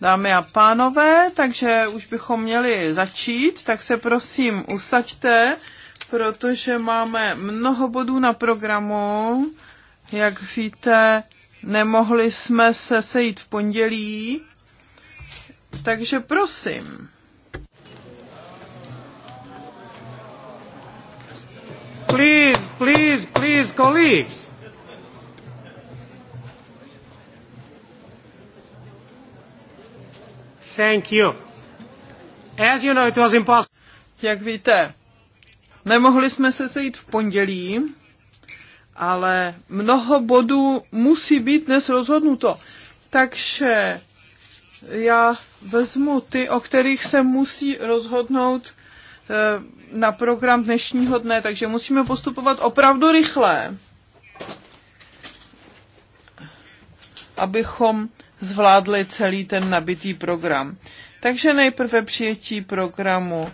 Dámy a pánové, takže už bychom měli začít, tak se prosím usaďte, protože máme mnoho bodů na programu. Jak víte, nemohli jsme se sejít v pondělí, takže prosím. Please, please, please, colleagues. Thank you. As you know, it was impossible. Jak víte, nemohli jsme se sejít v pondělí, ale mnoho bodů musí být dnes rozhodnuto. Takže já vezmu ty, o kterých se musí rozhodnout eh, na program dnešního dne, takže musíme postupovat opravdu rychle. abychom zvládli celý ten nabitý program. Takže nejprve přijetí programu.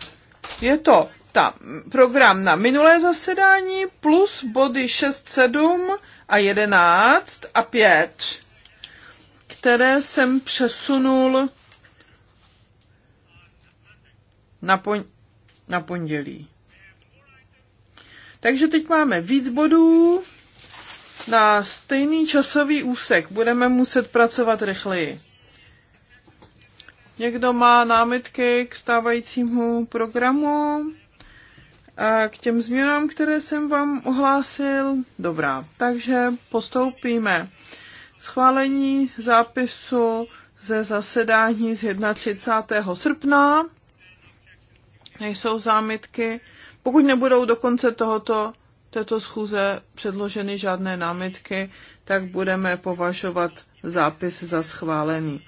Je to ta program na minulé zasedání plus body 6, 7 a 11 a 5, které jsem přesunul na, pon- na pondělí. Takže teď máme víc bodů na stejný časový úsek budeme muset pracovat rychleji. Někdo má námitky k stávajícímu programu? A k těm změnám, které jsem vám ohlásil? Dobrá, takže postoupíme. Schválení zápisu ze zasedání z 31. srpna. Nejsou zámitky. Pokud nebudou do konce tohoto této schůze předloženy žádné námitky, tak budeme považovat zápis za schválený.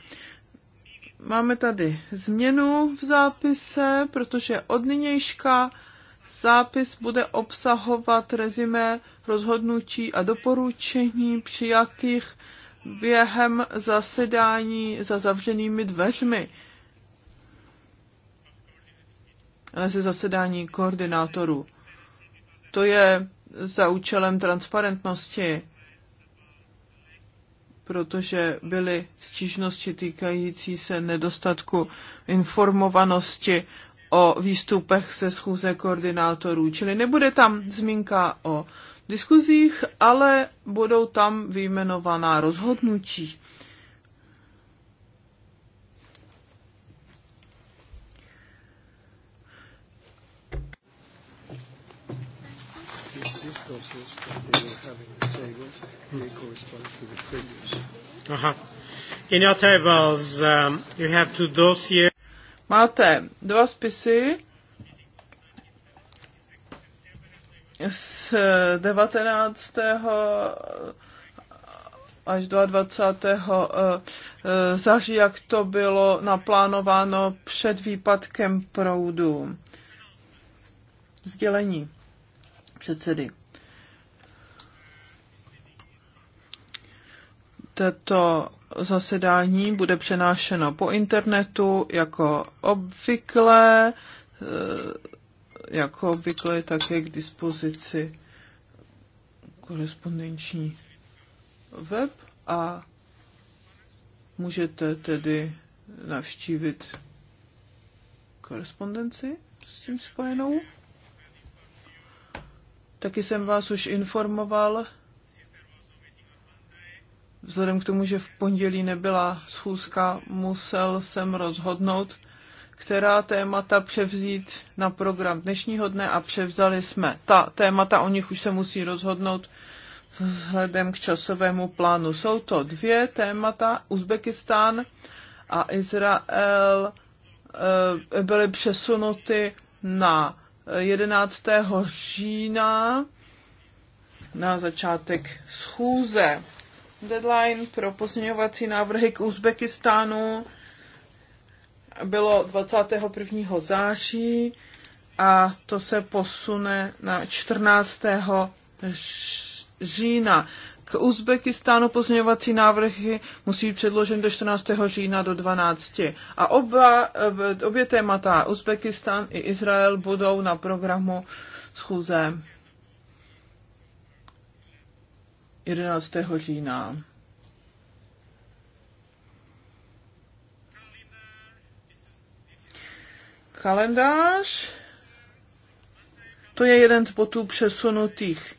Máme tady změnu v zápise, protože od nynějška zápis bude obsahovat rezime rozhodnutí a doporučení přijatých během zasedání za zavřenými dveřmi. Ale ze zasedání koordinátorů. To je za účelem transparentnosti, protože byly stížnosti týkající se nedostatku informovanosti o výstupech ze schůze koordinátorů. Čili nebude tam zmínka o diskuzích, ale budou tam vyjmenovaná rozhodnutí. Aha. Um, Máte dva spisy z 19. až 22. září, jak to bylo naplánováno před výpadkem proudu. Sdělení předsedy. Toto zasedání bude přenášeno po internetu jako obvykle, eh, jako obvykle je také k dispozici korespondenční web a můžete tedy navštívit korespondenci s tím spojenou. Taky jsem vás už informoval, vzhledem k tomu, že v pondělí nebyla schůzka, musel jsem rozhodnout, která témata převzít na program dnešního dne a převzali jsme. Ta témata, o nich už se musí rozhodnout vzhledem k časovému plánu. Jsou to dvě témata, Uzbekistán a Izrael eh, byly přesunuty na 11. října na začátek schůze. Deadline pro pozměňovací návrhy k Uzbekistánu bylo 21. září a to se posune na 14. října. K Uzbekistánu pozměňovací návrhy musí být předložen do 14. října do 12. A oba, obě témata, Uzbekistán i Izrael, budou na programu schůze 11. října. Kalendář. To je jeden z potů přesunutých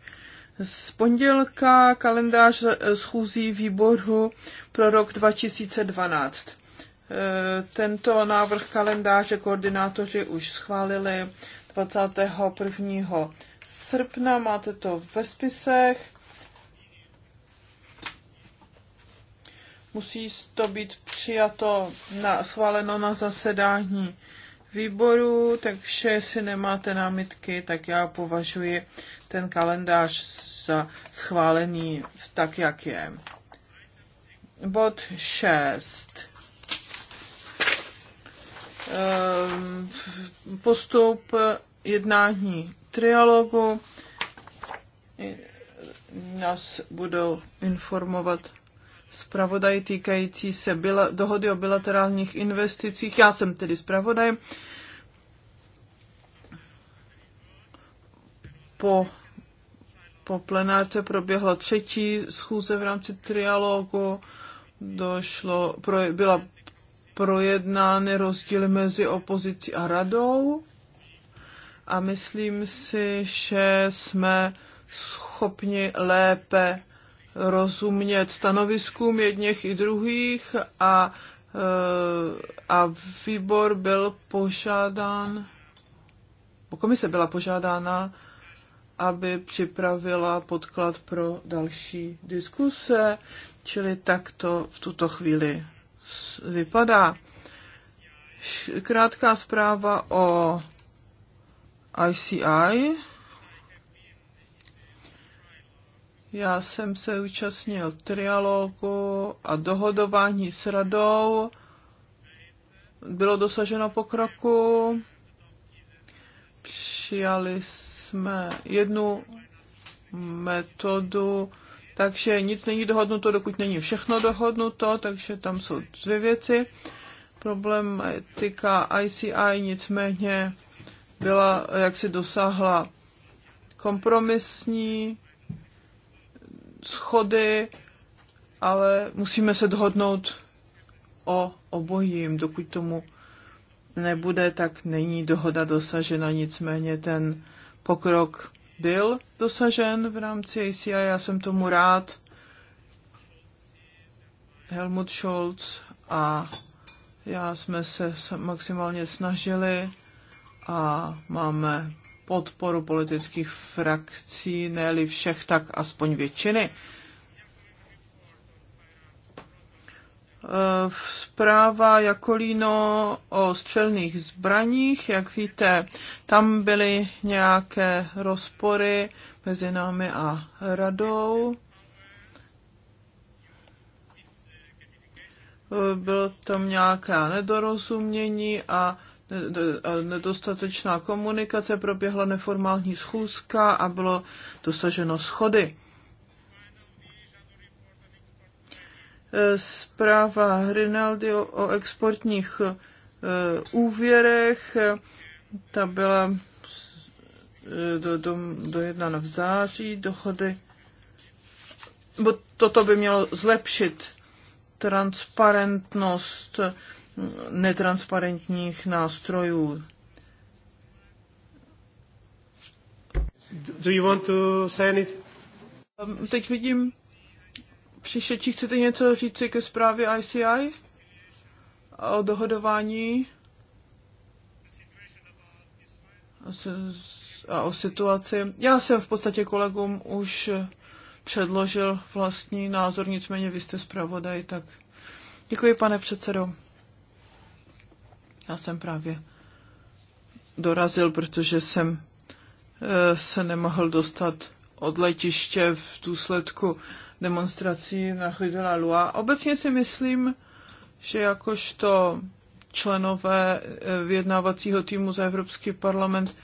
z pondělka kalendář schůzí výboru pro rok 2012. E, tento návrh kalendáře koordinátoři už schválili 21. srpna, máte to ve spisech. Musí to být přijato na, schváleno na zasedání výboru, takže jestli nemáte námitky, tak já považuji ten kalendář za schválený tak, jak je. Bod 6. Ehm, postup jednání trialogu. Nás budou informovat zpravodaj týkající se byla dohody o bilaterálních investicích. Já jsem tedy zpravodaj. Po, po plenárce proběhla třetí schůze v rámci trialogu. Došlo, pro, byla projednány rozdíly mezi opozicí a radou a myslím si, že jsme schopni lépe rozumět stanoviskům jedněch i druhých a, eh, a výbor byl požádán, komise byla požádána, aby připravila podklad pro další diskuse, čili tak to v tuto chvíli vypadá. Krátká zpráva o ICI. Já jsem se účastnil trialogu a dohodování s radou. Bylo dosaženo pokroku. Přijali jsme jednu metodu, takže nic není dohodnuto, dokud není všechno dohodnuto, takže tam jsou dvě věci. Problém etika ICI nicméně byla, jak si dosáhla kompromisní schody, ale musíme se dohodnout o obojím. Dokud tomu nebude, tak není dohoda dosažena. Nicméně ten pokrok byl dosažen v rámci ACI. Já jsem tomu rád. Helmut Scholz a já jsme se maximálně snažili a máme podporu politických frakcí, ne všech, tak aspoň většiny. Eh, zpráva Jakolíno o střelných zbraních, jak víte, tam byly nějaké rozpory mezi námi a radou. Eh, bylo tam nějaké nedorozumění a E, e, nedostatečná komunikace, proběhla neformální schůzka a bylo dosaženo schody. E, zpráva Rinaldi o exportních úvěrech, ta byla do, do, dojednána v září, dohody. Bo toto by mělo zlepšit transparentnost netransparentních nástrojů. Do you want to say anything? Teď vidím přišetčí. Chcete něco říct ke zprávě ICI? O dohodování? A o situaci? Já jsem v podstatě kolegům už předložil vlastní názor, nicméně vy jste zpravodaj, tak děkuji, pane předsedo. Já jsem právě dorazil, protože jsem eh, se nemohl dostat od letiště v důsledku demonstrací na Rue de la Loi. Obecně si myslím, že jakožto členové eh, vyjednávacího týmu za Evropský parlament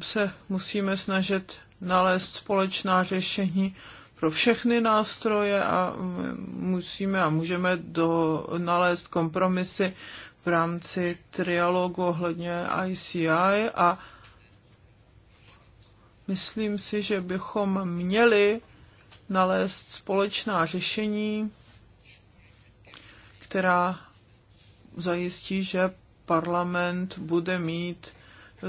se musíme snažit nalézt společná řešení pro všechny nástroje a musíme a můžeme do, nalézt kompromisy v rámci trialogu ohledně ICI a myslím si, že bychom měli nalézt společná řešení, která zajistí, že parlament bude mít eh,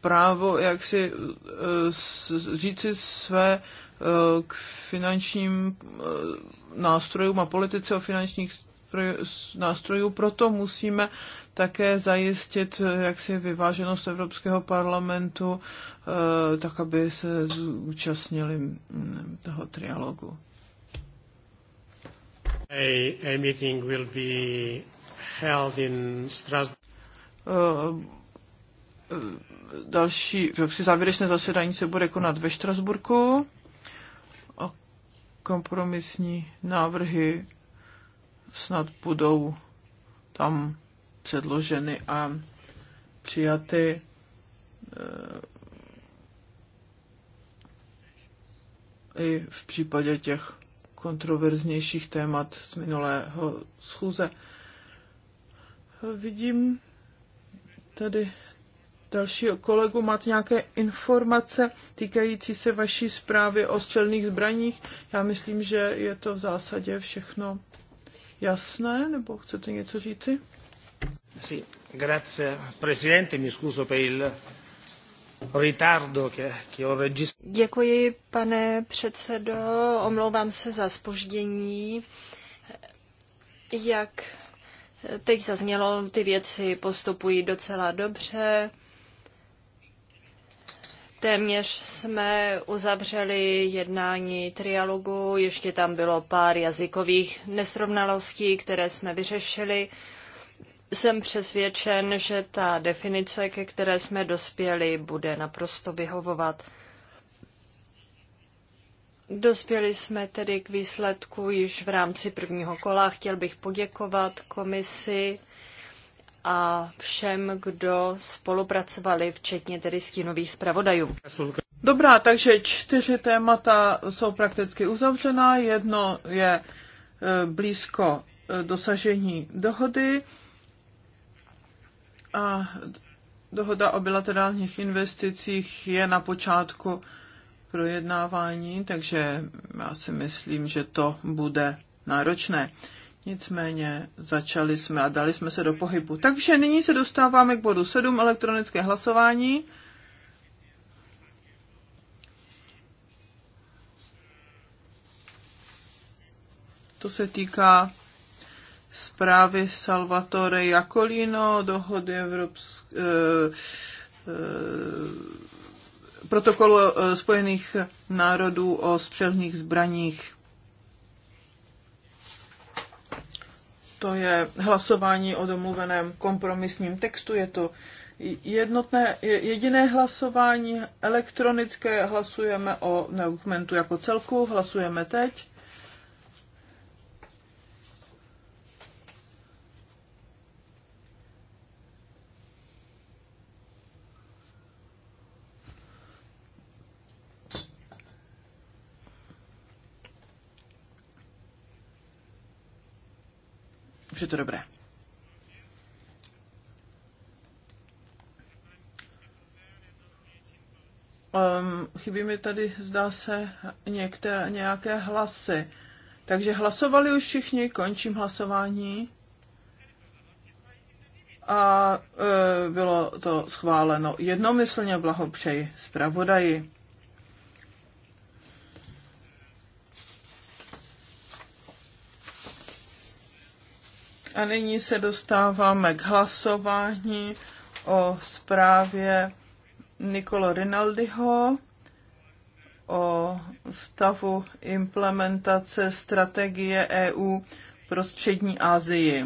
právo jak si eh, říci své eh, k finančním eh, nástrojům a politice o finančních nástrojů, proto musíme také zajistit jaksi vyváženost Evropského parlamentu, tak aby se zúčastnili mm, toho trialogu. A, a meeting will be held in Strasbourg. Uh, uh, další závěrečné zasedání se bude konat ve Štrasburku a kompromisní návrhy snad budou tam předloženy a přijaty e, i v případě těch kontroverznějších témat z minulého schůze. Vidím tady dalšího kolegu. Máte nějaké informace týkající se vaší zprávy o střelných zbraních? Já myslím, že je to v zásadě všechno jasné, nebo chcete něco říci? Sí, grazie Presidente, mi scuso per il ritardo che, che ho registrato. Děkuji, pane předsedo, omlouvám se za spoždění. Jak teď zaznělo, ty věci postupují docela dobře. Téměř jsme uzavřeli jednání trialogu, ještě tam bylo pár jazykových nesrovnalostí, které jsme vyřešili. Jsem přesvědčen, že ta definice, ke které jsme dospěli, bude naprosto vyhovovat. Dospěli jsme tedy k výsledku již v rámci prvního kola. Chtěl bych poděkovat komisi a všem, kdo spolupracovali, včetně tedy stínových zpravodajů. Dobrá, takže čtyři témata jsou prakticky uzavřená. Jedno je e, blízko e, dosažení dohody a dohoda o bilaterálních investicích je na počátku projednávání, takže já si myslím, že to bude náročné. Nicméně začali jsme a dali jsme se do pohybu. Takže nyní se dostáváme k bodu 7, elektronické hlasování. To se týká zprávy Salvatore Jacolino, dohody Evropské, eh, eh, protokolu eh, Spojených národů o střelných zbraních. to je hlasování o domluveném kompromisním textu, je to jednotné, jediné hlasování elektronické, hlasujeme o dokumentu jako celku, hlasujeme teď. takže to dobré. Um, chybí mi tady, zdá se, některé, nějaké hlasy. Takže hlasovali už všichni, končím hlasování. A uh, bylo to schváleno jednomyslně, blahopřeji zpravodaji. A nyní se dostáváme k hlasování o zprávě Nikolo Rinaldiho o stavu implementace strategie EU pro střední Asii.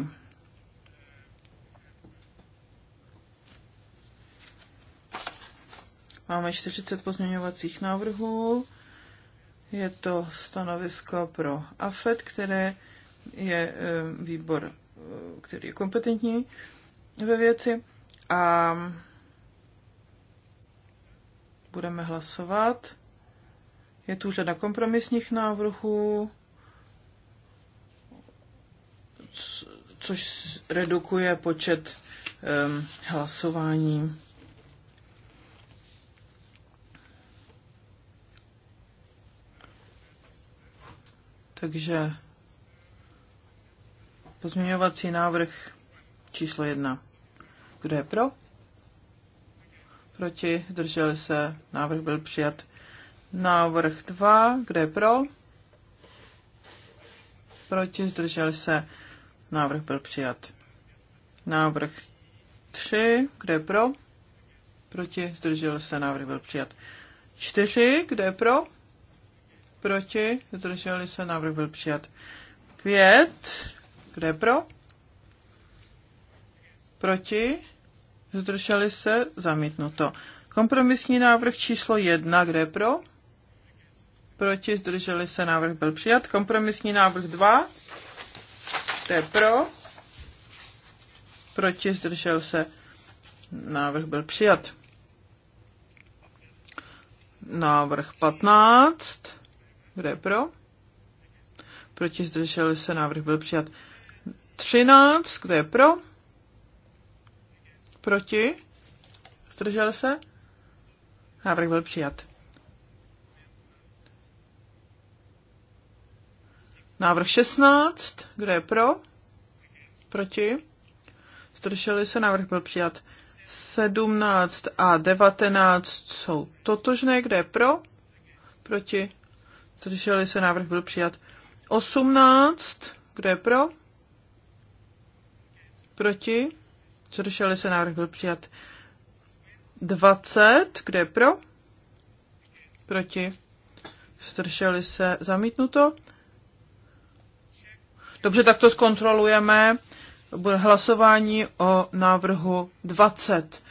Máme 40 pozměňovacích návrhů. Je to stanovisko pro AFED, které je e, výbor který je kompetentní ve věci. A budeme hlasovat. Je tu řada kompromisních návrhů, což redukuje počet um, hlasování. Takže Pozměňovací návrh číslo jedna. Kdo je pro? Proti? Zdrželi se? Návrh byl přijat. Návrh dva. Kdo je pro? Proti? Zdrželi se? Návrh byl přijat. Návrh tři. Kdo je pro? Proti? zdrželi se? Návrh byl přijat. čtyři. Kdo je pro? Proti? Zdrželi se? Návrh byl přijat. pět kdo je pro? Proti? Zdrželi se? Zamítnuto. Kompromisní návrh číslo jedna Kdo je pro? Proti? Zdrželi se? Návrh byl přijat. Kompromisní návrh dva, Kdo je pro? Proti? Zdržel se? Návrh byl přijat. Návrh 15. Kdo je pro? Proti zdrželi se, návrh byl přijat. 13, kdo je pro? Proti? Zdržel se? Návrh byl přijat. Návrh 16, kdo je pro? Proti? Zdrželi se, návrh byl přijat. 17 a 19 jsou totožné, kde je pro? Proti? Zdrželi se, návrh byl přijat. 18, kdo je pro? Proti? Zrušili se, návrh byl přijat. 20, kde je pro? Proti? Zrušili se, zamítnuto. Dobře, tak to zkontrolujeme. Bude hlasování o návrhu 20.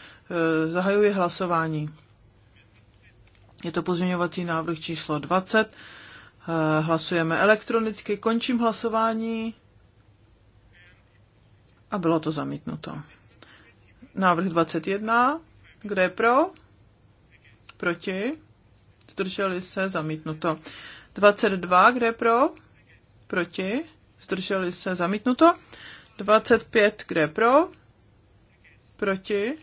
Eh, zahajuji hlasování. Je to pozměňovací návrh číslo 20. Eh, hlasujeme elektronicky. Končím hlasování a bylo to zamítnuto. Návrh 21. Kdo je pro? Proti? Zdrželi se? Zamítnuto. 22. Kdo je pro? Proti? Zdrželi se? Zamítnuto. 25. Kdo je pro? Proti?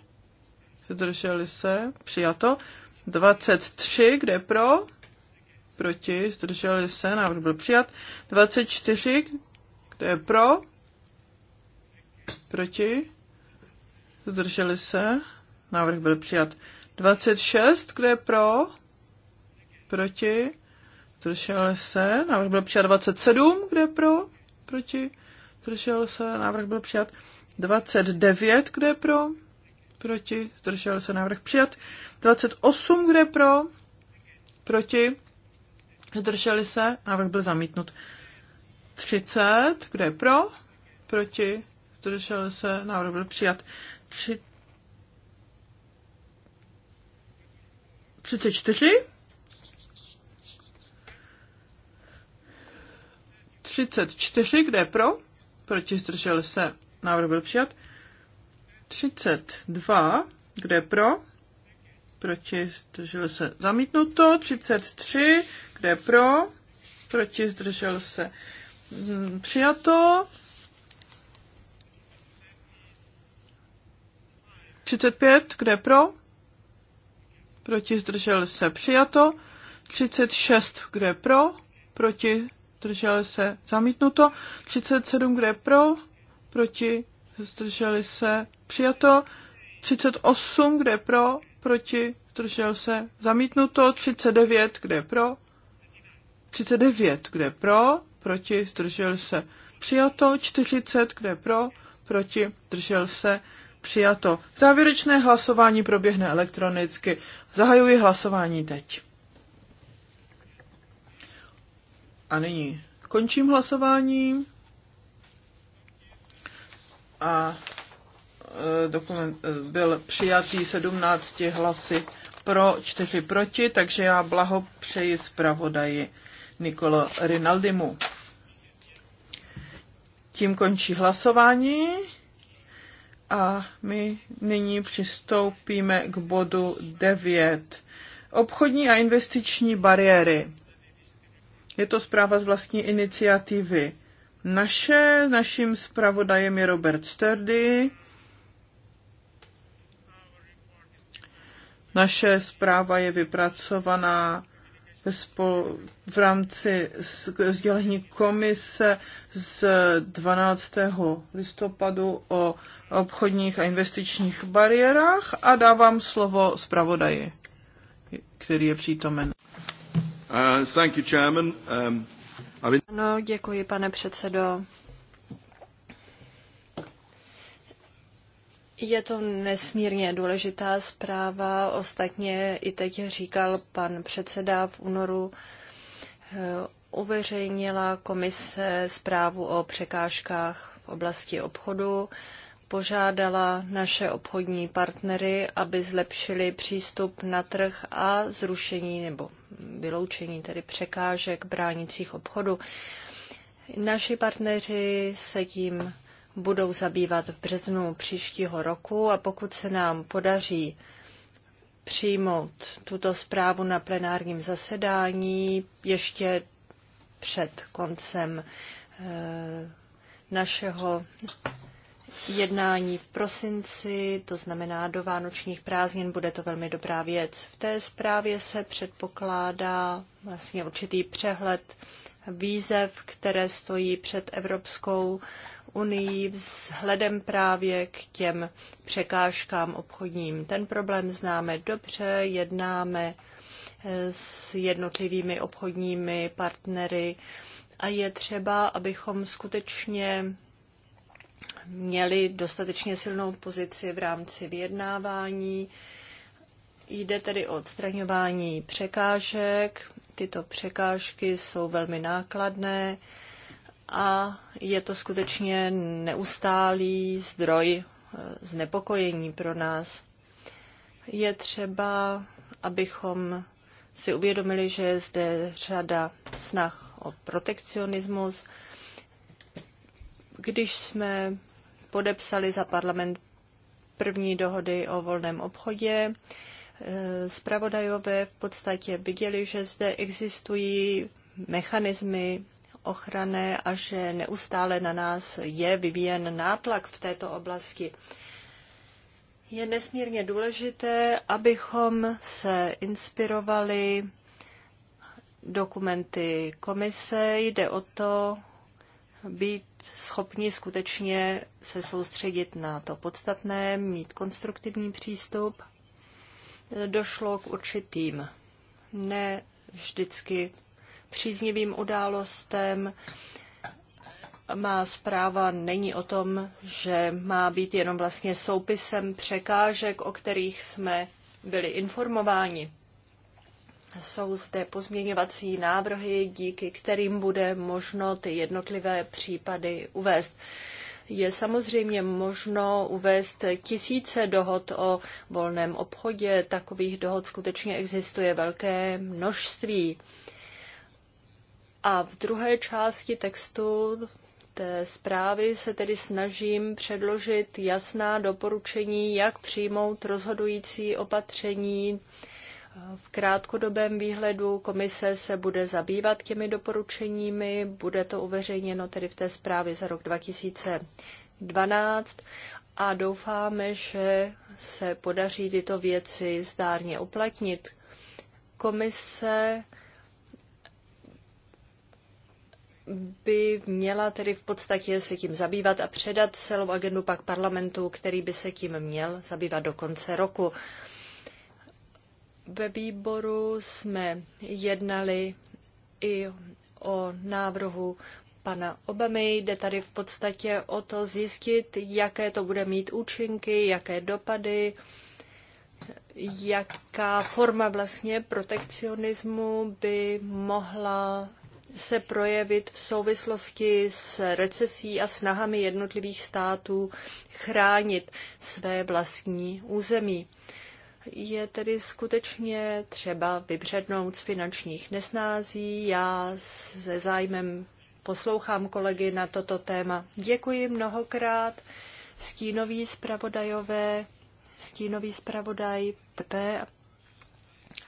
Zdrželi se? Přijato. 23. Kdo je pro? Proti? Zdrželi se? Návrh byl přijat. 24. Kdo je pro? Proti? Zdrželi se? Návrh byl přijat. 26, kdo je pro? Proti? Zdrželi se? Návrh byl přijat. 27, kdo je pro? Proti? Zdržel se? Návrh byl přijat. 29, kdo je pro? Proti? Zdržel se? Návrh přijat. 28, kdo je pro? Proti? Zdrželi se? Návrh byl zamítnut. 30, kdo je pro? Proti? zdržel se, návrh byl přijat. Tři... 34? 34, kde je pro? Proti zdržel se, návrh byl přijat. 32, kde je pro? Proti zdržel se, zamítnuto. 33, kde je pro? Proti zdržel se, mm, přijato. 35, kde pro? Proti zdržel se přijato. 36, kde pro? Proti zdržel se zamítnuto. 37, kde pro? Proti zdrželi se přijato. 38, kde pro? Proti zdržel se zamítnuto. 39, kde pro? 39, kde pro? Proti zdržel se přijato. 40, kde pro? Proti zdržel se Přijato. Závěrečné hlasování proběhne elektronicky. Zahajuji hlasování teď. A nyní končím hlasování. A e, dokument e, byl přijatý 17 hlasy pro, 4 proti, takže já blahopřeji zpravodaji Nikolo Rinaldimu. Tím končí hlasování a my nyní přistoupíme k bodu 9. Obchodní a investiční bariéry. Je to zpráva z vlastní iniciativy. Naše, naším zpravodajem je Robert Sturdy. Naše zpráva je vypracovaná v rámci sdělení komise z 12. listopadu o obchodních a investičních bariérách a dávám slovo zpravodaji, který je přítomen. Uh, thank you, chairman. Um, been... Ano, děkuji, pane předsedo. Je to nesmírně důležitá zpráva. Ostatně i teď říkal pan předseda v únoru eh, uveřejnila komise zprávu o překážkách v oblasti obchodu požádala naše obchodní partnery, aby zlepšili přístup na trh a zrušení nebo vyloučení tedy překážek bránících obchodu. Naši partneři se tím budou zabývat v březnu příštího roku a pokud se nám podaří přijmout tuto zprávu na plenárním zasedání ještě před koncem eh, našeho jednání v prosinci, to znamená do vánočních prázdnin, bude to velmi dobrá věc. V té zprávě se předpokládá vlastně určitý přehled výzev, které stojí před Evropskou unii vzhledem právě k těm překážkám obchodním. Ten problém známe dobře, jednáme s jednotlivými obchodními partnery a je třeba, abychom skutečně měli dostatečně silnou pozici v rámci vyjednávání. Jde tedy o odstraňování překážek. Tyto překážky jsou velmi nákladné a je to skutečně neustálý zdroj eh, znepokojení pro nás. Je třeba, abychom si uvědomili, že je zde řada snah o protekcionismus. Když jsme podepsali za parlament první dohody o volném obchodě. Spravodajové e, v podstatě viděli, že zde existují mechanismy ochrany a že neustále na nás je vyvíjen nátlak v této oblasti. Je nesmírně důležité, abychom se inspirovali dokumenty komise. Jde o to být schopni skutečně se soustředit na to podstatné, mít konstruktivní přístup. Došlo k určitým ne vždycky příznivým událostem. Má zpráva není o tom, že má být jenom vlastně soupisem překážek, o kterých jsme byli informováni. Jsou zde pozměňovací návrhy, díky kterým bude možno ty jednotlivé případy uvést. Je samozřejmě možno uvést tisíce dohod o volném obchodě. Takových dohod skutečně existuje velké množství. A v druhé části textu té zprávy se tedy snažím předložit jasná doporučení, jak přijmout rozhodující opatření v krátkodobém výhledu komise se bude zabývat těmi doporučeními, bude to uveřejněno tedy v té zprávě za rok 2012 a doufáme, že se podaří tyto věci zdárně uplatnit. Komise by měla tedy v podstatě se tím zabývat a předat celou agendu pak parlamentu, který by se tím měl zabývat do konce roku. Ve výboru jsme jednali i o návrhu pana Obamy. Jde tady v podstatě o to zjistit, jaké to bude mít účinky, jaké dopady, jaká forma vlastně protekcionismu by mohla se projevit v souvislosti s recesí a snahami jednotlivých států chránit své vlastní území je tedy skutečně třeba vybřednout z finančních nesnází. Já se zájmem poslouchám kolegy na toto téma. Děkuji mnohokrát. Stínový zpravodajové, stínový zpravodaj P.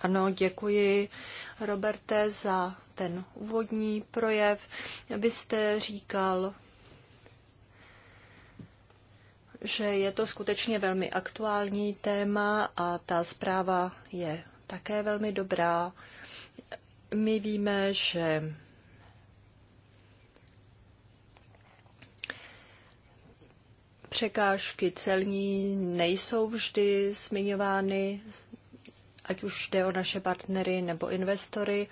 Ano, děkuji Roberte za ten úvodní projev. Vy jste říkal, že je to skutečně velmi aktuální téma a ta zpráva je také velmi dobrá. My víme, že překážky celní nejsou vždy zmiňovány, ať už jde o naše partnery nebo investory,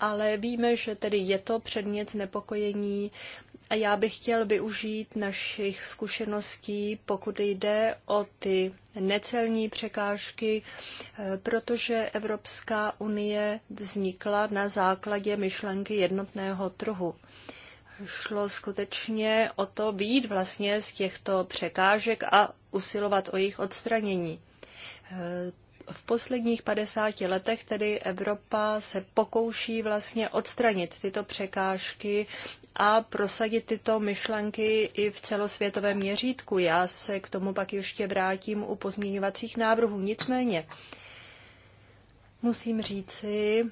ale víme, že tedy je to předmět znepokojení a já bych chtěl využít našich zkušeností, pokud jde o ty necelní překážky, eh, protože Evropská unie vznikla na základě myšlenky jednotného trhu šlo skutečně o to být vlastně z těchto překážek a usilovat o jejich odstranění. Eh, v posledních 50 letech tedy Evropa se pokouší vlastně odstranit tyto překážky a prosadit tyto myšlenky i v celosvětovém měřítku. Já se k tomu pak ještě vrátím u pozměňovacích návrhů. Nicméně musím říci,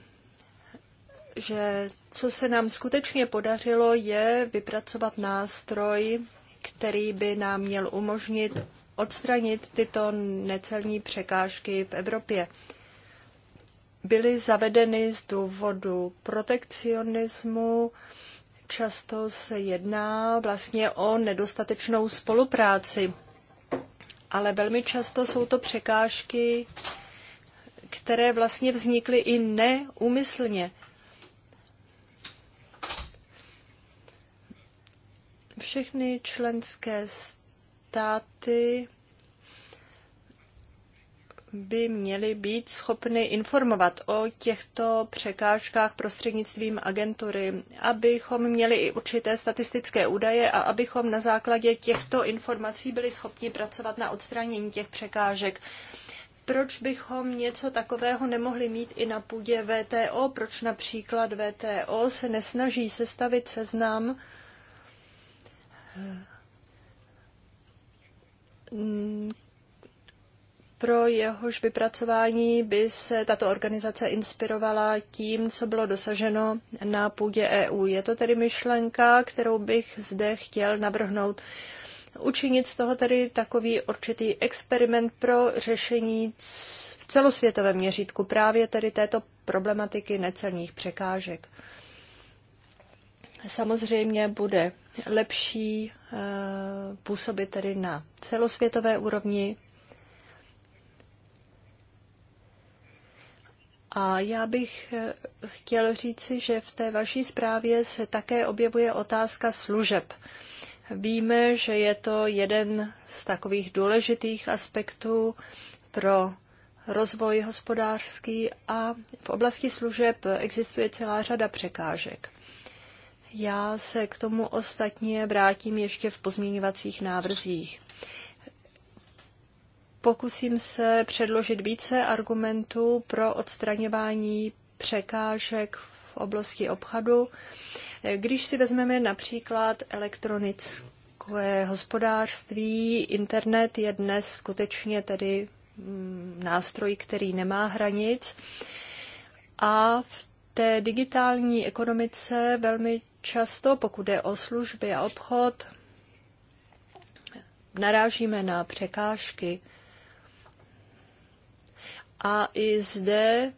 že co se nám skutečně podařilo, je vypracovat nástroj, který by nám měl umožnit odstranit tyto necelní překážky v Evropě. Byly zavedeny z důvodu protekcionismu, často se jedná vlastně o nedostatečnou spolupráci, ale velmi často jsou to překážky, které vlastně vznikly i neúmyslně. Všechny členské státy by měly být schopny informovat o těchto překážkách prostřednictvím agentury, abychom měli i určité statistické údaje a abychom na základě těchto informací byli schopni pracovat na odstranění těch překážek. Proč bychom něco takového nemohli mít i na půdě VTO? Proč například VTO se nesnaží sestavit seznam eh, pro jehož vypracování by se tato organizace inspirovala tím, co bylo dosaženo na půdě EU. Je to tedy myšlenka, kterou bych zde chtěl navrhnout. Učinit z toho tedy takový určitý experiment pro řešení v celosvětovém měřítku právě tedy této problematiky necelních překážek. Samozřejmě bude lepší Eh, působit tedy na celosvětové úrovni. A já bych eh, chtěl říci, že v té vaší zprávě se také objevuje otázka služeb. Víme, že je to jeden z takových důležitých aspektů pro rozvoj hospodářský a v oblasti služeb existuje celá řada překážek. Já se k tomu ostatně vrátím ještě v pozměňovacích návrzích. Pokusím se předložit více argumentů pro odstraňování překážek v oblasti obchodu. Když si vezmeme například elektronické hospodářství, internet je dnes skutečně tedy mm, nástroj, který nemá hranic. A v té digitální ekonomice velmi Často, pokud je o služby a obchod, narážíme na překážky. A i zde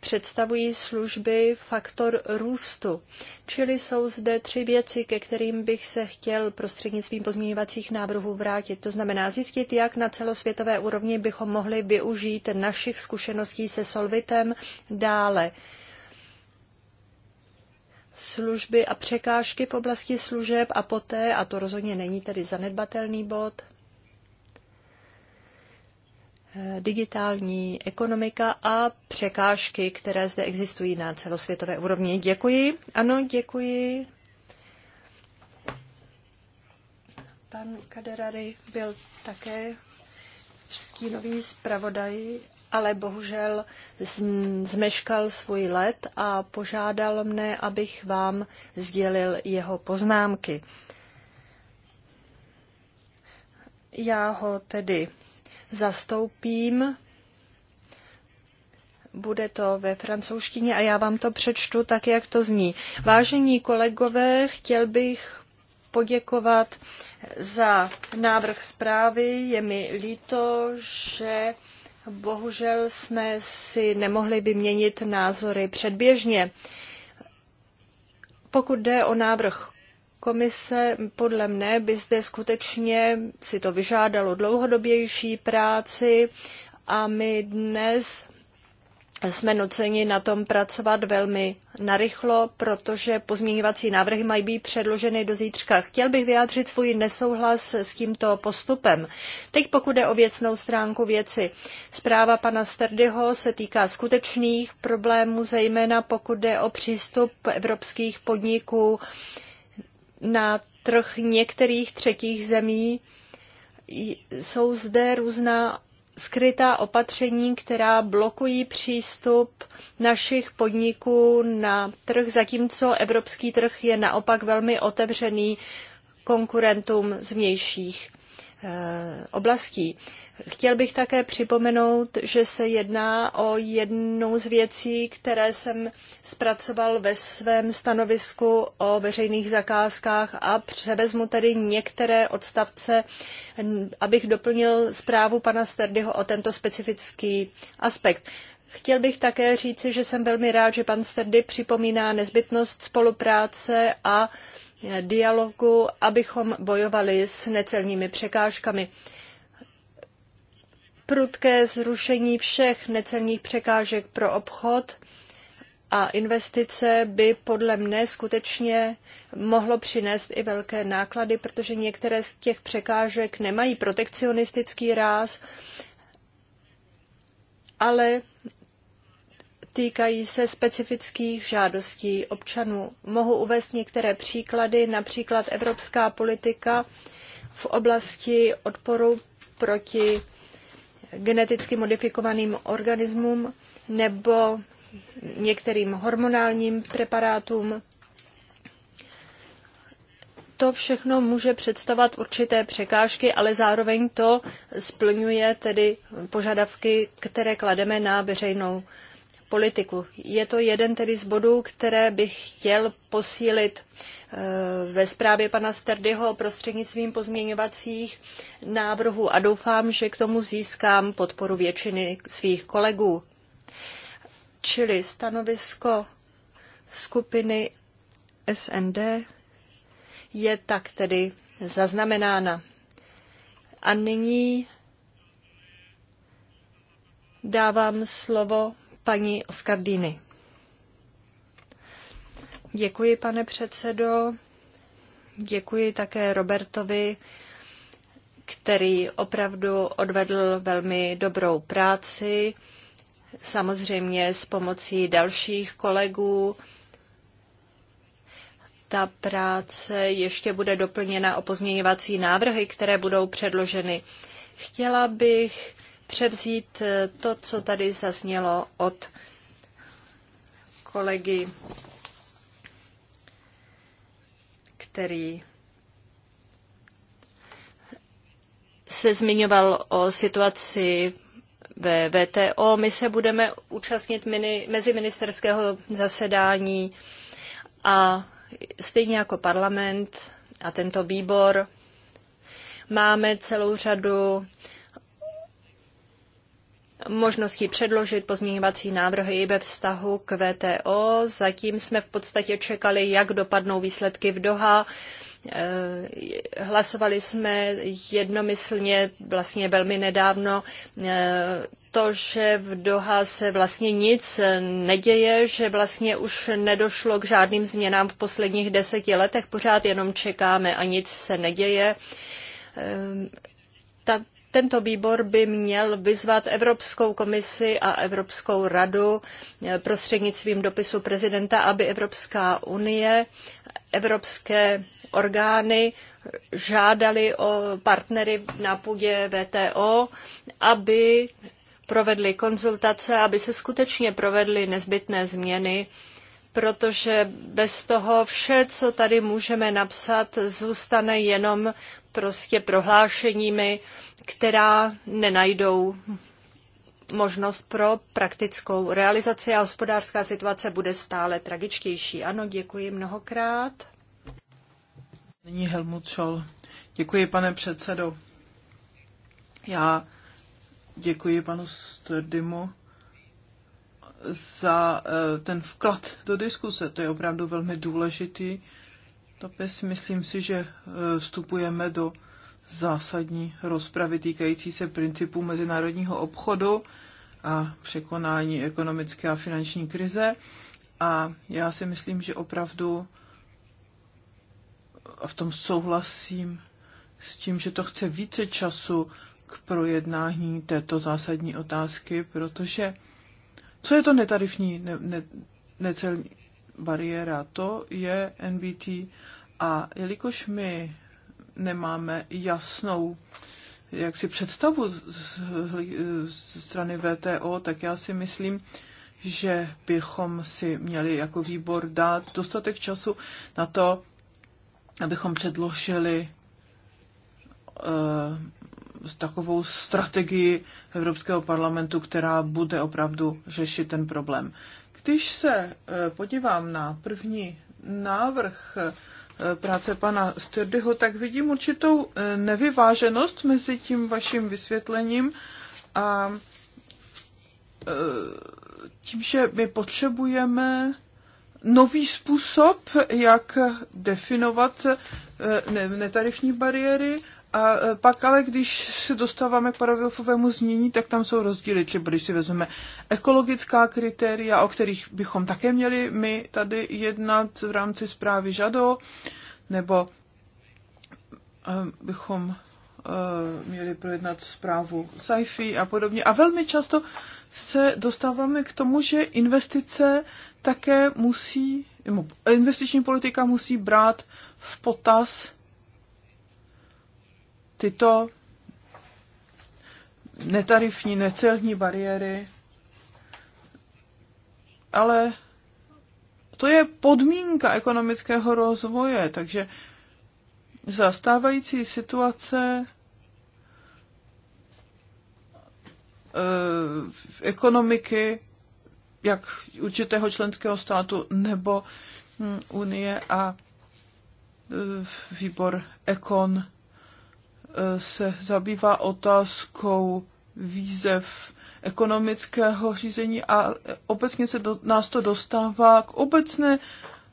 představují služby faktor růstu. Čili jsou zde tři věci, ke kterým bych se chtěl prostřednictvím pozměňovacích návrhů vrátit. To znamená zjistit, jak na celosvětové úrovni bychom mohli využít našich zkušeností se solvitem dále služby a překážky v oblasti služeb a poté, a to rozhodně není tedy zanedbatelný bod, eh, digitální ekonomika a překážky, které zde existují na celosvětové úrovni. Děkuji. Ano, děkuji. Pan Kaderary byl také stínový zpravodaj ale bohužel zmeškal svůj let a požádal mne, abych vám sdělil jeho poznámky. Já ho tedy zastoupím. Bude to ve francouzštině a já vám to přečtu tak, jak to zní. Vážení kolegové, chtěl bych poděkovat za návrh zprávy. Je mi líto, že Bohužel jsme si nemohli vyměnit názory předběžně. Pokud jde o návrh komise, podle mne by zde skutečně si to vyžádalo dlouhodobější práci a my dnes jsme nuceni na tom pracovat velmi narychlo, protože pozměňovací návrhy mají být předloženy do zítřka. Chtěl bych vyjádřit svůj nesouhlas s tímto postupem. Teď pokud je o věcnou stránku věci. Zpráva pana Sterdyho se týká skutečných problémů, zejména pokud jde o přístup evropských podniků na trh některých třetích zemí. Jsou zde různá skrytá opatření, která blokují přístup našich podniků na trh, zatímco evropský trh je naopak velmi otevřený konkurentům z vnějších Eh, oblastí. Chtěl bych také připomenout, že se jedná o jednu z věcí, které jsem zpracoval ve svém stanovisku o veřejných zakázkách a převezmu tedy některé odstavce, abych doplnil zprávu pana Sterdyho o tento specifický aspekt. Chtěl bych také říci, že jsem velmi rád, že pan Sterdy připomíná nezbytnost spolupráce a dialogu, abychom bojovali s necelními překážkami. Prudké zrušení všech necelních překážek pro obchod a investice by podle mne skutečně mohlo přinést i velké náklady, protože některé z těch překážek nemají protekcionistický ráz, ale týkají se specifických žádostí občanů. Mohu uvést některé příklady, například evropská politika v oblasti odporu proti geneticky modifikovaným organismům nebo některým hormonálním preparátům. To všechno může představovat určité překážky, ale zároveň to splňuje tedy požadavky, které klademe na veřejnou politiku. Je to jeden tedy z bodů, které bych chtěl posílit eh, ve zprávě pana Sterdyho prostřednictvím pozměňovacích návrhů a doufám, že k tomu získám podporu většiny svých kolegů. Čili stanovisko skupiny SND je tak tedy zaznamenána. A nyní dávám slovo paní Oskardýny. Děkuji, pane předsedo. Děkuji také Robertovi, který opravdu odvedl velmi dobrou práci, samozřejmě s pomocí dalších kolegů. Ta práce ještě bude doplněna o pozměňovací návrhy, které budou předloženy. Chtěla bych převzít eh, to, co tady zaznělo od kolegy, který se zmiňoval o situaci ve VTO. My se budeme účastnit mini, meziministerského zasedání a stejně jako parlament a tento výbor máme celou řadu možností předložit pozměňovací návrhy i ve vztahu k VTO. Zatím jsme v podstatě čekali, jak dopadnou výsledky v Doha. E, hlasovali jsme jednomyslně vlastně velmi nedávno e, to, že v Doha se vlastně nic neděje, že vlastně už nedošlo k žádným změnám v posledních deseti letech, pořád jenom čekáme a nic se neděje. E, tak tento výbor by měl vyzvat Evropskou komisi a Evropskou radu eh, prostřednictvím dopisu prezidenta, aby Evropská unie, evropské orgány žádali o partnery na půdě VTO, aby provedli konzultace, aby se skutečně provedly nezbytné změny, protože bez toho vše, co tady můžeme napsat, zůstane jenom prostě prohlášeními, která nenajdou možnost pro praktickou realizaci a hospodářská situace bude stále tragičtější. Ano, děkuji mnohokrát. Nyní Helmut Scholl. Děkuji, pane předsedo. Já děkuji panu Sturdymu za eh, ten vklad do diskuse. To je opravdu velmi důležitý dopis. Myslím si, že e, vstupujeme do zásadní rozpravy týkající se principů mezinárodního obchodu a překonání ekonomické a finanční krize. A já si myslím, že opravdu a v tom souhlasím s tím, že to chce více času k projednání této zásadní otázky, protože co je to netarifní, ne, ne, necelní bariéra? To je NBT a jelikož my nemáme jasnou jak si představu z, z strany VTO, tak já si myslím, že bychom si měli jako výbor dát dostatek času na to, abychom předložili uh, takovou strategii Evropského parlamentu, která bude opravdu řešit ten problém. Když se uh, podívám na první návrh uh, práce pana Sturdyho, tak vidím určitou eh, nevyváženost mezi tím vaším vysvětlením a eh, tím, že my potřebujeme nový způsob, jak definovat eh, netarifní bariéry a e, pak ale, když se dostáváme k paragrafovému znění, tak tam jsou rozdíly. Třeba když si vezmeme ekologická kritéria, o kterých bychom také měli my tady jednat v rámci zprávy ŽADO, nebo e, bychom e, měli projednat zprávu SAIFI a podobně. A velmi často se dostáváme k tomu, že investice také musí, investiční politika musí brát v potaz tyto netarifní, necelní bariéry, ale to je podmínka ekonomického rozvoje, takže zastávající situace v eh, ekonomiky jak určitého členského státu nebo hm, Unie a eh, výbor Ekon se zabývá otázkou výzev ekonomického řízení a obecně se do, nás to dostává k obecné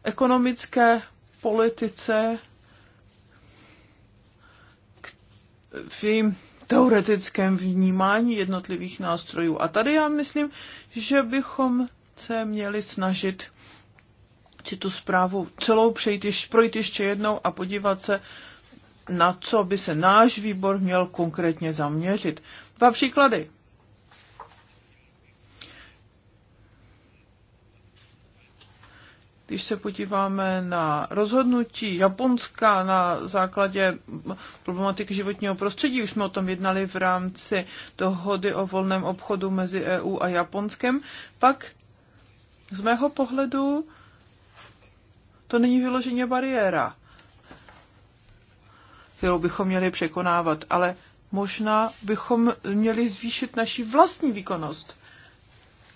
ekonomické politice k, v jejím teoretickém vnímání jednotlivých nástrojů. A tady já myslím, že bychom se měli snažit si tu zprávu celou přejít, projít ještě jednou a podívat se na co by se náš výbor měl konkrétně zaměřit. Dva příklady. když se podíváme na rozhodnutí Japonska na základě problematiky životního prostředí, už jsme o tom jednali v rámci dohody o volném obchodu mezi EU a Japonskem, pak z mého pohledu to není vyloženě bariéra kterou bychom měli překonávat, ale možná bychom měli zvýšit naši vlastní výkonnost,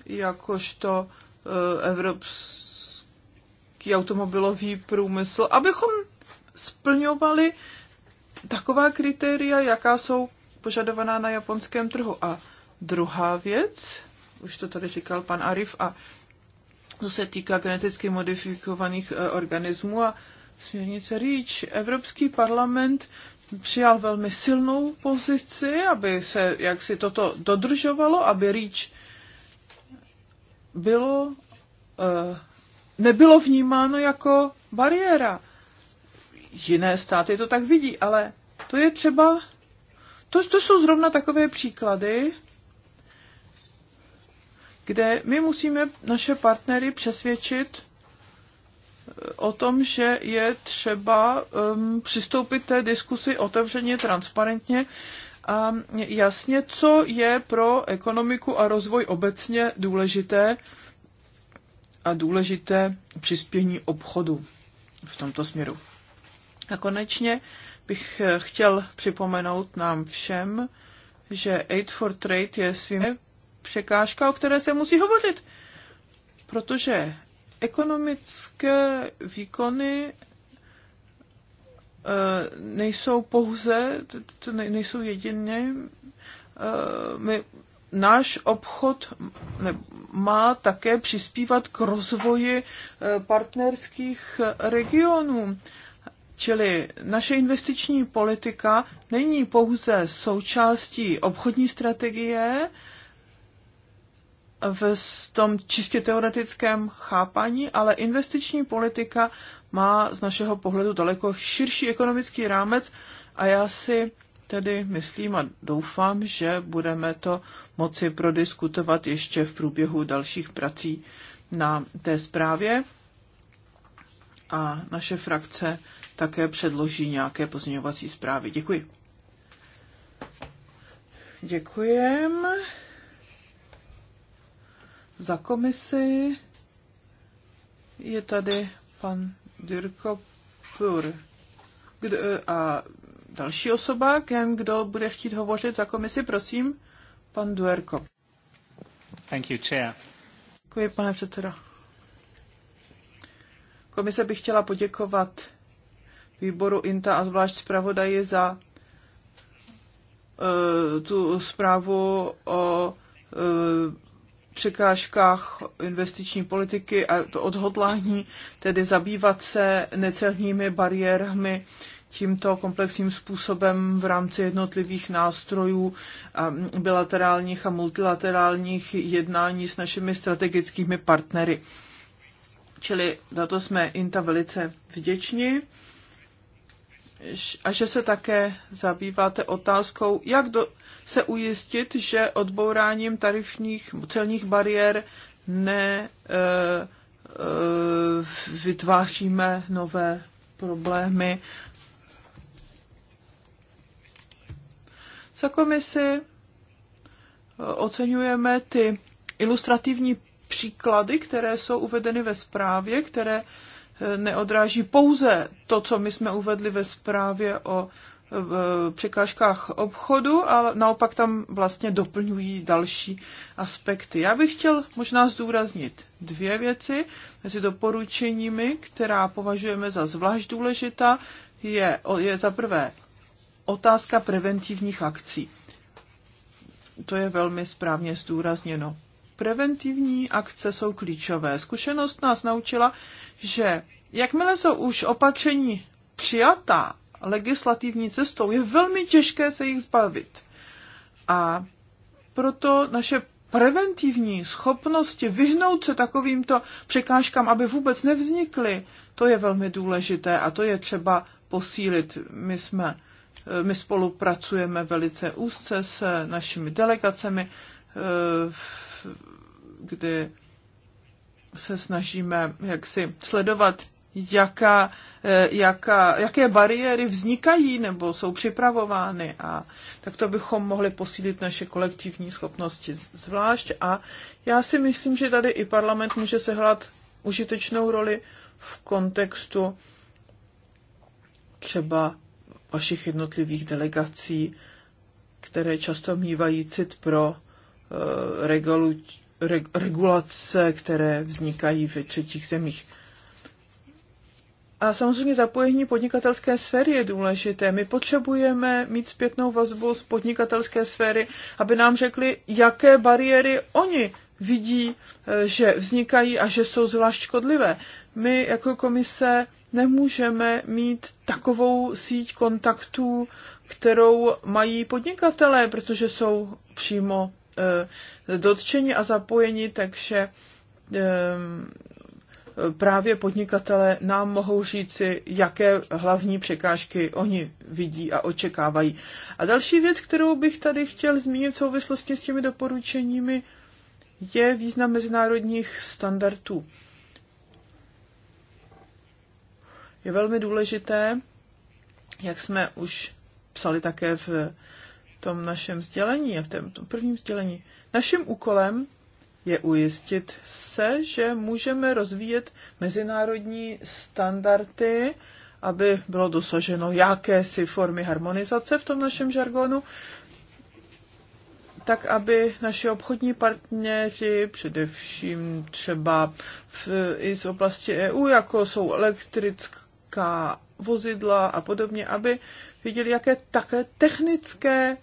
jakožto eh, evropský automobilový průmysl, abychom splňovali taková kritéria, jaká jsou požadovaná na japonském trhu. A druhá věc, už to tady říkal pan Arif, a to se týká geneticky modifikovaných eh, organismů a směrnice REACH. Evropský parlament přijal velmi silnou pozici, aby se jak si toto dodržovalo, aby REACH bylo, eh, nebylo vnímáno jako bariéra. Jiné státy to tak vidí, ale to je třeba, to, to jsou zrovna takové příklady, kde my musíme naše partnery přesvědčit, o tom, že je třeba um, přistoupit té diskusi otevřeně, transparentně a jasně, co je pro ekonomiku a rozvoj obecně důležité a důležité přispění obchodu v tomto směru. A konečně bych eh, chtěl připomenout nám všem, že Aid for Trade je svým překážka, o které se musí hovořit. Protože ekonomické výkony eh, nejsou pouze, nejsou jediné. Eh, my, náš obchod má také přispívat k rozvoji eh, partnerských regionů. Čili naše investiční politika není pouze součástí obchodní strategie, v tom čistě teoretickém chápaní, ale investiční politika má z našeho pohledu daleko širší ekonomický rámec a já si tedy myslím a doufám, že budeme to moci prodiskutovat ještě v průběhu dalších prací na té zprávě. A naše frakce také předloží nějaké pozměňovací zprávy. Děkuji. Děkujeme za komisi. Je tady pan Dirko Pur. Kdo, eh, a další osoba, kem, kdo bude chtít hovořit za komisi, prosím, pan Duerko. Thank you, chair. Děkuji, pane předsedo. Komise bych chtěla poděkovat výboru INTA a zvlášť zpravodaji za eh, tu zprávu o eh, překážkách investiční politiky a to odhodlání, tedy zabývat se necelními bariérami tímto komplexním způsobem v rámci jednotlivých nástrojů bilaterálních a multilaterálních jednání s našimi strategickými partnery. Čili za to jsme INTA velice vděční a že se také zabýváte otázkou, jak do, se ujistit, že odbouráním tarifních celních bariér ne e, e, vytváříme nové problémy. Za komisi eh, oceňujeme ty ilustrativní příklady, které jsou uvedeny ve zprávě, které neodráží pouze to, co my jsme uvedli ve zprávě o v eh, překážkách obchodu, ale naopak tam vlastně doplňují další aspekty. Já bych chtěl možná zdůraznit dvě věci mezi doporučeními, která považujeme za zvlášť důležitá, je, je za prvé otázka preventivních akcí. To je velmi správně zdůrazněno. Preventivní akce jsou klíčové. Zkušenost nás naučila, že jakmile jsou už opatření přijatá legislativní cestou, je velmi těžké se jich zbavit. A proto naše preventivní schopnosti vyhnout se takovýmto překážkám, aby vůbec nevznikly, to je velmi důležité a to je třeba posílit. My jsme eh, my spolupracujeme velice úzce s eh, našimi delegacemi, eh, kdy se snažíme jaksi sledovat, jaká Eh, jaká, jaké bariéry vznikají nebo jsou připravovány. A tak to bychom mohli posílit naše kolektivní schopnosti zvlášť. A já si myslím, že tady i parlament může sehrát užitečnou roli v kontextu třeba vašich jednotlivých delegací, které často mývají cit pro eh, regulace, které vznikají ve třetích zemích. A samozřejmě zapojení podnikatelské sféry je důležité. My potřebujeme mít zpětnou vazbu z podnikatelské sféry, aby nám řekli, jaké bariéry oni vidí, eh, že vznikají a že jsou zvlášť škodlivé. My jako komise nemůžeme mít takovou síť kontaktů, kterou mají podnikatelé, protože jsou přímo eh, dotčeni a zapojeni, takže ehm, právě podnikatele nám mohou říci, jaké hlavní překážky oni vidí a očekávají. A další věc, kterou bych tady chtěl zmínit v souvislosti s těmi doporučeními, je význam mezinárodních standardů. Je velmi důležité, jak jsme už psali také v tom našem sdělení v tom, tom prvním sdělení. Naším úkolem je ujistit se, že můžeme rozvíjet mezinárodní standardy, aby bylo dosaženo jakési formy harmonizace v tom našem žargonu, tak aby naši obchodní partneři, především třeba v, i z oblasti EU, jako jsou elektrická vozidla a podobně, aby viděli, jaké také technické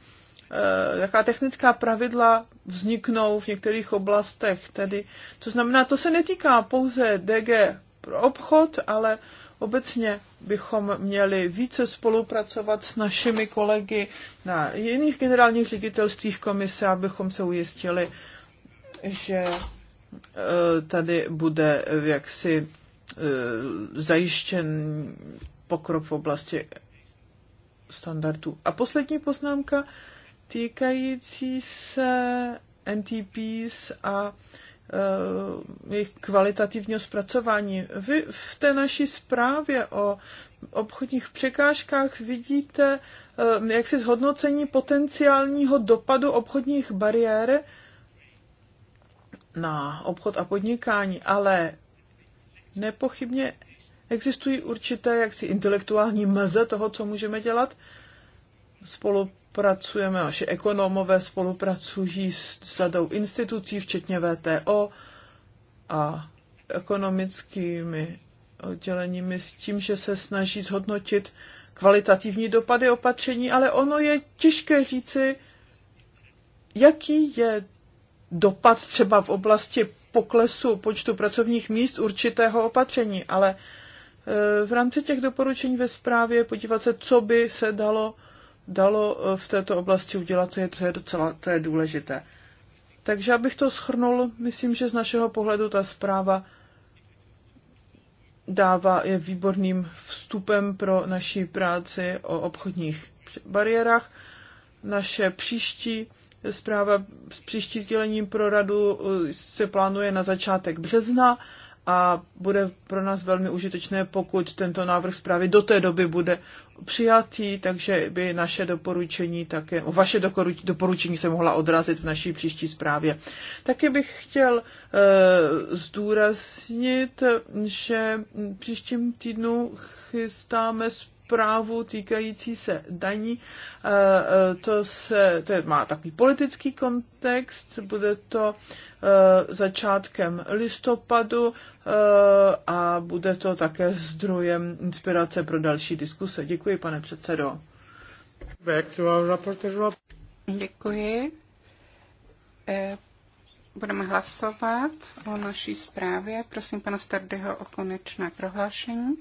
Eh, jaká technická pravidla vzniknou v některých oblastech. Tedy, to znamená, to se netýká pouze DG pro obchod, ale obecně bychom měli více spolupracovat s našimi kolegy na jiných generálních ředitelstvích komise, abychom se ujistili, že eh, tady bude eh, jaksi zajištěn pokrok v oblasti standardů. A poslední poznámka týkající se NTPs a eh, jejich kvalitativního zpracování. Vy v té naší zprávě o obchodních překážkách vidíte eh, jak si zhodnocení potenciálního dopadu obchodních bariér na obchod a podnikání, ale nepochybně existují určité jaksi intelektuální meze toho, co můžeme dělat. Spolu pracujeme, naši ekonomové spolupracují s řadou institucí, včetně VTO a ekonomickými odděleními s tím, že se snaží zhodnotit kvalitativní dopady opatření, ale ono je těžké říci, jaký je dopad třeba v oblasti poklesu počtu pracovních míst určitého opatření, ale e, v rámci těch doporučení ve zprávě podívat se, co by se dalo dalo eh, v této oblasti udělat, je, to je docela to je důležité. Takže abych to schrnul, myslím, že z našeho pohledu ta zpráva dává, je výborným vstupem pro naší práci o obchodních bariérách. Naše příští zpráva s příští sdělením pro radu eh, se plánuje na začátek března a bude pro nás velmi užitečné, pokud tento návrh zprávy do té doby bude přijatý, takže by naše doporučení také, vaše doporučení se mohla odrazit v naší příští zprávě. Taky bych chtěl e, zdůraznit, že příštím týdnu chystáme spolu právu týkající se daní. Eh, eh, to, se, to má takový politický kontext, bude to eh, začátkem listopadu a bude to také zdrojem inspirace pro další diskuse. Děkuji, pane předsedo. Back to our Děkuji. Budeme hlasovat o naší zprávě. Prosím pana Stardyho o konečné prohlášení.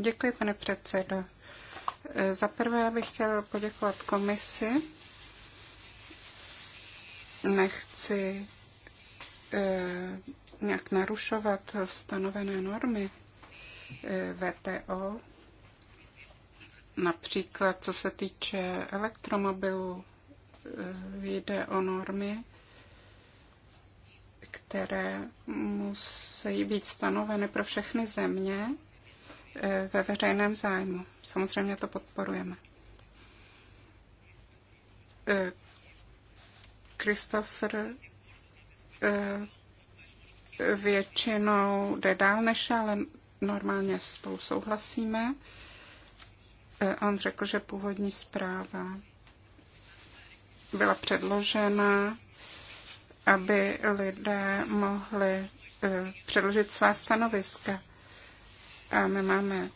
Děkuji, pane předsedo. Za prvé bych chtěl poděkovat komisi. Nechci eh, nějak narušovat stanovené normy eh, VTO, například co se týče elektromobilů, eh, jde o normy, které musí být stanoveny pro všechny země Eh, ve veřejném zájmu. Samozřejmě to podporujeme. Eh, Christopher eh, většinou jde dál než ale normálně spolu souhlasíme. On řekl, že původní zpráva byla předložena, aby lidé mohli předložit svá stanoviska. A my máme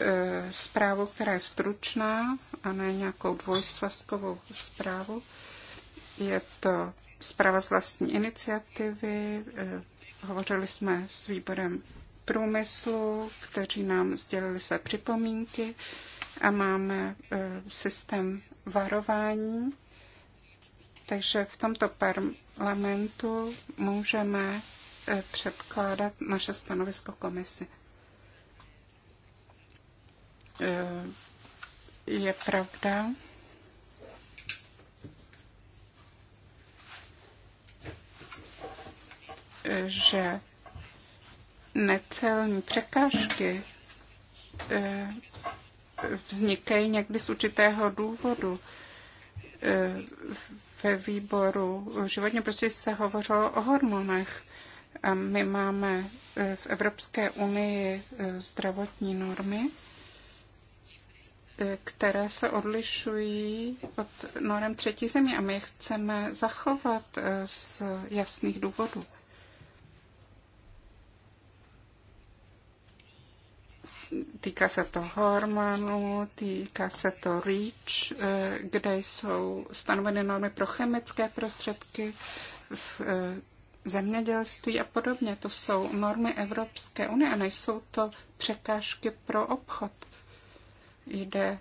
e, zprávu, která je stručná a ne nějakou dvojsvazkovou zprávu. Je to zpráva z vlastní iniciativy. E, hovořili jsme s výborem průmyslu, kteří nám sdělili své připomínky a máme e, systém varování. Takže v tomto parlamentu můžeme e, předkládat naše stanovisko komisi. Eh, je pravda, že necelní překážky eh, vznikají někdy z určitého důvodu. Eh, ve výboru životně prostě se hovořilo o hormonech. A my máme v Evropské unii zdravotní normy, které se odlišují od norem třetí země a my je chceme zachovat eh, z jasných důvodů. Týká se to hormonů, týká se to REACH, eh, kde jsou stanoveny normy pro chemické prostředky v eh, zemědělství a podobně. To jsou normy Evropské unie a nejsou to překážky pro obchod. Jde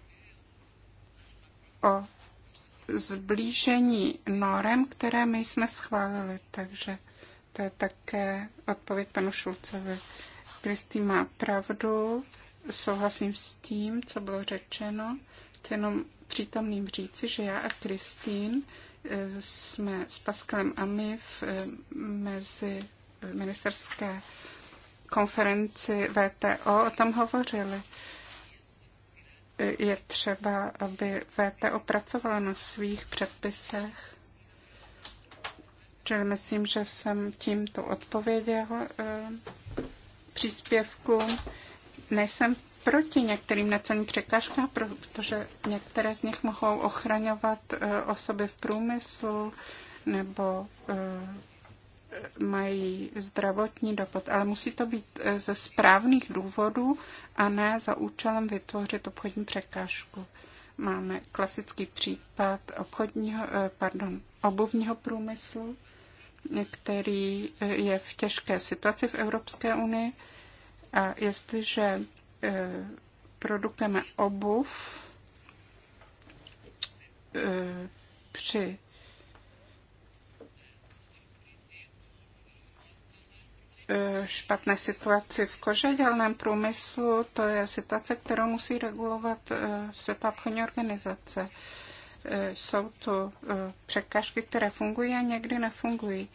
o zblížení norem, které my jsme schválili. Takže to je také odpověď panu Šulcovi. Kristý má pravdu, souhlasím s tím, co bylo řečeno. Chci jenom přítomným říci, že já a Kristýn eh, jsme s Paskalem my v eh, mezi ministerské konferenci VTO o tom hovořili je třeba, aby VTO pracovala na svých předpisech. Čili myslím, že jsem tímto odpověděl eh, příspěvku. Nejsem proti některým necelým překážkám, protože některé z nich mohou ochraňovat eh, osoby v průmyslu nebo eh, mají zdravotní dopad, ale musí to být eh, ze správných důvodů a ne za účelem vytvořit obchodní překážku. Máme klasický případ obchodního, eh, pardon, obuvního průmyslu, který eh, je v těžké situaci v Evropské unii a jestliže produkujeme obuv při špatné situaci v kožedělném průmyslu, to je situace, kterou musí regulovat eh, Světová obchodní organizace. Eh, jsou to eh, překážky, které fungují a někdy nefungují.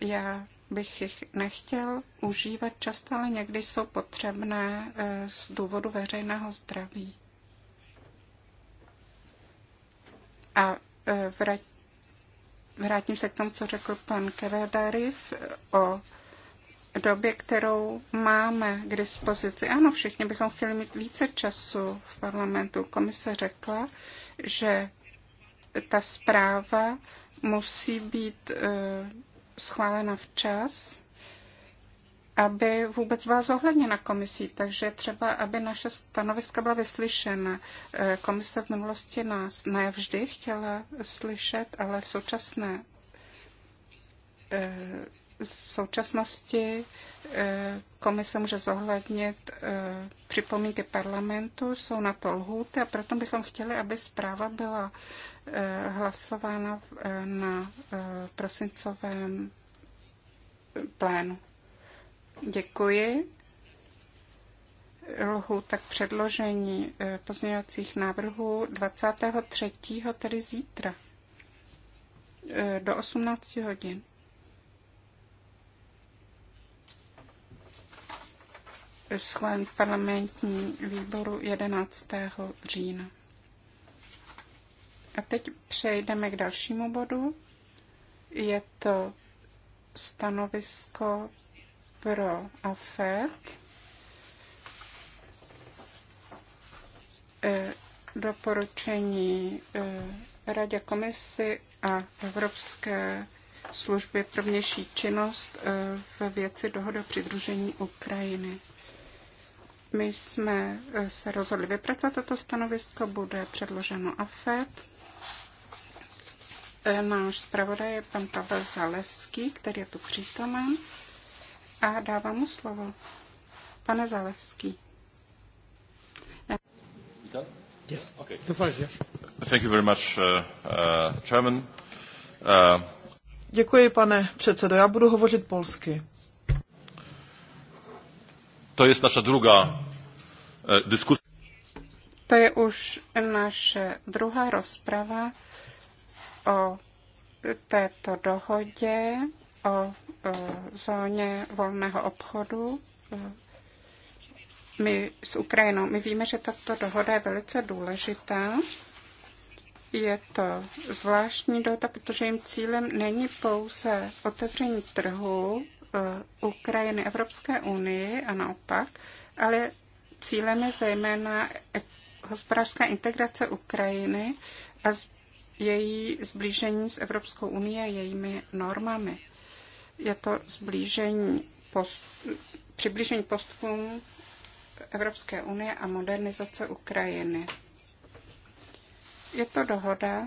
Já bych jich nechtěl užívat často, ale někdy jsou potřebné z důvodu veřejného zdraví. A vrátím se k tomu, co řekl pan Kevedariv o době, kterou máme k dispozici. Ano, všichni bychom chtěli mít více času v parlamentu. Komise řekla, že ta zpráva musí být eh, schválena včas, aby vůbec byla zohledněna komisí, takže třeba, aby naše stanoviska byla vyslyšena. Eh, komise v minulosti nás nevždy chtěla slyšet, ale v současné eh, v současnosti eh, komise může zohlednit eh, připomínky parlamentu, jsou na to lhůty a proto bychom chtěli, aby zpráva byla eh, hlasována na prosincovém plénu. Děkuji. Lhu tak předložení pozměňovacích návrhů 23. tedy zítra do 18 hodin. schválen v parlamentním výboru 11. října. A teď přejdeme k dalšímu bodu. Je to stanovisko pro AFED. Eh, doporučení eh, Radě komisi a Evropské služby pro vnější činnost eh, v věci dohody o přidružení Ukrajiny. My jsme eh, se rozhodli vypracovat toto stanovisko, bude předloženo AFED. Eh, náš zpravodaj je pan Pavel Zalevský, který je tu přítomen a dávám mu slovo. Pane Zalevský. Thank you very much, uh, uh, chairman. Uh, Děkuji, pane předsedo. Já budu hovořit polsky. To jest nasza druga e, diskuse. To je už naše druhá rozprava o této dohodě, o e, zóně volného obchodu. E, my s Ukrajinou, my víme, že tato dohoda je velice důležitá. Je to zvláštní dohoda, protože jejím cílem není pouze otevření trhu Eh, Ukrajiny Evropské unii a naopak, ale cílem je zejména hospodářská integrace Ukrajiny a její zblížení s Evropskou unii a jejími normami. Je to zblížení post, přiblížení postupům Evropské unie a modernizace Ukrajiny. Je to dohoda,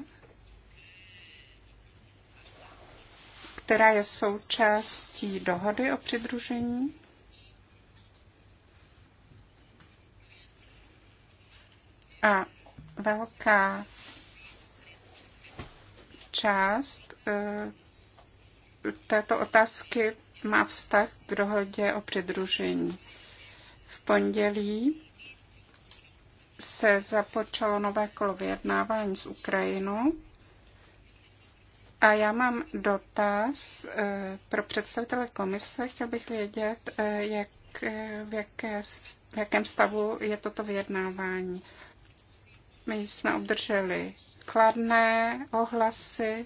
která je součástí dohody o přidružení. A velká část eh, této otázky má vztah k dohodě o přidružení. V pondělí se započalo nové kolo vyjednávání s Ukrajinou. A já mám dotaz eh, pro představitele komise. Chtěl bych vědět, eh, jak, eh, v, jaké, v jakém stavu je toto vyjednávání. My jsme obdrželi kladné ohlasy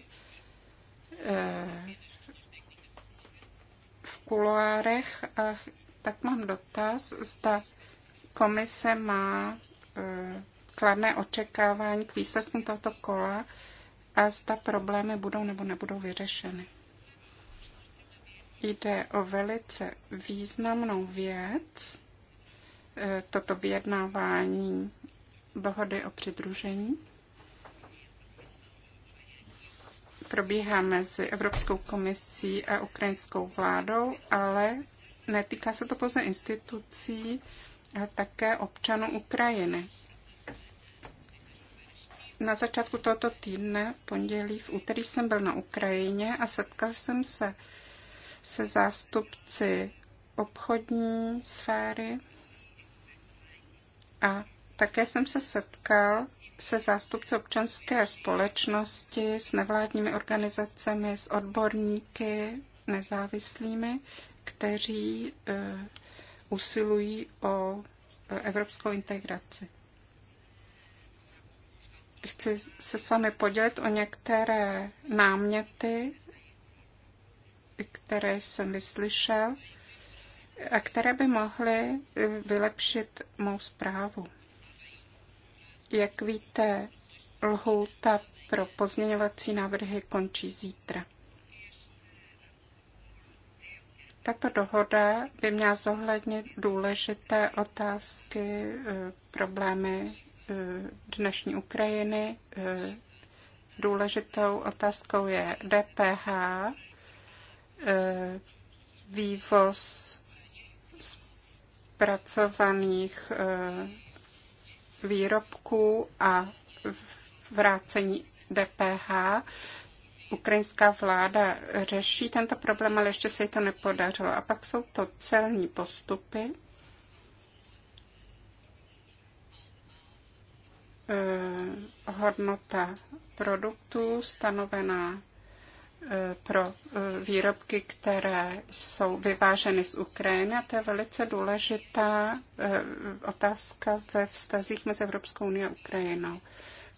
v kuloárech, a tak mám dotaz, zda komise má kladné očekávání k výsledkům tohoto kola a zda problémy budou nebo nebudou vyřešeny. Jde o velice významnou věc, e, toto vyjednávání dohody o přidružení. Probíhá mezi Evropskou komisí a ukrajinskou vládou, ale netýká se to pouze institucí, ale také občanů Ukrajiny na začátku tohoto týdne, v pondělí, v úterý jsem byl na Ukrajině a setkal jsem se se zástupci obchodní sféry a také jsem se setkal se zástupci občanské společnosti, s nevládními organizacemi, s odborníky nezávislými, kteří eh, usilují o eh, evropskou integraci. Chci se s vámi podělit o některé náměty, které jsem vyslyšel a které by mohly vylepšit mou zprávu. Jak víte, lhůta pro pozměňovací návrhy končí zítra. Tato dohoda by měla zohlednit důležité otázky, eh, problémy Eh, dnešní Ukrajiny. Eh, důležitou otázkou je DPH, eh, vývoz zpracovaných výrobků a vrácení DPH. Ukrajinská vláda řeší tento problém, ale ještě se jí to nepodařilo. A pak jsou to celní postupy. Eh, hodnota produktů stanovená eh, pro eh, výrobky, které jsou vyváženy z Ukrajiny. A to je velice důležitá otázka ve vztazích mezi Evropskou unii a Ukrajinou.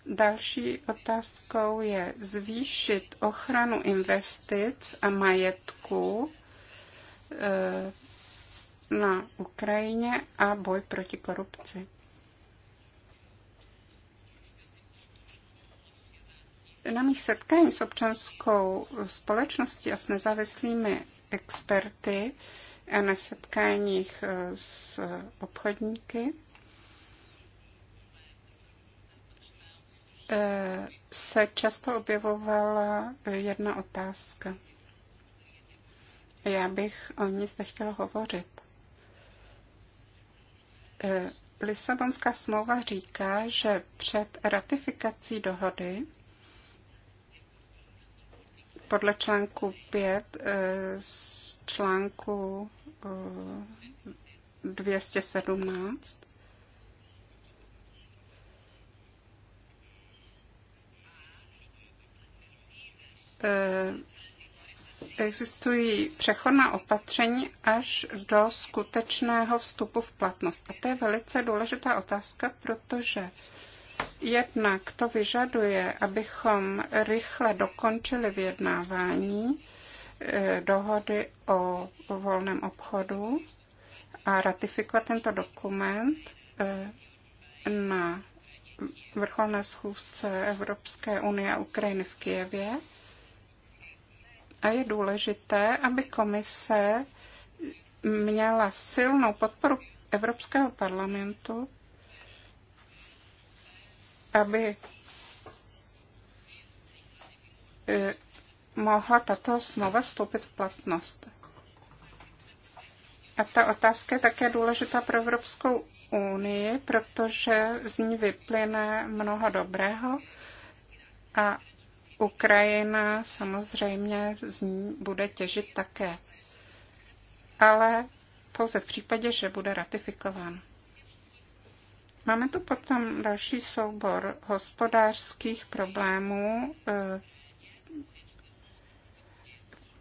Další otázkou je zvýšit ochranu investic a majetku na Ukrajině a boj proti korupci. na mých setkání s občanskou společností a s nezávislými experty a na setkáních eh, s obchodníky eh, se často objevovala jedna otázka. Já bych o ní zde chtěla hovořit. Eh, Lisabonská smlouva říká, že před ratifikací dohody podle článku 5 eh, z článku 217 eh, eh, existují přechodná opatření až do skutečného vstupu v platnost. A to je velice důležitá otázka, protože Jednak to vyžaduje, abychom rychle dokončili vyjednávání eh, dohody o volném obchodu a ratifikovat tento dokument eh, na vrcholné schůzce Evropské unie a Ukrajiny v Kijevě. A je důležité, aby komise měla silnou podporu Evropského parlamentu aby e, mohla tato smlouva vstoupit v platnost. A ta otázka je také důležitá pro Evropskou unii, protože z ní vyplyne mnoho dobrého a Ukrajina samozřejmě z ní bude těžit také. Ale pouze v případě, že bude ratifikován. Máme tu potom další soubor hospodářských problémů eh,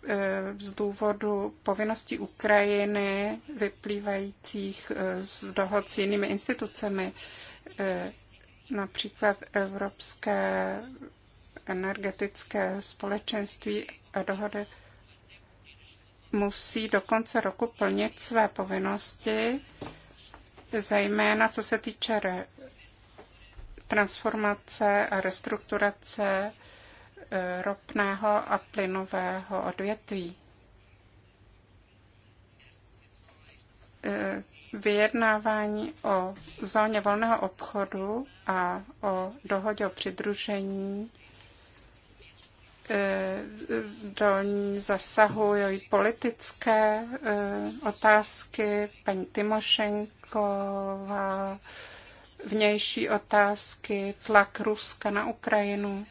eh, z důvodu povinností Ukrajiny vyplývajících eh, z dohod s jinými institucemi, například Evropské energetické společenství a dohody musí do konce roku plnit své povinnosti zejména co se týče re, transformace a restrukturace eh, ropného a plynového odvětví. Eh, vyjednávání o zóně volného obchodu a o dohodě o přidružení Eh, do ní zasahují politické eh, otázky, paní Timošenková, vnější otázky, tlak Ruska na Ukrajinu,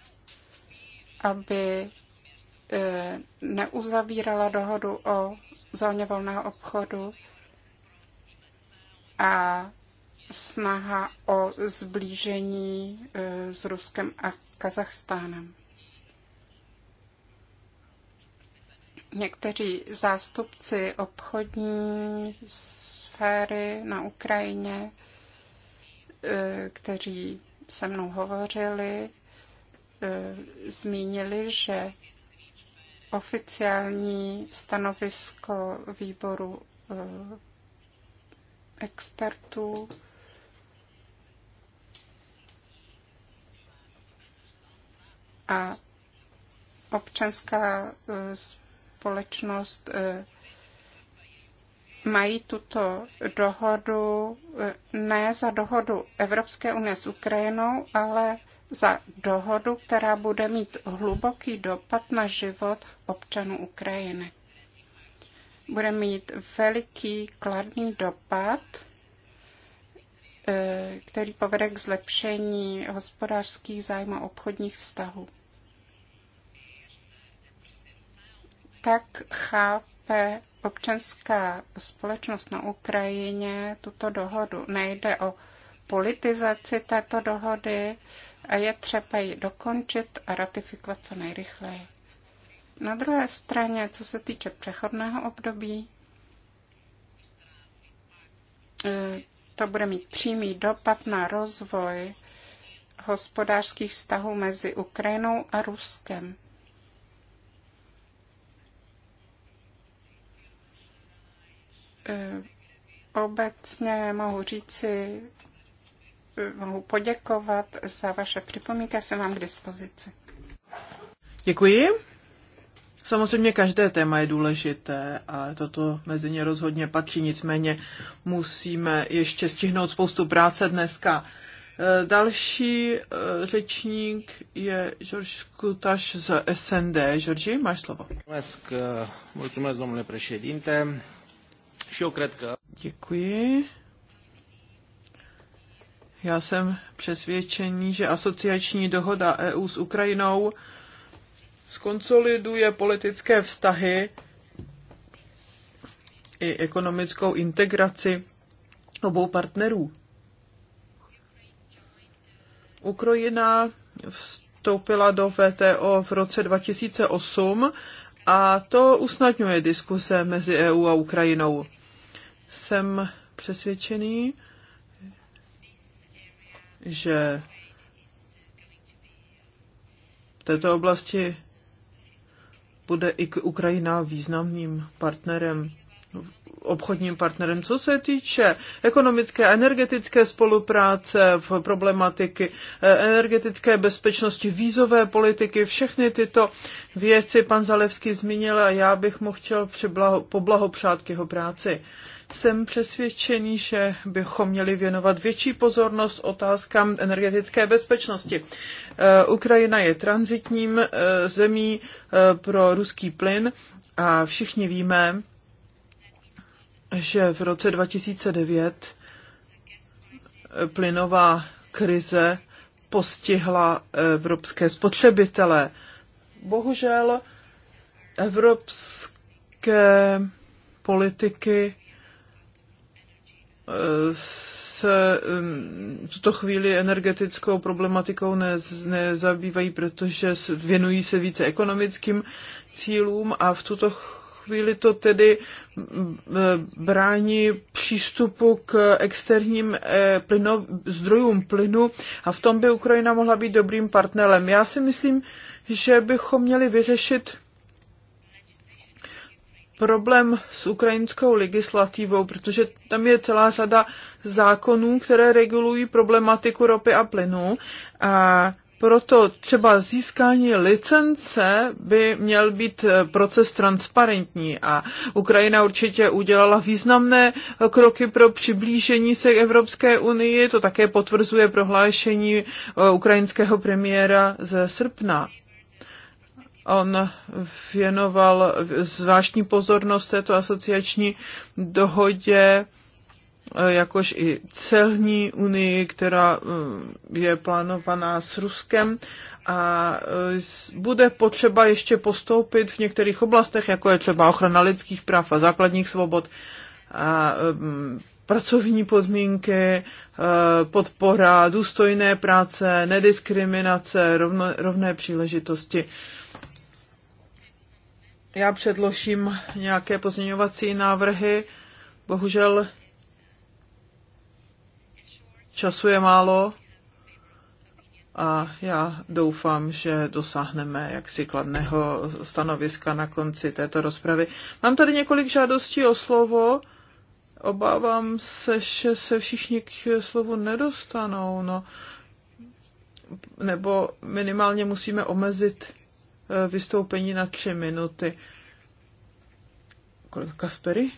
aby eh, neuzavírala dohodu o zóně volného obchodu a snaha o zblížení s Ruskem a Kazachstánem. Někteří zástupci obchodní sféry na Ukrajině, e, kteří se mnou hovořili, e, zmínili, že oficiální stanovisko výboru e, expertů a občanská společnost eh, mají tuto dohodu eh, ne za dohodu Evropské unie s Ukrajinou, ale za dohodu, která bude mít hluboký dopad na život občanů Ukrajiny. Bude mít veliký kladný dopad, eh, který povede k zlepšení hospodářských zájmů a obchodních vztahů. tak chápe občanská společnost na Ukrajině tuto dohodu. Nejde o politizaci této dohody a je třeba ji dokončit a ratifikovat co nejrychleji. Na druhé straně, co se týče přechodného období, e, to bude mít přímý dopad na rozvoj hospodářských vztahů mezi Ukrajinou a Ruskem. Eh, obecně mohu říci, eh, mohu poděkovat za vaše připomínky, jsem vám k dispozici. Děkuji. Samozřejmě každé téma je důležité a toto mezi ně rozhodně patří, nicméně musíme ještě stihnout spoustu práce dneska. Eh, další řečník je Žorž Kutaš z SND. Žorži, máš slovo. Mulțumesc, mulțumesc domnule președinte. Și Děkuji. Já jsem přesvědčený, že asociační dohoda EU s Ukrajinou skonsoliduje politické vztahy i ekonomickou integraci obou partnerů. Ukrajina vstoupila do VTO v roce 2008 a to usnadňuje diskuse mezi EU a Ukrajinou jsem přesvědčený, že v této oblasti bude i Ukrajina významným partnerem, obchodním partnerem. Co se týče ekonomické a energetické spolupráce, v problematiky eh, energetické bezpečnosti, vízové politiky, všechny tyto věci pan Zalevský zmínil a já bych mu chtěl poblahopřát k jeho práci jsem přesvědčený, že bychom měli věnovat větší pozornost otázkám energetické bezpečnosti. Eh, Ukrajina je transitním eh, zemí eh, pro ruský plyn a všichni víme, že v roce 2009 plynová krize postihla evropské spotřebitele. Bohužel evropské politiky se um, v tuto chvíli energetickou problematikou nezabývají, protože věnují se více ekonomickým cílům a v tuto chvíli to tedy brání přístupu k externím eh, plyno, zdrojům plynu a v tom by Ukrajina mohla být dobrým partnerem. Já si myslím, že bychom měli vyřešit problém s ukrajinskou legislativou, protože tam je celá řada zákonů, které regulují problematiku ropy a plynu a proto třeba získání licence by měl být eh, proces transparentní a Ukrajina určitě udělala významné kroky pro přiblížení se k Evropské unii, to také potvrzuje prohlášení eh, ukrajinského premiéra ze srpna. On věnoval zvláštní pozornost této asociační dohodě, eh, jakož i celní unii, která eh, je plánovaná s Ruskem a eh, bude potřeba ještě postoupit v některých oblastech, jako je třeba ochrana lidských práv a základních svobod a pracovní podmínky, podpora důstojné práce, nediskriminace, rovno, rovné příležitosti já předložím nějaké pozměňovací návrhy. Bohužel času je málo a já doufám, že dosáhneme jaksi kladného stanoviska na konci této rozpravy. Mám tady několik žádostí o slovo. Obávám se, že se všichni k slovu nedostanou, no. nebo minimálně musíme omezit Eh, vystoupení na tři minuty. Kolega Kaspery?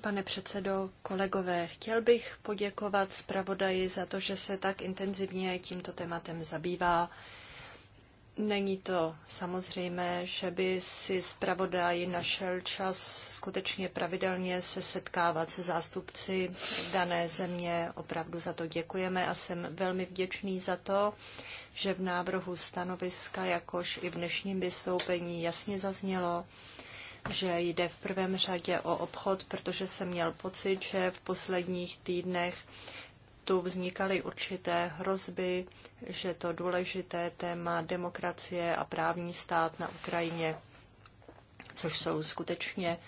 Pane předsedo, kolegové, chtěl bych poděkovat zpravodaji za to, že se tak intenzivně tímto tématem zabývá. Není to samozřejmé, že by si zpravodaj našel čas skutečně pravidelně se setkávat se zástupci dané země. Opravdu za to děkujeme a jsem velmi vděčný za to, že v návrhu stanoviska, jakož i v dnešním vystoupení jasně zaznělo, že jde v prvém řadě o obchod, protože jsem měl pocit, že v posledních týdnech tu vznikaly určité hrozby, že to důležité téma demokracie a právní stát na Ukrajině, což jsou skutečně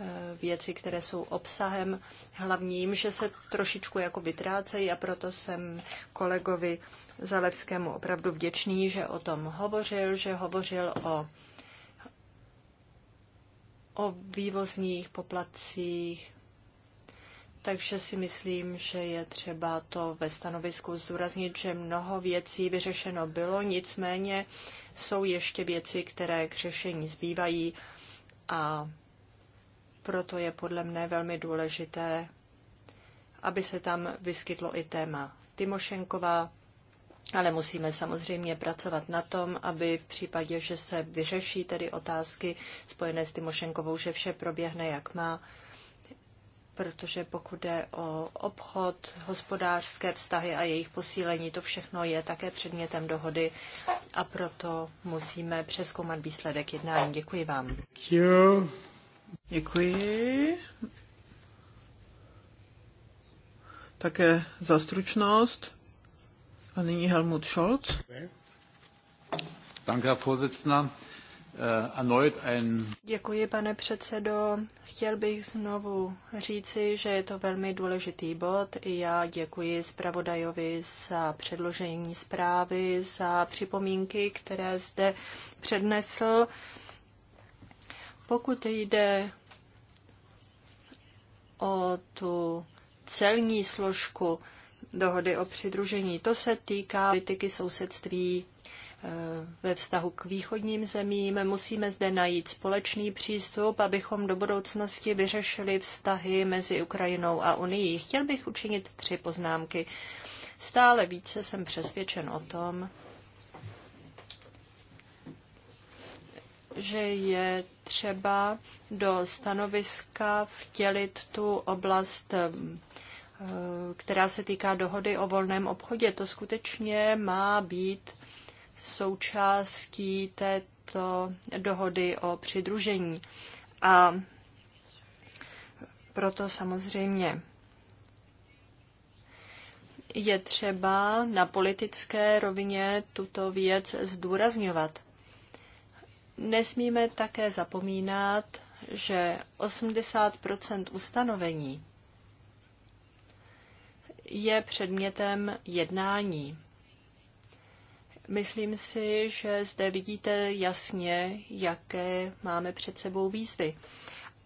eh, věci, které jsou obsahem hlavním, že se trošičku jako vytrácejí a proto jsem kolegovi Zalevskému opravdu vděčný, že o tom hovořil, že hovořil o, o vývozních poplatcích takže si myslím, že je třeba to ve stanovisku zdůraznit, že mnoho věcí vyřešeno bylo, nicméně jsou ještě věci, které k řešení zbývají a proto je podle mne velmi důležité, aby se tam vyskytlo i téma Timošenková, ale musíme samozřejmě pracovat na tom, aby v případě, že se vyřeší tedy otázky spojené s Timošenkovou, že vše proběhne jak má protože pokud jde o obchod, hospodářské vztahy a jejich posílení, to všechno je také předmětem dohody a proto musíme přeskoumat výsledek jednání. Děkuji vám. Děkuji. Také za stručnost. A nyní Helmut Scholz. Danke, Herr Vorsitzender. Eh, děkuji, pane předsedo. Chtěl bych znovu říci, že je to velmi důležitý bod. Já děkuji zpravodajovi za předložení zprávy, za připomínky, které zde přednesl. Pokud jde o tu celní složku dohody o přidružení, to se týká politiky sousedství Eh, ve vztahu k východním zemím. Musíme zde najít společný přístup, abychom do budoucnosti vyřešili vztahy mezi Ukrajinou a Unii. Chtěl bych učinit tři poznámky. Stále více jsem přesvědčen o tom, že je třeba do stanoviska vtělit tu oblast eh, která se týká dohody o volném obchodě. To skutečně má být součástí této dohody o přidružení. A proto samozřejmě je třeba na politické rovině tuto věc zdůrazňovat. Nesmíme také zapomínat, že 80 ustanovení je předmětem jednání Myslím si, že zde vidíte jasně, jaké máme před sebou výzvy.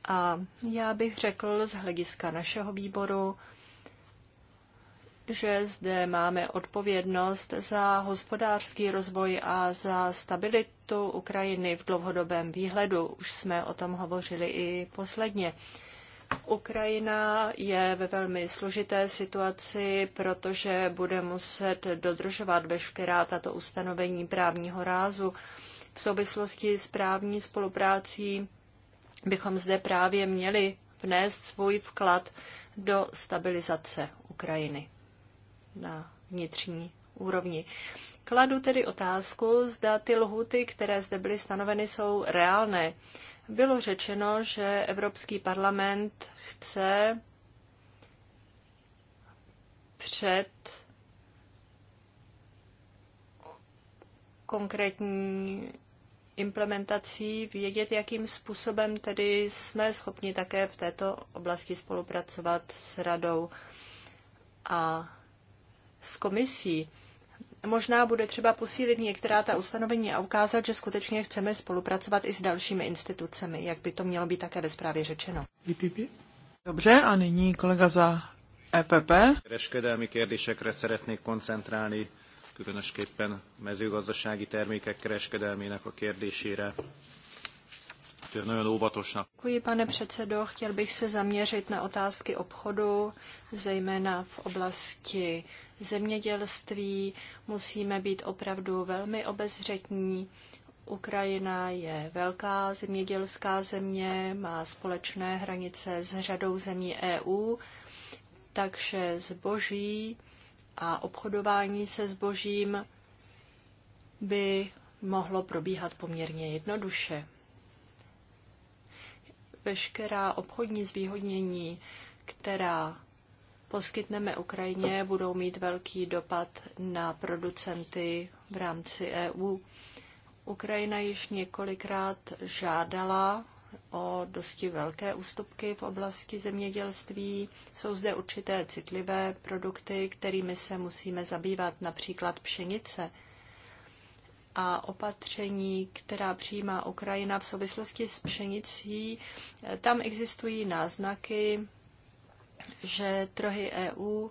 A já bych řekl z hlediska našeho výboru, že zde máme odpovědnost za hospodářský rozvoj a za stabilitu Ukrajiny v dlouhodobém výhledu. Už jsme o tom hovořili i posledně. Ukrajina je ve velmi složité situaci, protože bude muset dodržovat veškerá tato ustanovení právního rázu. V souvislosti s právní spoluprácí bychom zde právě měli vnést svůj vklad do stabilizace Ukrajiny na vnitřní úrovni. Kladu tedy otázku, zda ty lhuty, které zde byly stanoveny, jsou reálné. Bylo řečeno, že Evropský parlament chce před konkrétní implementací vědět, jakým způsobem tedy jsme schopni také v této oblasti spolupracovat s radou a s komisí možná bude třeba posílit některá ta ustanovení a ukázat, že skutečně chceme spolupracovat i s dalšími institucemi, jak by to mělo být také ve zprávě řečeno. Dobře, a nyní kolega za EPP. Kereskedelmi kérdésekre szeretnék koncentrálni, különösképpen mezőgazdasági termékek kereskedelmének a kérdésére. Děkuji, pane předsedo. Chtěl bych se zaměřit na otázky obchodu, zejména v oblasti zemědělství. Musíme být opravdu velmi obezřetní. Ukrajina je velká zemědělská země, má společné hranice s řadou zemí EU, takže zboží a obchodování se zbožím by mohlo probíhat poměrně jednoduše. Veškerá obchodní zvýhodnění, která poskytneme Ukrajině, budou mít velký dopad na producenty v rámci EU. Ukrajina již několikrát žádala o dosti velké ústupky v oblasti zemědělství. Jsou zde určité citlivé produkty, kterými se musíme zabývat, například pšenice. A opatření, která přijímá Ukrajina v souvislosti s pšenicí, tam existují náznaky že trhy EU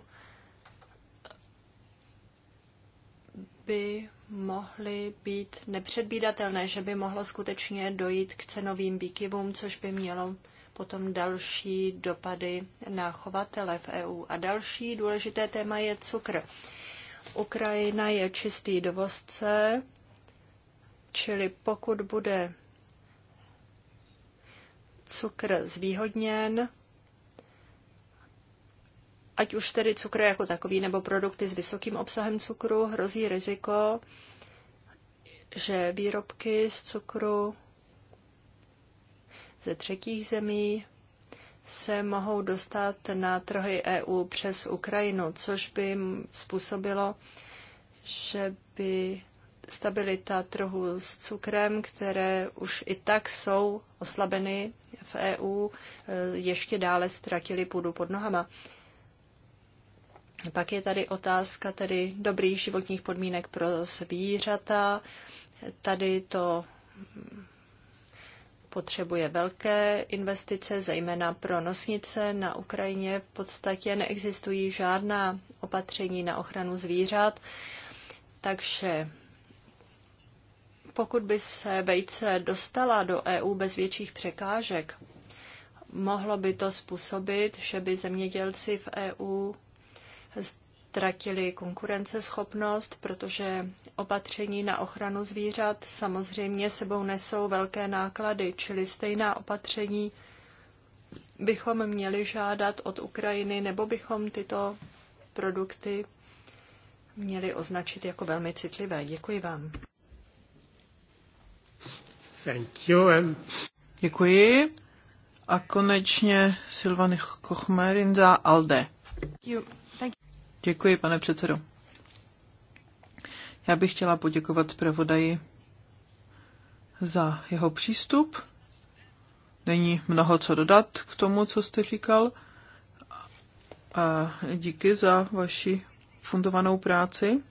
by mohly být nepředvídatelné, že by mohlo skutečně dojít k cenovým výkyvům, což by mělo potom další dopady na chovatele v EU. A další důležité téma je cukr. Ukrajina je čistý dovozce, čili pokud bude cukr zvýhodněn, ať už tedy cukr jako takový nebo produkty s vysokým obsahem cukru, hrozí riziko, že výrobky z cukru ze třetích zemí se mohou dostat na trhy EU přes Ukrajinu, což by způsobilo, že by stabilita trhu s cukrem, které už i tak jsou oslabeny v EU, eh, ještě dále ztratili půdu pod nohama. Pak je tady otázka tedy dobrých životních podmínek pro zvířata. Tady to potřebuje velké investice, zejména pro nosnice. Na Ukrajině v podstatě neexistují žádná opatření na ochranu zvířat, takže pokud by se vejce dostala do EU bez větších překážek, mohlo by to způsobit, že by zemědělci v EU ztratili konkurenceschopnost, protože opatření na ochranu zvířat samozřejmě sebou nesou velké náklady, čili stejná opatření bychom měli žádat od Ukrajiny, nebo bychom tyto produkty měli označit jako velmi citlivé. Děkuji vám. Thank you. Děkuji. A konečně Silvany Kochmerin za ALDE. Thank you. Děkuji, pane předsedo. Já bych chtěla poděkovat zpravodaji za jeho přístup. Není mnoho co dodat k tomu, co jste říkal. A díky za vaši fundovanou práci.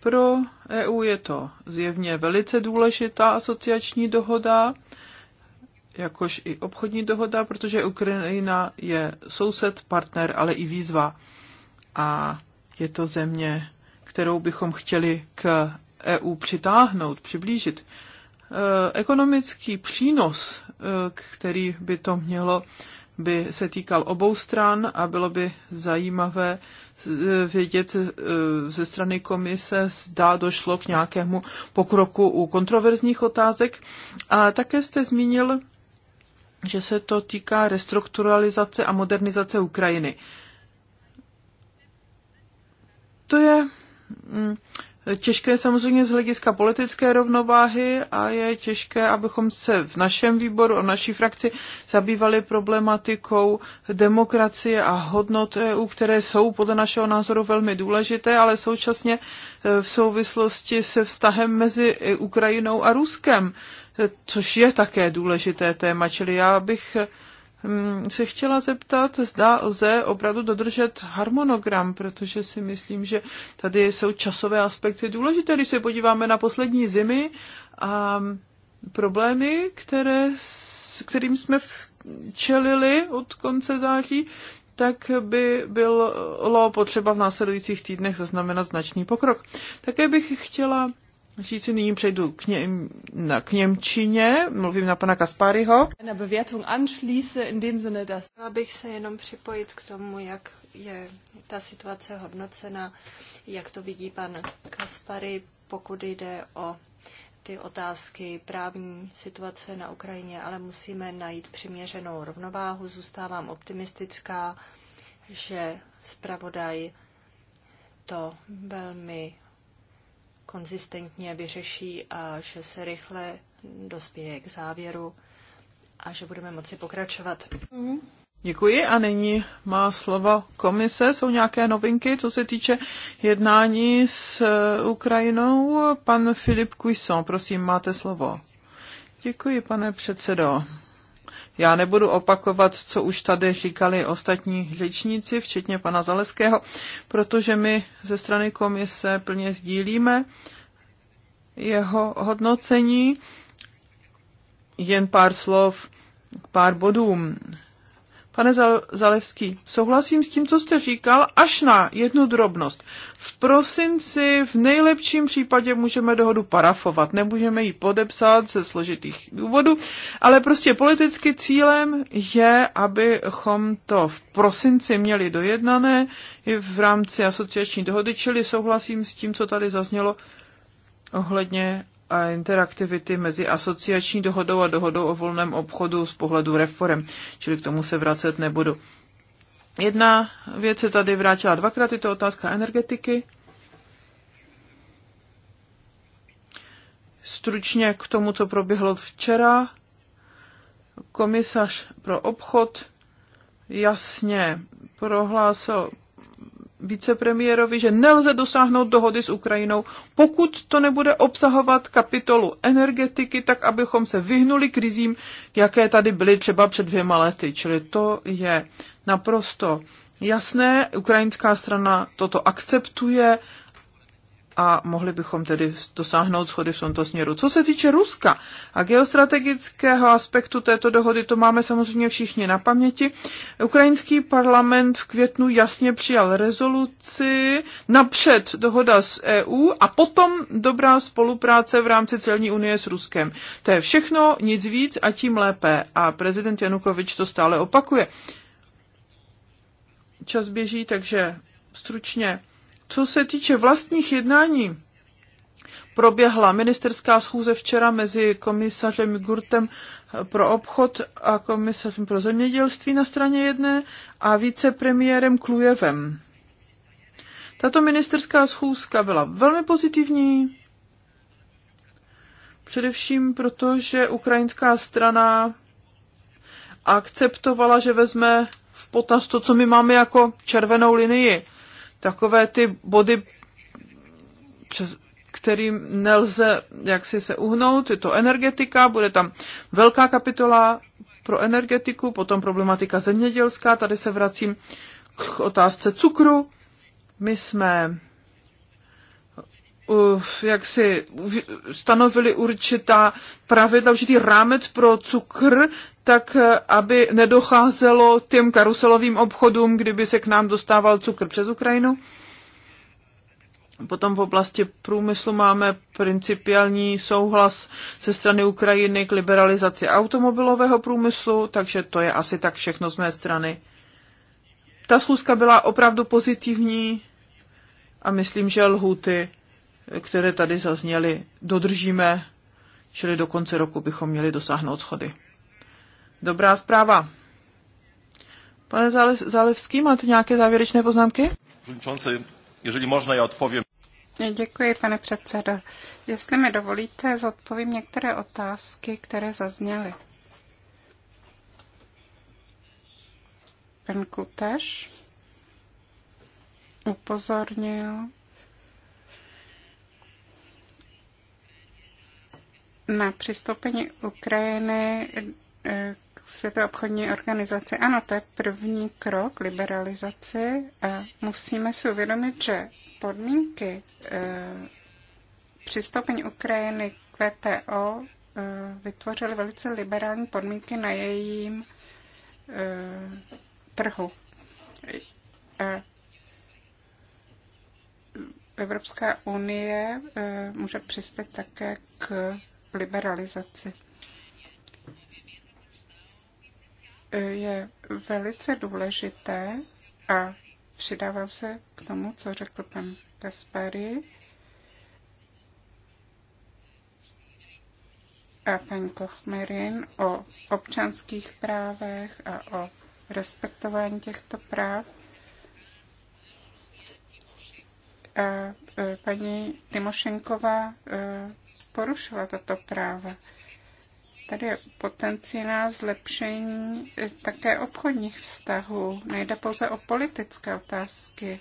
Pro EU je to zjevně velice důležitá asociační dohoda jakož i obchodní dohoda, protože Ukrajina je soused, partner, ale i výzva. A je to země, kterou bychom chtěli k EU přitáhnout, přiblížit. E, ekonomický přínos, e, který by to mělo, by se týkal obou stran a bylo by zajímavé vědět e, ze strany komise, zda došlo k nějakému pokroku u kontroverzních otázek. A také jste zmínil že se to týká restrukturalizace a modernizace Ukrajiny. To je mm, těžké samozřejmě z hlediska politické rovnováhy a je těžké, abychom se v našem výboru, a naší frakci zabývali problematikou demokracie a hodnot EU, které jsou podle našeho názoru velmi důležité, ale současně e, v souvislosti se vztahem mezi e Ukrajinou a Ruskem což je také důležité téma, čili já bych mm, se chtěla zeptat, zda lze opravdu dodržet harmonogram, protože si myslím, že tady jsou časové aspekty důležité, když se podíváme na poslední zimy a problémy, které, s kterým jsme čelili od konce září, tak by bylo potřeba v následujících týdnech zaznamenat značný pokrok. Také bych chtěla říci, nyní přejdu k, ně, na, k Němčině, mluvím na pana Kaspáryho. Na Bewertung anschließe in dem Sinne, dass... Chtěla bych se jenom připojit k tomu, jak je ta situace hodnocena, jak to vidí pan Kaspary, pokud jde o ty otázky právní situace na Ukrajině, ale musíme najít přiměřenou rovnováhu. Zůstávám optimistická, že zpravodaj to velmi konzistentně vyřeší a že se rychle dospěje k závěru a že budeme moci pokračovat. Mm. Děkuji a nyní má slovo komise. Jsou nějaké novinky, co se týče jednání s eh, Ukrajinou? Pan Filip Cuisson, prosím, máte slovo. Děkuji, pane předsedo. Já nebudu opakovat, co už tady říkali ostatní řečníci, včetně pana Zaleského, protože my ze strany komise plně sdílíme jeho hodnocení. Jen pár slov k pár bodům. Pane Zalevský, souhlasím s tím, co jste říkal, až na jednu drobnost. V prosinci v nejlepším případě můžeme dohodu parafovat, nemůžeme ji podepsat ze složitých důvodů, ale prostě politicky cílem je, abychom to v prosinci měli dojednané i v rámci asociační dohody, čili souhlasím s tím, co tady zaznělo ohledně a interaktivity mezi asociační dohodou a dohodou o volném obchodu z pohledu reform, čili k tomu se vracet nebudu. Jedna věc se tady vrátila dvakrát, je to otázka energetiky. Stručně k tomu, co proběhlo včera. Komisař pro obchod jasně prohlásil vicepremiérovi, že nelze dosáhnout dohody s Ukrajinou, pokud to nebude obsahovat kapitolu energetiky, tak abychom se vyhnuli krizím, jaké tady byly třeba před dvěma lety. Čili to je naprosto jasné. Ukrajinská strana toto akceptuje a mohli bychom tedy dosáhnout schody v tomto směru. Co se týče Ruska a geostrategického aspektu této dohody, to máme samozřejmě všichni na paměti. Ukrajinský parlament v květnu jasně přijal rezoluci napřed dohoda s EU a potom dobrá spolupráce v rámci celní unie s Ruskem. To je všechno, nic víc a tím lépe. A prezident Janukovič to stále opakuje. Čas běží, takže stručně co se týče vlastních jednání, proběhla ministerská schůze včera mezi komisařem Gurtem pro obchod a komisařem pro zemědělství na straně jedné a vicepremiérem Klujevem. Tato ministerská schůzka byla velmi pozitivní, především proto, že ukrajinská strana akceptovala, že vezme v potaz to, co my máme jako červenou linii takové ty body, přes, kterým nelze jaksi se uhnout, je to energetika, bude tam velká kapitola pro energetiku, potom problematika zemědělská, tady se vracím k otázce cukru. My jsme uh, jak si stanovili určitá pravidla, určitý rámec pro cukr, tak eh, aby nedocházelo těm karuselovým obchodům, kdyby se k nám dostával cukr přes Ukrajinu. Potom v oblasti průmyslu máme principiální souhlas ze strany Ukrajiny k liberalizaci automobilového průmyslu, takže to je asi tak všechno z mé strany. Ta schůzka byla opravdu pozitivní a myslím, že lhuty, které tady zazněly, dodržíme, čili do konce roku bychom měli dosáhnout schody. Dobrá zpráva. Pane Zalevský, máte nějaké závěrečné poznámky? Jeżeli možno, já odpovím. Děkuji, pane předsedo. Jestli mi dovolíte, zodpovím některé otázky, které zazněly. Pan Kuteš upozornil na přistoupení Ukrajiny eh, Světové obchodní organizace. Ano, to je první krok liberalizaci a musíme si uvědomit, že podmínky e, přistoupení Ukrajiny k VTO eh, vytvořily velice liberální podmínky na jejím eh, trhu. Evropská unie může přispět také k liberalizaci. je velice důležité a přidávám se k tomu, co řekl pan Kaspary a pan Kochmerin o občanských právech a o respektování těchto práv. A e, paní Timošenková e, porušila tato práva. Tady je potenciál zlepšení eh, také obchodních vztahů. Nejde pouze o politické otázky.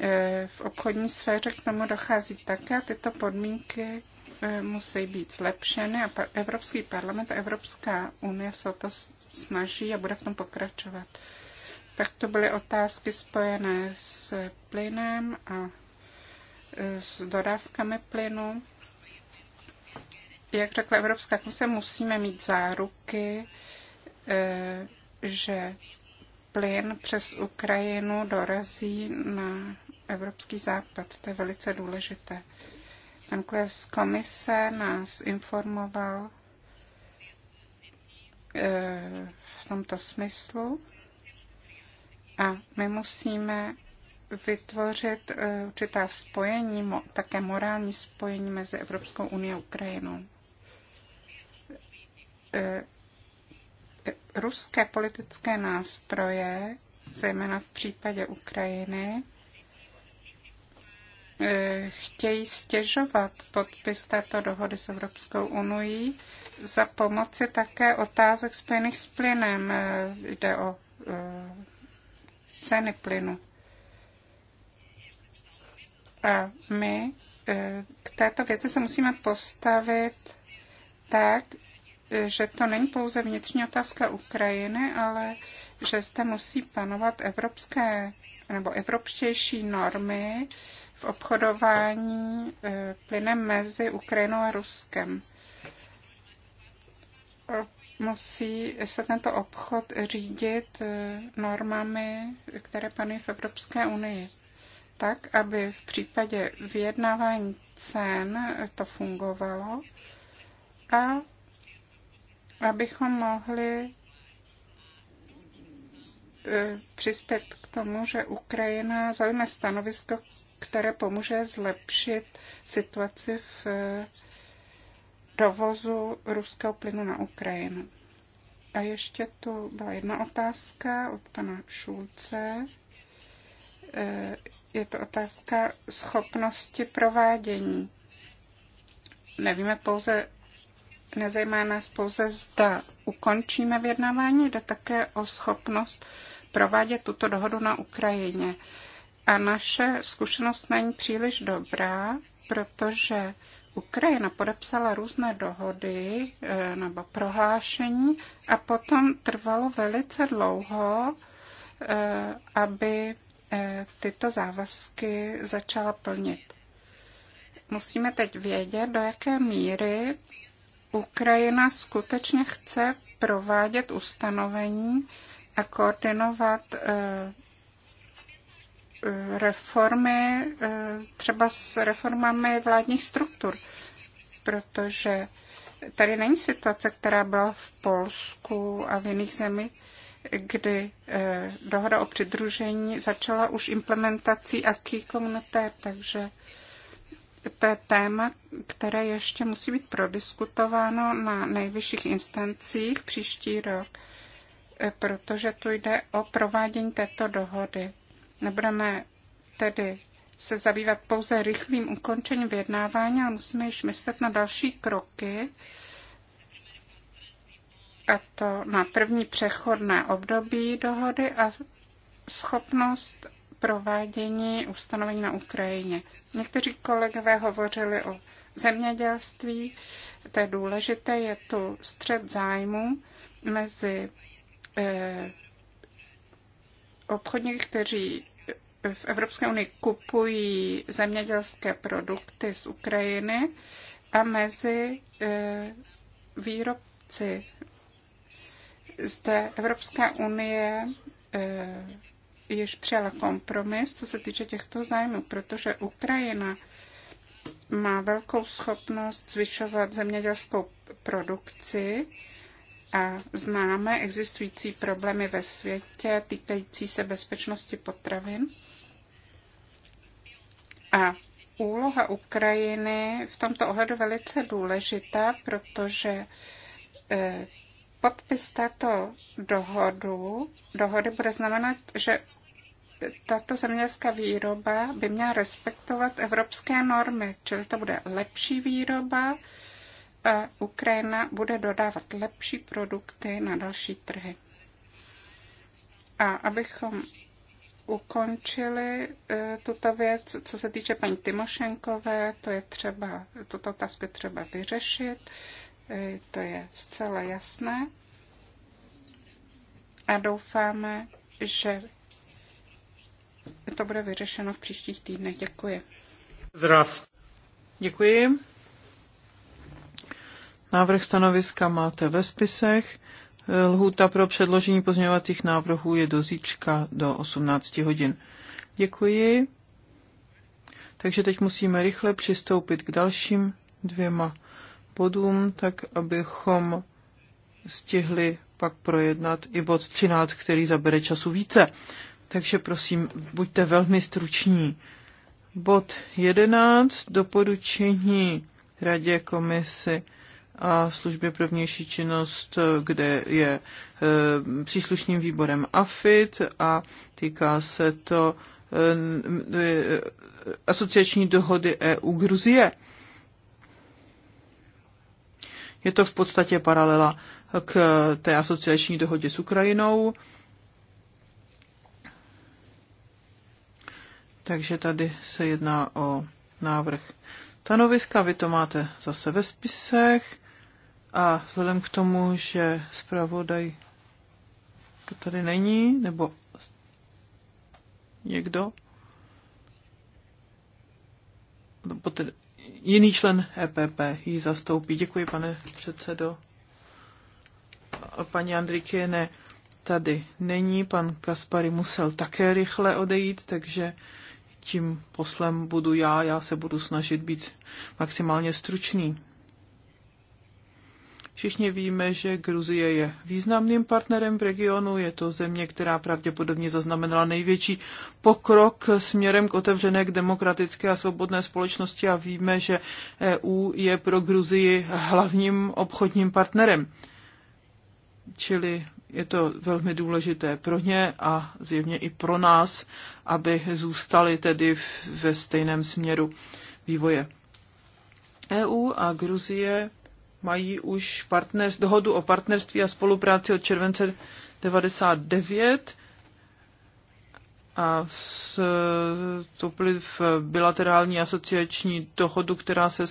Eh, v obchodní sféře k tomu dochází také a tyto podmínky eh, musí být zlepšeny a Evropský parlament a Evropská unie se o to snaží a bude v tom pokračovat. Tak to byly otázky spojené s plynem a s dodávkami plynu jak řekla Evropská komise, musíme mít záruky, eh, že plyn přes Ukrajinu dorazí na evropský západ. To je velice důležité. Pan z komise nás informoval eh, v tomto smyslu a my musíme vytvořit eh, určitá spojení, také morální spojení mezi Evropskou unii a Ukrajinou. E, e, ruské politické nástroje, zejména v případě Ukrajiny, e, chtějí stěžovat podpis této dohody s Evropskou unii za pomoci také otázek spojených s plynem. Jde o ceny plynu. A my k této věci se musíme postavit tak, že to není pouze vnitřní otázka Ukrajiny, ale že zde musí panovat evropské nebo evropštější normy v obchodování eh, plynem mezi Ukrajinou a Ruskem. Musí se tento obchod řídit eh, normami, které panují v Evropské unii, tak, aby v případě vyjednávání cen to fungovalo a abychom mohli e, přispět k tomu, že Ukrajina zaujme stanovisko, které pomůže zlepšit situaci v e, dovozu ruského plynu na Ukrajinu. A ještě tu byla jedna otázka od pana Šulce. E, je to otázka schopnosti provádění. Nevíme pouze Nezajímá nás pouze, zda ukončíme vyjednávání, jde také o schopnost provádět tuto dohodu na Ukrajině. A naše zkušenost není příliš dobrá, protože Ukrajina podepsala různé dohody eh, nebo prohlášení a potom trvalo velice dlouho, eh, aby eh, tyto závazky začala plnit. Musíme teď vědět, do jaké míry Ukrajina skutečně chce provádět ustanovení a koordinovat eh, eh, reformy, eh, třeba s reformami vládních struktur, protože tady není situace, která byla v Polsku a v jiných zemích, kdy dohoda o přidružení začala už implementací aký komunitér, takže to je téma, které ještě musí být prodiskutováno na nejvyšších instancích příští rok, eh, protože tu jde o provádění této dohody. Nebudeme tedy se zabývat pouze rychlým ukončením vyjednávání, ale musíme již myslet na další kroky, a to na první přechodné období dohody a schopnost provádění ustanovení na Ukrajině. Někteří kolegové hovořili o zemědělství, to je důležité, je tu střed zájmu mezi eh, obchodníky, kteří v Evropské unii kupují zemědělské produkty z Ukrajiny a mezi eh, výrobci. Zde Evropská unie eh, již přijala kompromis, co se týče těchto zájmů, protože Ukrajina má velkou schopnost zvyšovat zemědělskou produkci a známe existující problémy ve světě týkající se bezpečnosti potravin. A úloha Ukrajiny v tomto ohledu velice důležitá, protože eh, podpis této dohodu, dohody bude znamenat, že tato zemědělská výroba by měla respektovat evropské normy, čili to bude lepší výroba a Ukrajina bude dodávat lepší produkty na další trhy. A abychom ukončili e, tuto věc, co se týče paní Timošenkové, to je třeba, tuto otázku třeba vyřešit, e, to je zcela jasné. A doufáme, že to bude vyřešeno v příštích týdnech. Děkuji. Zdrav. Děkuji. Návrh stanoviska máte ve spisech. Lhůta pro předložení pozměňovacích návrhů je do zítřka do 18 hodin. Děkuji. Takže teď musíme rychle přistoupit k dalším dvěma bodům, tak abychom stihli pak projednat i bod 13, který zabere času více takže prosím, buďte velmi struční. Bod 11. Doporučení Radě komisy a službě pro vnější činnost, kde je e, příslušným výborem AFIT a týká se to e, e, asociační dohody EU-Gruzie. Je to v podstatě paralela k té asociační dohodě s Ukrajinou. E, Takže tady se jedná o návrh stanoviska. Vy to máte zase ve spisech. A vzhledem k tomu, že zpravodaj tady není, nebo někdo, nebo tedy jiný člen EPP ji zastoupí. Děkuji, pane předsedo. A paní Andriky ne, tady není, pan Kaspary musel také rychle odejít, takže tím poslem budu já, já se budu snažit být maximálně stručný. Všichni víme, že Gruzie je významným partnerem v regionu, je to země, která pravděpodobně zaznamenala největší pokrok směrem k otevřené k demokratické a svobodné společnosti a víme, že EU je pro Gruzii hlavním obchodním partnerem. Čili je to velmi důležité pro ně a zjevně i pro nás, aby zůstali tedy ve stejném směru vývoje. EU a Gruzie mají už partners, dohodu o partnerství a spolupráci od července 99 a vstoupili v bilaterální asociační dohodu, která se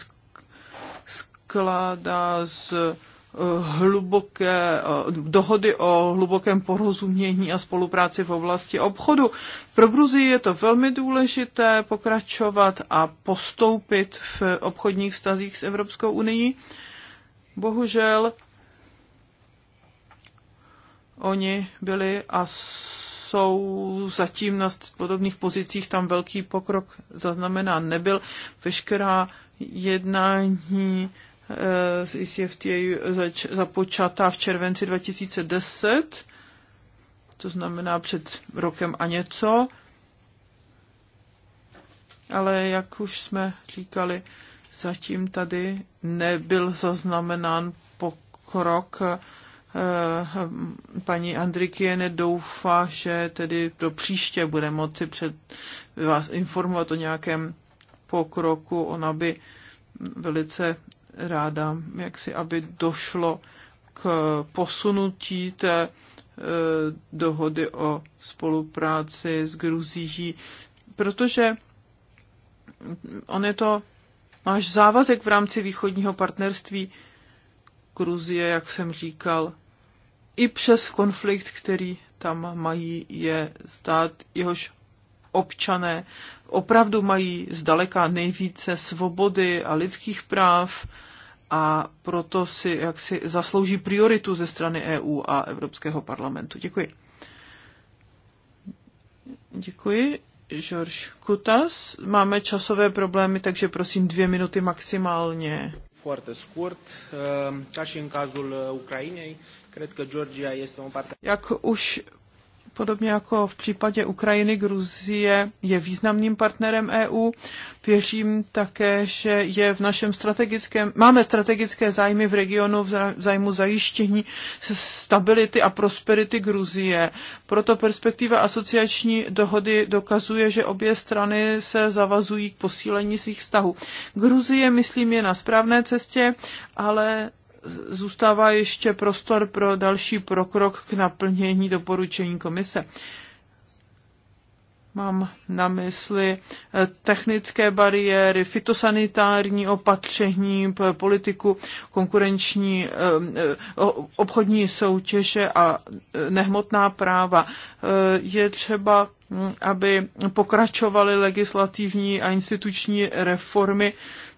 skládá z hluboké dohody o hlubokém porozumění a spolupráci v oblasti obchodu. Pro Gruzii je to velmi důležité pokračovat a postoupit v obchodních vztazích s Evropskou unii. Bohužel oni byli a jsou zatím na podobných pozicích, tam velký pokrok zaznamenán nebyl. Veškerá jednání Eh, z ECFTA zač, započatá v červenci 2010, to znamená před rokem a něco. Ale jak už jsme říkali, zatím tady nebyl zaznamenán pokrok. Eh, paní Andrikiene doufá, že tedy do příště bude moci před vás informovat o nějakém pokroku. Ona by velice ráda, jak si, aby došlo k posunutí té e, dohody o spolupráci s Gruzíží, protože on je to máš závazek v rámci východního partnerství Gruzie, jak jsem říkal, i přes konflikt, který tam mají, je stát, jehož občané opravdu mají zdaleka nejvíce svobody a lidských práv a proto si jaksi zaslouží prioritu ze strany EU a Evropského parlamentu. Děkuji. Děkuji. George Kutas. Máme časové problémy, takže prosím dvě minuty maximálně. Foarte scurt, ehm, ca și în cazul uh, Ucrainei, cred că Georgia este un partener. Jak už podobně jako v případě Ukrajiny, Gruzie je významným partnerem EU. Věřím také, že je v našem strategickém, máme strategické zájmy v regionu v zájmu zajištění stability a prosperity Gruzie. Proto perspektiva asociační dohody dokazuje, že obě strany se zavazují k posílení svých vztahů. Gruzie, myslím, je na správné cestě, ale zůstává ještě prostor pro další prokrok k naplnění doporučení komise. Mám na mysli eh, technické bariéry, fitosanitární opatření, politiku, konkurenční eh, eh, obchodní soutěže a nehmotná práva. Je třeba, mm, aby pokračovaly legislativní a instituční reformy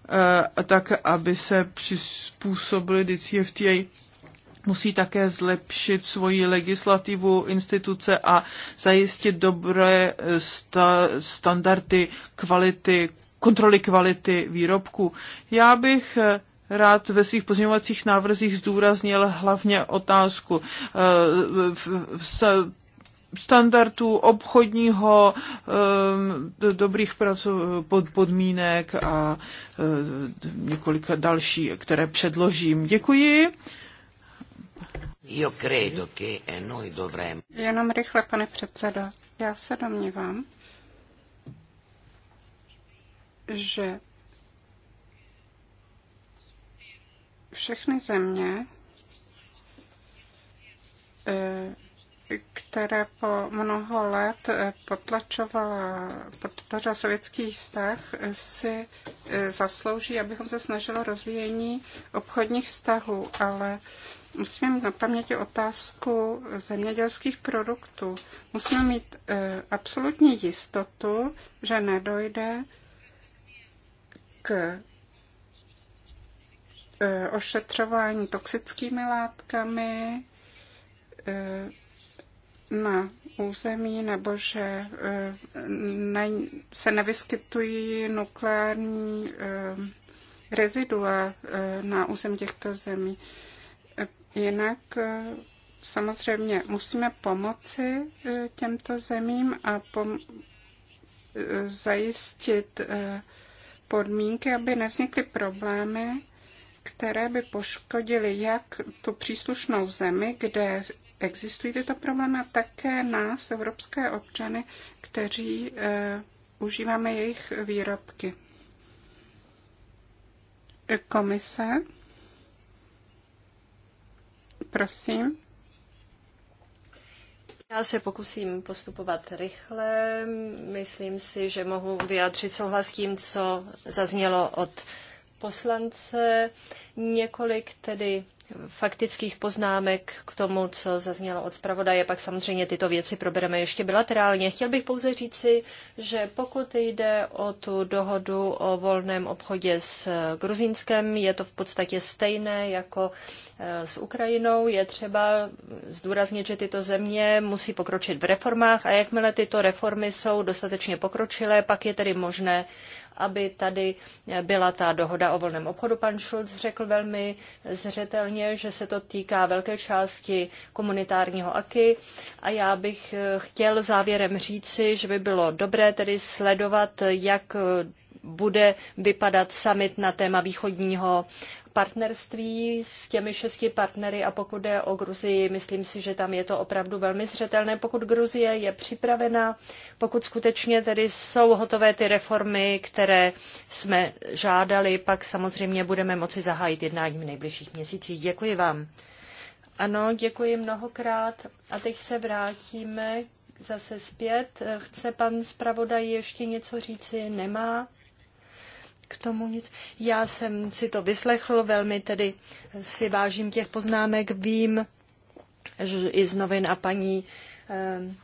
Eh, tak aby se přizpůsobili DCFTA musí také zlepšit svoji legislativu instituce a zajistit dobré eh, sta- standardy kvality, kontroly kvality výrobku. Já bych eh, rád ve svých pozměňovacích návrzích zdůraznil hlavně otázku standardů obchodního, ehm, dobrých podmínek a ehm, několika další, které předložím. Děkuji. Jenom rychle, pane předsedo. Já se domnívám, že všechny země eh, které po mnoho let eh, potlačovala, potlačoval sovětský vztah, eh, si eh, zaslouží, abychom se snažili rozvíjení obchodních vztahů, ale musíme mít na paměti otázku zemědělských produktů. Musíme mít absolutní jistotu, že nedojde k ošetřování toxickými látkami, na území nebo že eh, ne, se nevyskytují nukleární eh, rezidua eh, na území těchto zemí. Jinak samozřejmě musíme pomoci těmto zemím a pom- zajistit podmínky, aby nevznikly problémy, které by poškodily jak tu příslušnou zemi, kde existují tyto problémy a také nás, evropské občany, kteří e, užíváme jejich výrobky. Komise, prosím. Já se pokusím postupovat rychle. Myslím si, že mohu vyjádřit souhlas tím, co zaznělo od poslance. Několik tedy faktických poznámek k tomu, co zaznělo od zpravodaje. Pak samozřejmě tyto věci probereme ještě bilaterálně. Chtěl bych pouze říci, že pokud jde o tu dohodu o volném obchodě s Gruzínskem, je to v podstatě stejné jako eh, s Ukrajinou. Je třeba zdůraznit, že tyto země musí pokročit v reformách a jakmile tyto reformy jsou dostatečně pokročilé, pak je tedy možné aby tady byla ta dohoda o volném obchodu. Pan Schulz řekl velmi zřetelně, že se to týká velké části komunitárního AKY a já bych eh, chtěl závěrem říci, že by bylo dobré tedy sledovat, jak eh, bude vypadat summit na téma východního partnerství s těmi šesti partnery a pokud jde o Gruzii, myslím si, že tam je to opravdu velmi zřetelné. Pokud Gruzie je připravena, pokud skutečně tedy jsou hotové ty reformy, které jsme žádali, pak samozřejmě budeme moci zahájit jednání v nejbližších měsících. Děkuji vám. Ano, děkuji mnohokrát. A teď se vrátíme zase zpět. Chce pan zpravodaj ještě něco říci? Nemá k tomu nic. Já jsem si to vyslechl, velmi tedy si vážím těch poznámek, vím že i z novin a paní ehm,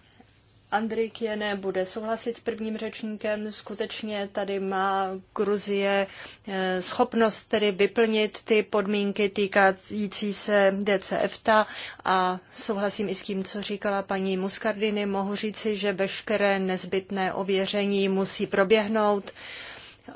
Andrej Kiene bude souhlasit s prvním řečníkem. Skutečně tady má Gruzie eh, schopnost tedy vyplnit ty podmínky týkající se DCFTA a souhlasím i s tím, co říkala paní Muscardini. Mohu říci, že veškeré nezbytné ověření musí proběhnout.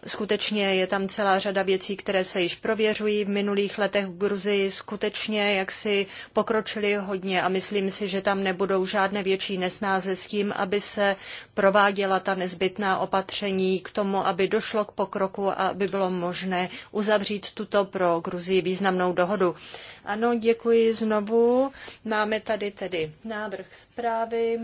Skutečně je tam celá řada věcí, které se již prověřují v minulých letech v Gruzii. Skutečně, jak si pokročili hodně a myslím si, že tam nebudou žádné větší nesnáze s tím, aby se prováděla ta nezbytná opatření k tomu, aby došlo k pokroku a aby bylo možné uzavřít tuto pro Gruzii významnou dohodu. Ano, děkuji znovu. Máme tady tedy návrh zprávy.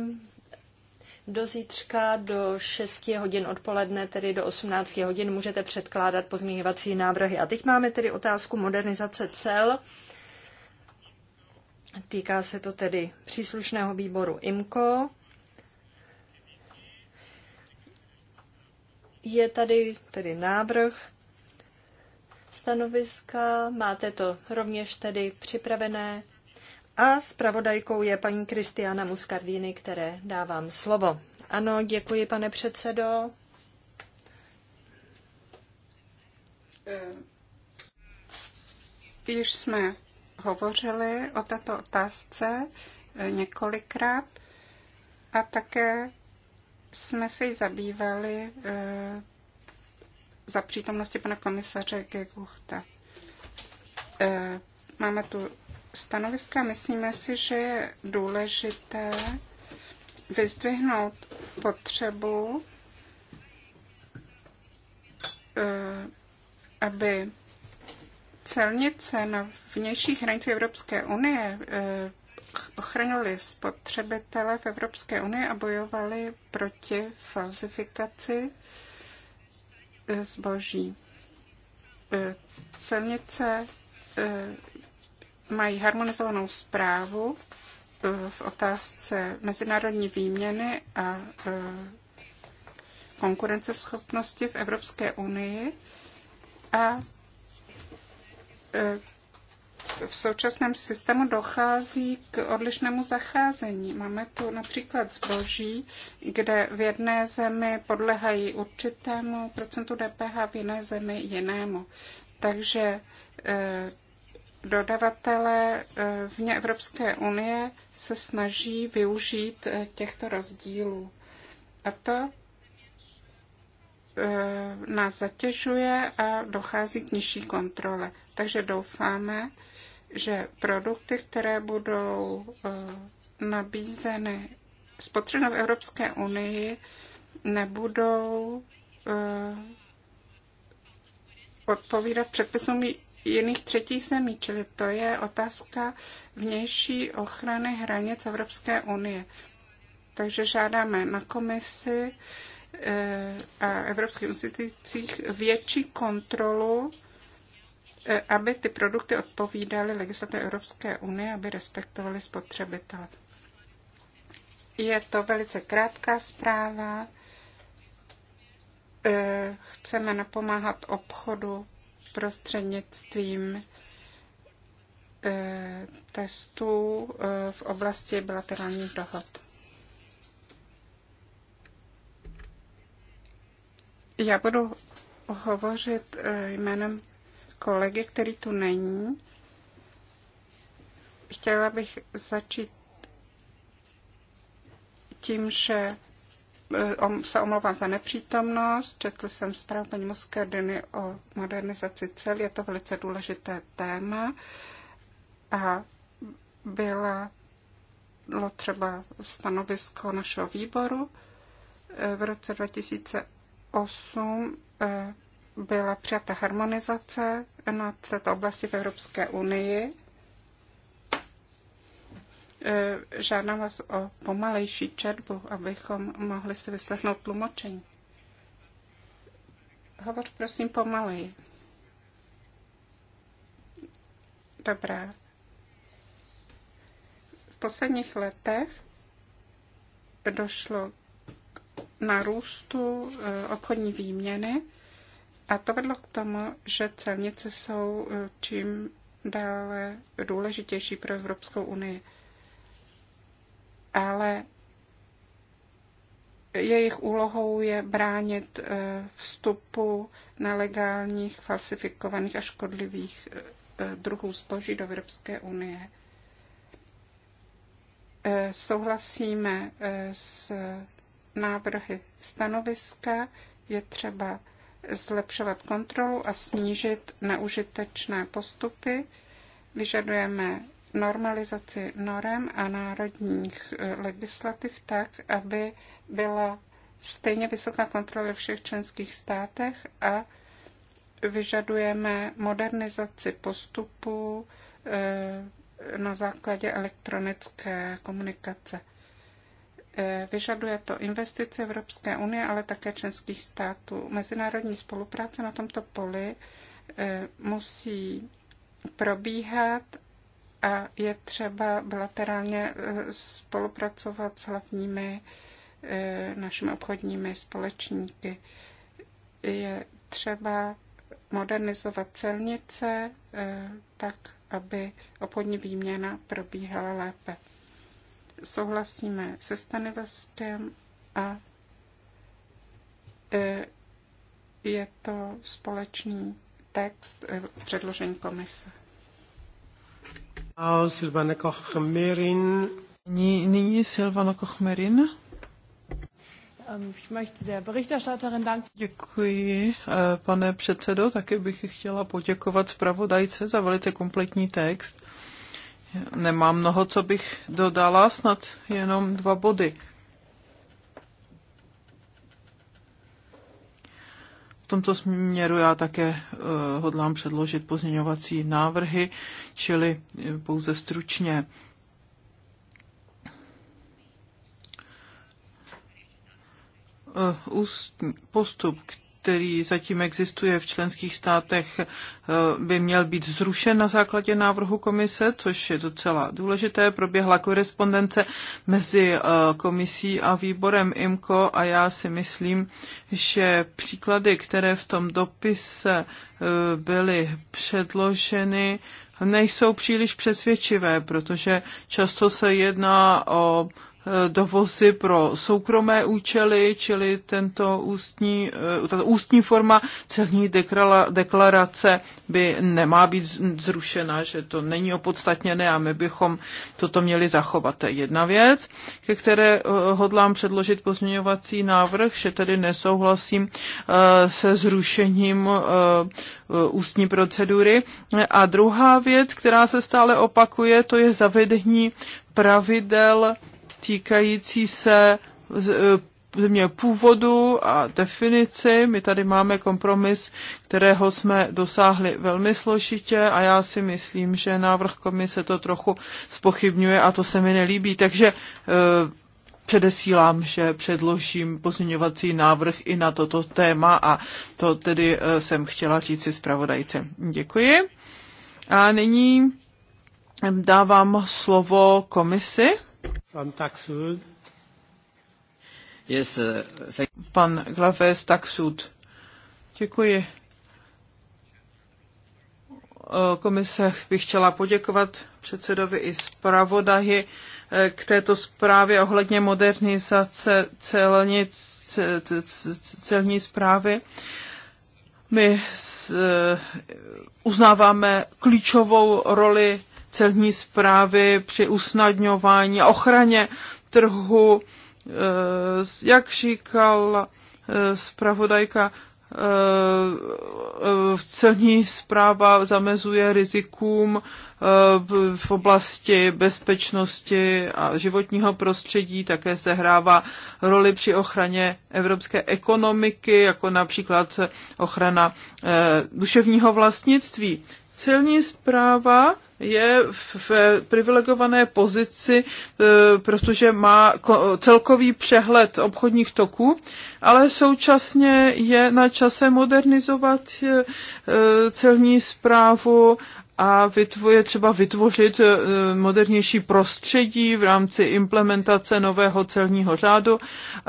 Do zítřka do 6 hodin odpoledne, tedy do 18 hodin, můžete předkládat pozměňovací návrhy. A teď máme tedy otázku modernizace cel. Týká se to tedy příslušného výboru IMCO. Je tady tedy návrh stanoviska, máte to rovněž tedy připravené a zpravodajkou je paní Kristiana Muscardini, které dávám slovo. Ano, děkuji, pane předsedo. Eh, již jsme hovořili o této otázce eh, několikrát a také jsme se ji zabývali eh, za přítomnosti pana komisaře Gekuchta. Máme tu stanoviska. Myslíme si, že je důležité vyzdvihnout potřebu, eh, aby celnice na vnějších hranicích Evropské unie eh, ochranili spotřebitele v Evropské unii a bojovali proti falzifikaci eh, zboží. Celnice mají harmonizovanou zprávu eh, v otázce mezinárodní výměny a eh, konkurenceschopnosti v Evropské unii a eh, v současném systému dochází k odlišnému zacházení. Máme tu například zboží, kde v jedné zemi podlehají určitému procentu DPH, v jiné zemi jinému. Takže dodavatele vně eh, Evropské unie se snaží využít eh, těchto rozdílů. A to eh, nás zatěžuje a dochází k nižší kontrole. Takže doufáme, že produkty, které budou nabízeny spotřebitelům v Evropské unii, nebudou odpovídat předpisům jiných třetích zemí, čili to je otázka vnější ochrany hranic Evropské unie. Takže žádáme na komisi eh, a evropských institucích větší kontrolu, eh, aby ty produkty odpovídaly legislativě Evropské unie, aby respektovaly spotřebitele. Je to velice krátká zpráva. Eh, chceme napomáhat obchodu prostřednictvím eh, testů eh, v oblasti bilaterálních dohod. Já budu hovořit eh, jménem kolegy, který tu není. Chtěla bych začít tím, že Eh, se omlouvám za nepřítomnost. Četl jsem zprávu paní Muscardini o modernizaci cel. Je to velice důležité téma a byla bylo třeba stanovisko našeho výboru. Eh, v roce 2008 eh, byla přijata harmonizace na této oblasti v Evropské unii E, žádám vás o pomalejší četbu, abychom mohli si vyslechnout tlumočení. Hovor prosím pomaleji. Dobrá. V posledních letech došlo k narůstu e, obchodní výměny a to vedlo k tomu, že celnice jsou e, čím dále důležitější pro Evropskou unii ale jejich úlohou je bránit eh, vstupu nelegálních, falsifikovaných a škodlivých eh, druhů zboží do Evropské unie. Eh, souhlasíme s návrhy stanoviska, je třeba zlepšovat kontrolu a snížit neužitečné postupy. Vyžadujeme normalizaci norem a národních eh, legislativ tak, aby byla stejně vysoká kontrola ve všech členských státech a vyžadujeme modernizaci postupů eh, na základě elektronické komunikace. Eh, vyžaduje to investice Evropské unie, ale také členských států. Mezinárodní spolupráce na tomto poli musí probíhat a je třeba bilaterálně e, spolupracovat s hlavními e, našimi obchodními společníky. Je třeba modernizovat celnice e, tak, aby obchodní výměna probíhala lépe. Souhlasíme se Stanivestem a je to společný text předložení komise. Silvana Kochmerin. Nyní Silvana Kochmerin. Ähm, Děkuji, eh, pane předsedo. Také bych chtěla poděkovat zpravodajce za velice kompletní text. Nemám mnoho, co bych dodala, snad jenom dva body. tomto směru já také eh, hodlám předložit pozměňovací návrhy, čili eh, pouze stručně. Eh, Ústní postup, který zatím existuje v členských státech, eh, by měl být zrušen na základě návrhu komise, což je docela důležité. Proběhla korespondence mezi eh, komisí a výborem IMCO a já si myslím, že příklady, které v tom dopise eh, byly předloženy, nejsou příliš přesvědčivé, protože často se jedná o Eh, dovozy pro soukromé účely, čili tento ústní, eh, tato ústní forma celní deklarace by nemá být zrušena, že to není opodstatněné a my bychom toto měli zachovat. To je jedna věc, ke které eh, hodlám předložit pozměňovací návrh, že tedy nesouhlasím se zrušením ústní procedury. A druhá věc, která se stále opakuje, to je zavedení pravidel týkající se e, země původu a definici. My tady máme kompromis, kterého jsme dosáhli velmi složitě a já si myslím, že návrh komise to trochu spochybňuje a to se mi nelíbí. Takže e, předesílám, že předložím pozměňovací návrh i na toto téma a to tedy e, jsem chtěla říct si zpravodajce. Děkuji. A nyní dávám slovo komisi. Pan Taxud. Yes, uh, Pan Glaves Taxud. Děkuji. Komise bych chtěla poděkovat předsedovi i zpravodaji eh, k této zprávě ohledně modernizace celnic, celní zprávy. My eh, uznáváme klíčovou roli celní zprávy při usnadňování a ochraně trhu, eh, jak říkal eh, zpravodajka, eh, celní zpráva zamezuje rizikům v oblasti bezpečnosti a životního prostředí, také se hrává roli při ochraně evropské ekonomiky, jako například ochrana duševního vlastnictví. Celní zpráva je v privilegované pozici, e, protože má celkový přehled obchodních toků, ale současně je na čase modernizovat e, celní zprávu a je třeba vytvořit e, modernější prostředí v rámci implementace nového celního řádu,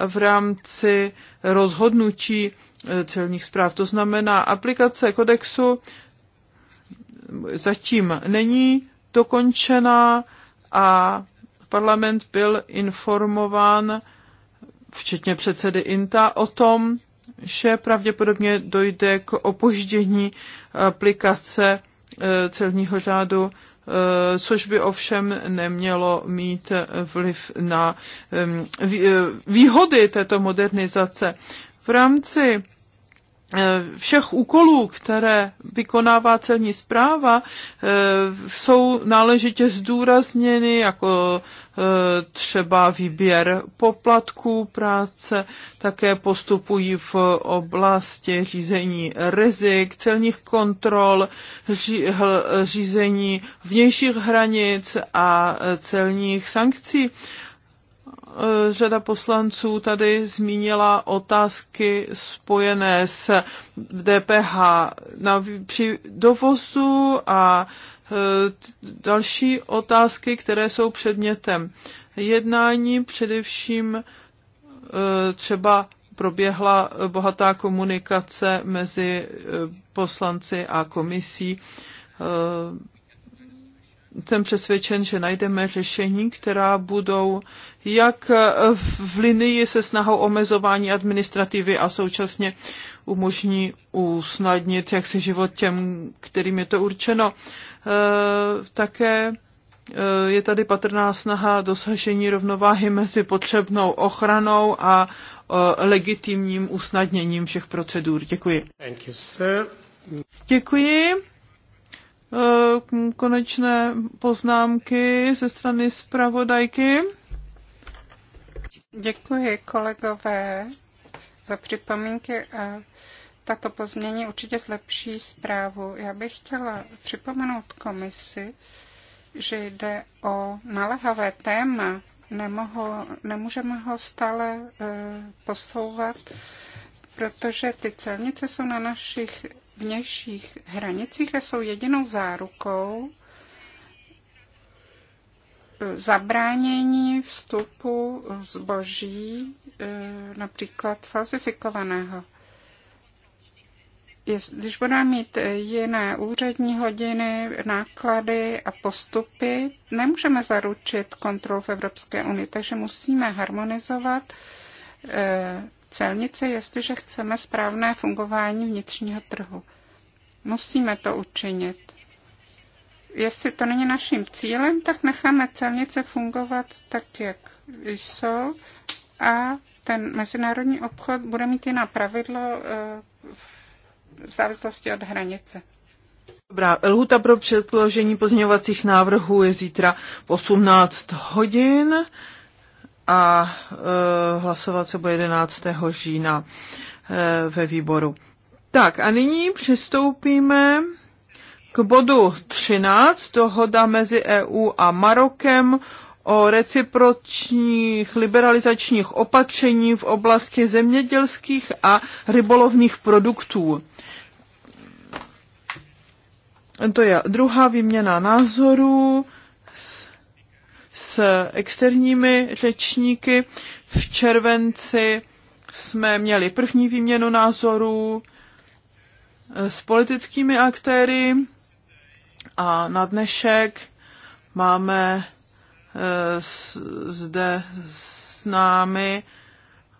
v rámci rozhodnutí celních zpráv. To znamená, aplikace kodexu zatím není dokončena a parlament byl informován, včetně předsedy INTA, o tom, že pravděpodobně dojde k opoždění aplikace eh, celního řádu, eh, což by ovšem nemělo mít vliv na eh, výhody této modernizace. V rámci Eh, všech úkolů, které vykonává celní zpráva, eh, jsou náležitě zdůrazněny jako eh, třeba výběr poplatků práce, také postupují v oblasti řízení rizik, celních kontrol, řízení vnějších hranic a celních sankcí. Eh, řada poslanců tady zmínila otázky spojené s DPH na, při dovozu a eh, další otázky, které jsou předmětem jednání, především eh, třeba proběhla bohatá komunikace mezi poslanci a komisí jsem přesvědčen, že najdeme řešení, která budou jak v linii se snahou omezování administrativy a současně umožní usnadnit jak si život těm, kterým je to určeno. E, také e, je tady patrná snaha dosažení rovnováhy mezi potřebnou ochranou a e, legitimním usnadněním všech procedur. Děkuji. Thank you, sir. Děkuji. Eh, konečné poznámky ze strany zpravodajky. Děkuji kolegové za připomínky a tato pozmění určitě zlepší zprávu. Já bych chtěla připomenout komisi, že jde o naléhavé téma. Nemohu, nemůžeme ho stále e, posouvat, protože ty celnice jsou na našich vnějších hranicích a jsou jedinou zárukou eh, zabránění vstupu zboží, eh, například falsifikovaného. Když budeme mít jiné úřední hodiny, náklady a postupy, nemůžeme zaručit kontrol v Evropské unii, takže musíme harmonizovat eh, celnice, jestliže chceme správné fungování vnitřního trhu. Musíme to učinit. Jestli to není naším cílem, tak necháme celnice fungovat tak, jak jsou a ten mezinárodní obchod bude mít jiná pravidlo eh, v závislosti od hranice. Dobrá, lhuta pro předložení pozměňovacích návrhů je zítra v 18 hodin a e, hlasovat se bude 11. října e, ve výboru. Tak a nyní přistoupíme k bodu 13, dohoda mezi EU a Marokem o recipročních liberalizačních opatření v oblasti zemědělských a rybolovních produktů. To je druhá výměna názorů s, s externími řečníky. V červenci jsme měli první výměnu názorů s politickými aktéry a na dnešek máme eh, zde s námi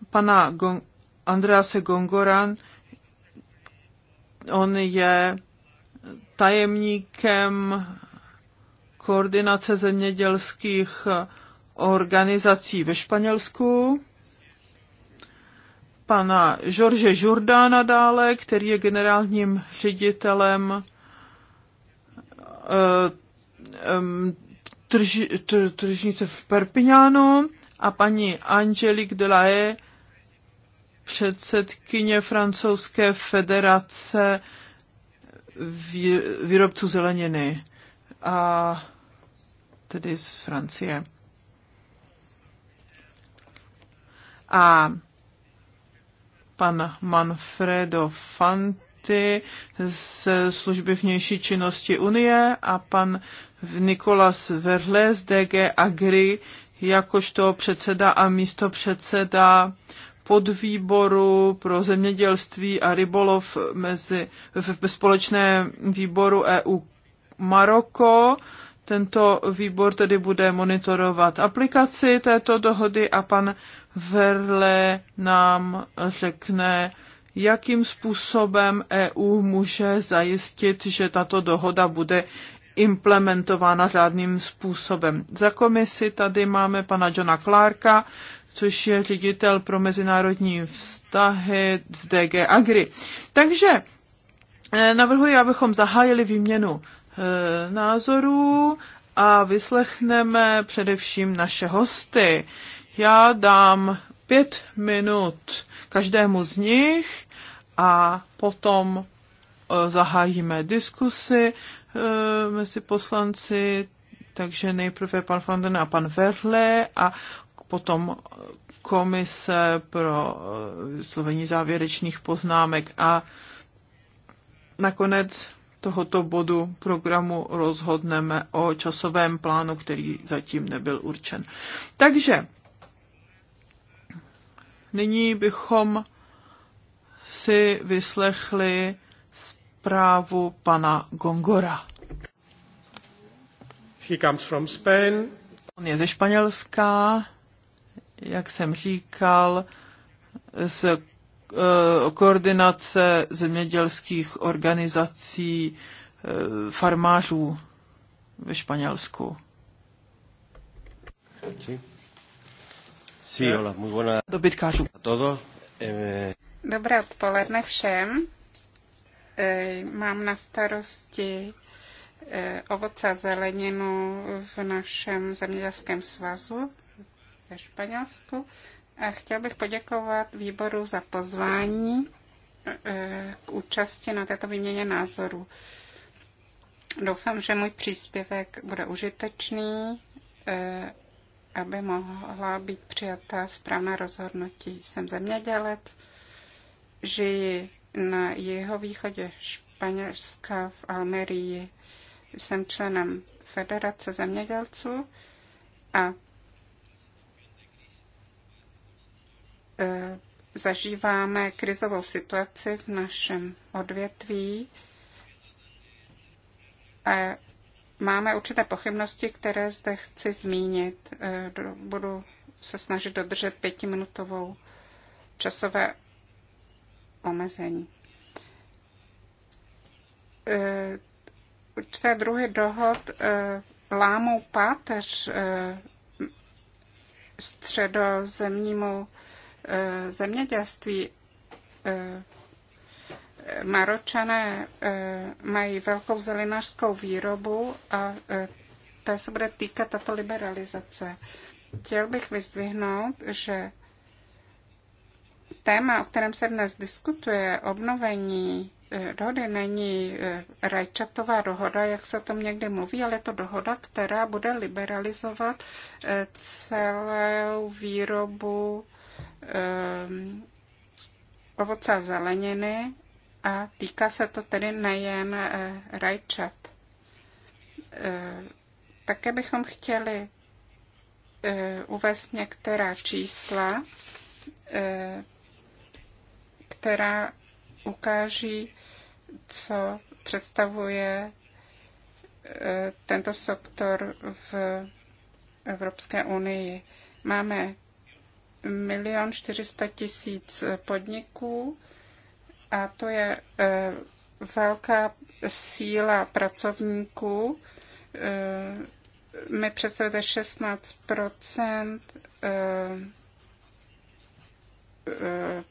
pana Gon- Andrease Gongoran. On je tajemníkem koordinace zemědělských organizací ve Španělsku pana George Jordana dále, který je generálním ředitelem eh, tržnice v Perpignanu a paní Angelique Delahaye, předsedkyně francouzské federace výrobců zeleniny a tedy z Francie. A pan Manfredo Fanti z služby vnější činnosti Unie a pan Nikolas Verle z DG Agri jakožto předseda a místopředseda podvýboru pro zemědělství a rybolov mezi, v společném výboru EU Maroko. Tento výbor tedy bude monitorovat aplikaci této dohody a pan Verle nám řekne, jakým způsobem EU může zajistit, že tato dohoda bude implementována řádným způsobem. Za komisi tady máme pana Johna Clarka, což je ředitel pro mezinárodní vztahy v DG Agri. Takže eh, navrhuji, abychom zahájili výměnu eh, názorů a vyslechneme především naše hosty. Já dám pět minut každému z nich a potom e, zahájíme diskusy e, mezi poslanci, takže nejprve pan Fanden a pan Verle a potom komise pro e, slovení závěrečných poznámek a nakonec tohoto bodu programu rozhodneme o časovém plánu, který zatím nebyl určen. Takže nyní bychom si vyslechli zprávu pana Gongora. He comes from Spain. On je ze Španělska, jak jsem říkal, z uh, koordinace zemědělských organizací uh, farmářů ve Španělsku. Sí. Sí, hola, muy buena. todos. Eh... Dobré odpoledne všem. Eh, mám na starosti eh, ovoce a zeleninu v našem zemědělském svazu ve Španělsku. A chtěl bych poděkovat výboru za pozvání eh, k účasti na této výměně názorů. Doufám, že můj příspěvek bude užitečný aby mohla být přijata správná rozhodnutí. Jsem zemědělec, žiji na jeho východě Španělska v Almerii. Jsem členem Federace zemědělců a e, zažíváme krizovou situaci v našem odvětví. A e, Máme určité pochybnosti, které zde chci zmínit. Eh, budu se snažit dodržet pětiminutovou časové omezení. Eh, určité druhy dohod eh, lámou páteř středozemnímu zemědělství Maročané eh, mají velkou zelenářskou výrobu a eh, té se bude týkat tato liberalizace. Chtěl bych vyzdvihnout, že téma, o kterém se dnes diskutuje, obnovení eh, dohody, není rajčatová dohoda, jak se o tom někdy mluví, ale je to dohoda, která bude liberalizovat celou výrobu ovoce a zeleniny a týká se to tedy nejen eh, rajčat. Eh, také bychom chtěli eh, uvést některá čísla, která ukáží, co představuje tento sektor v Evropské unii. Máme milion 400 tisíc podniků, a to je e, velká síla pracovníků. E, my představujete 16 e,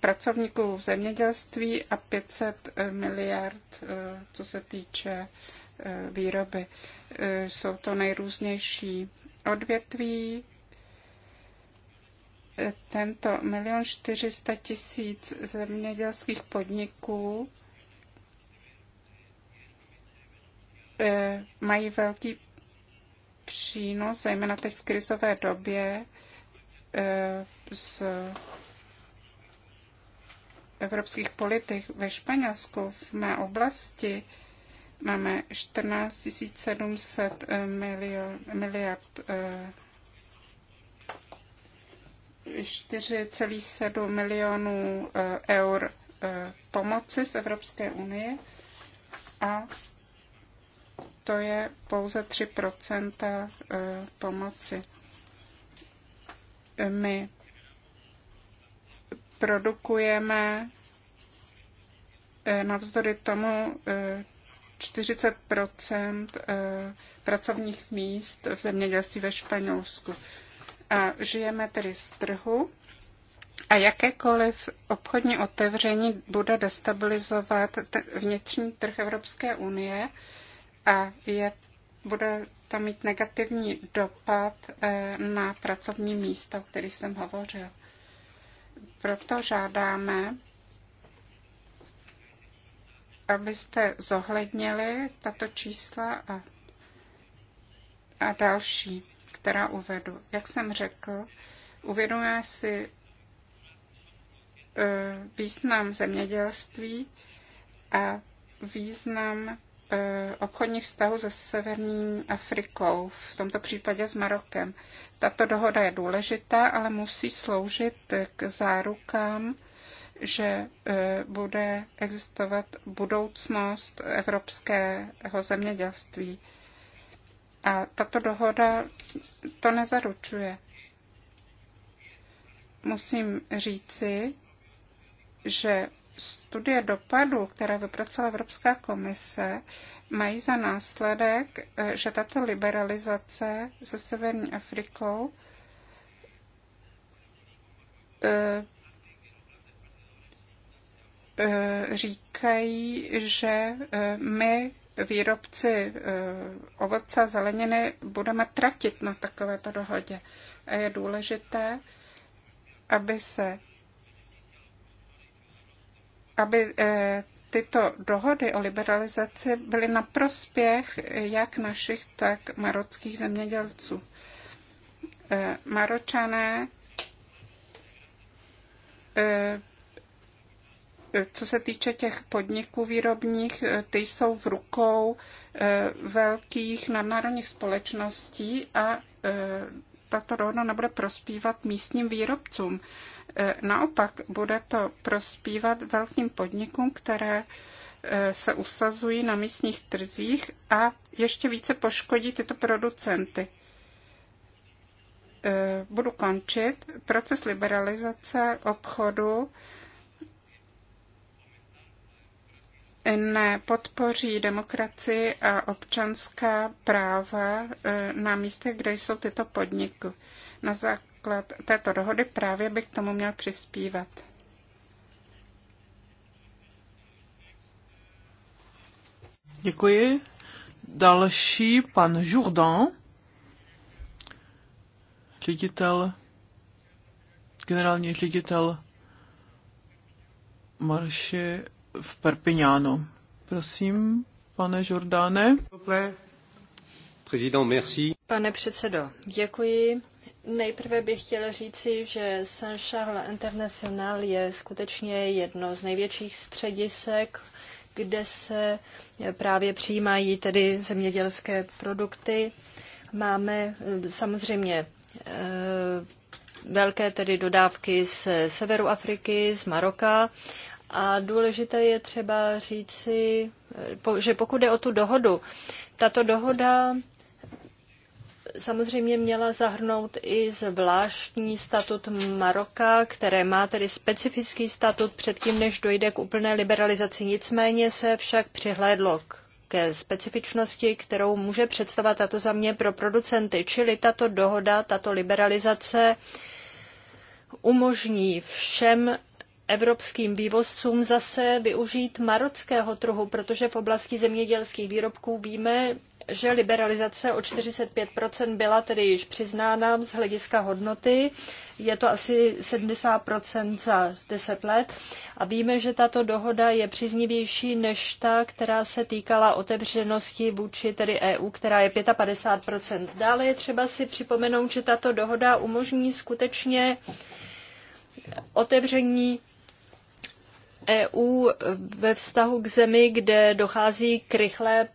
pracovníků v zemědělství a 500 miliard, co se týče výroby. Jsou to nejrůznější odvětví, tento milion 400 tisíc zemědělských podniků eh, mají velký přínos, zejména teď v krizové době, eh, z evropských politik ve Španělsku, v mé oblasti, máme 14 700 eh, miliard, miliard 4,7 milionů eh, eur eh, pomoci z Evropské unie a to je pouze 3 eh, pomoci. My produkujeme navzdory tomu 40 pracovních míst v zemědělství ve Španělsku. A žijeme tedy z trhu a jakékoliv obchodní otevření bude destabilizovat vnitřní trh Evropské unie a je, bude to mít negativní dopad eh, na pracovní místa, o kterých jsem hovořil. Proto žádáme, abyste zohlednili tato čísla a, a další která uvedu. Jak jsem řekl, uvědomuje si e, význam zemědělství a význam e, obchodních vztahů se Severní Afrikou, v tomto případě s Marokem. Tato dohoda je důležitá, ale musí sloužit k zárukám, že e, bude existovat budoucnost evropského zemědělství. A tato dohoda to nezaručuje. Musím říci, že studie dopadu, které vypracovala Evropská komise, mají za následek, že tato liberalizace se Severní Afrikou eh, eh, říkají, že eh, my výrobci eh, ovoce a zeleniny budeme tratit na takovéto dohodě. A je důležité, aby se aby eh, tyto dohody o liberalizaci byly na prospěch jak našich, tak marockých zemědělců. Eh, Maročané co se týče těch podniků výrobních, eh, ty jsou v rukou eh, velkých nadnárodních společností a eh, tato dohoda nebude prospívat místním výrobcům. Naopak bude to prospívat velkým podnikům, které se usazují na místních trzích a ještě více poškodí tyto producenty. Budu končit. Proces liberalizace obchodu nepodpoří demokracii a občanská práva e, na místech, kde jsou tyto podniky. Na základ této dohody právě bych k tomu měl přispívat. Děkuji. Další pan Jourdan, ředitel, generální ředitel marše v Perpiňánu. Prosím, pane Žordáne. Pane předsedo, děkuji. Nejprve bych chtěla říci, že Saint-Charles International je skutečně jedno z největších středisek, kde se právě přijímají tedy zemědělské produkty. Máme eh, samozřejmě eh, velké tedy dodávky z severu Afriky, z Maroka a důležité je třeba říci, že pokud jde o tu dohodu, tato dohoda samozřejmě měla zahrnout i zvláštní statut Maroka, které má tedy specifický statut předtím, než dojde k úplné liberalizaci. Nicméně se však přihlédlo k ke specifičnosti, kterou může představovat tato země pro producenty. Čili tato dohoda, tato liberalizace umožní všem evropským vývozcům zase využít marockého trhu, protože v oblasti zemědělských výrobků víme, že liberalizace o 45 byla tedy již přiznána z hlediska hodnoty. Je to asi 70 za 10 let. A víme, že tato dohoda je příznivější než ta, která se týkala otevřenosti vůči tedy EU, která je 55 Dále je třeba si připomenout, že tato dohoda umožní skutečně otevření EU ve vztahu k zemi, kde dochází k rychlé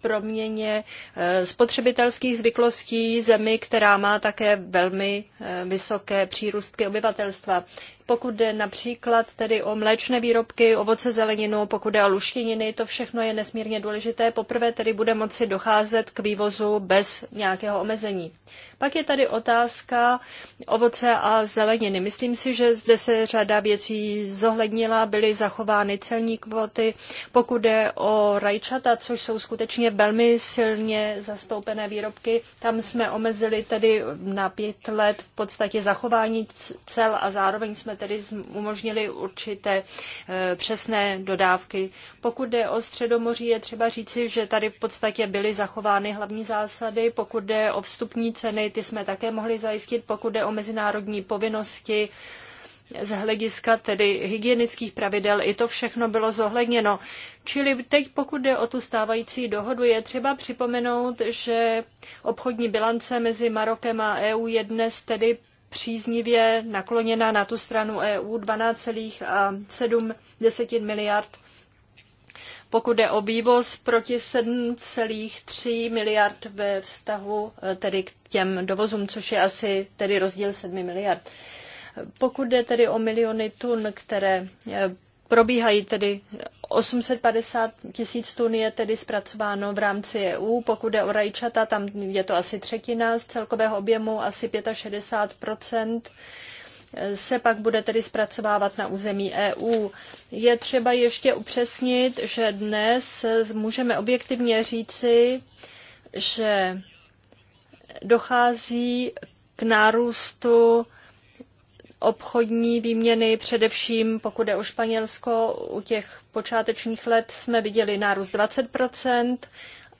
proměně eh, spotřebitelských zvyklostí zemi, která má také velmi eh, vysoké přírůstky obyvatelstva. Pokud jde například tedy o mléčné výrobky, ovoce, zeleninu, pokud jde o luštěniny, to všechno je nesmírně důležité. Poprvé tedy bude moci docházet k vývozu bez nějakého omezení. Pak je tady otázka ovoce a zeleniny. Myslím si, že zde se řada věcí zohlednila, byly zachovány celní kvoty. Pokud jde o rajčata, což jsou skutečně velmi silně zastoupené výrobky, tam jsme omezili tedy na pět let v podstatě zachování cel a zároveň jsme jsme tedy umožnili určité e, přesné dodávky. Pokud jde o středomoří, je třeba říci, že tady v podstatě byly zachovány hlavní zásady. Pokud jde o vstupní ceny, ty jsme také mohli zajistit. Pokud jde o mezinárodní povinnosti, z hlediska tedy hygienických pravidel, i to všechno bylo zohledněno. Čili teď, pokud jde o tu stávající dohodu, je třeba připomenout, že obchodní bilance mezi Marokem a EU je dnes tedy příznivě nakloněna na tu stranu EU 12,7 miliard pokud jde o vývoz proti 7,3 miliard ve vztahu e, tedy k těm dovozům, což je asi tedy rozdíl 7 miliard. Pokud jde tedy o miliony tun, které e, probíhají tedy 850 tisíc tun je tedy zpracováno v rámci EU. Pokud jde o rajčata, tam je to asi třetina z celkového objemu, asi 65 se pak bude tedy zpracovávat na území EU. Je třeba ještě upřesnit, že dnes můžeme objektivně říci, že dochází k nárůstu obchodní výměny, především pokud je o Španělsko, u těch počátečních let jsme viděli nárůst 20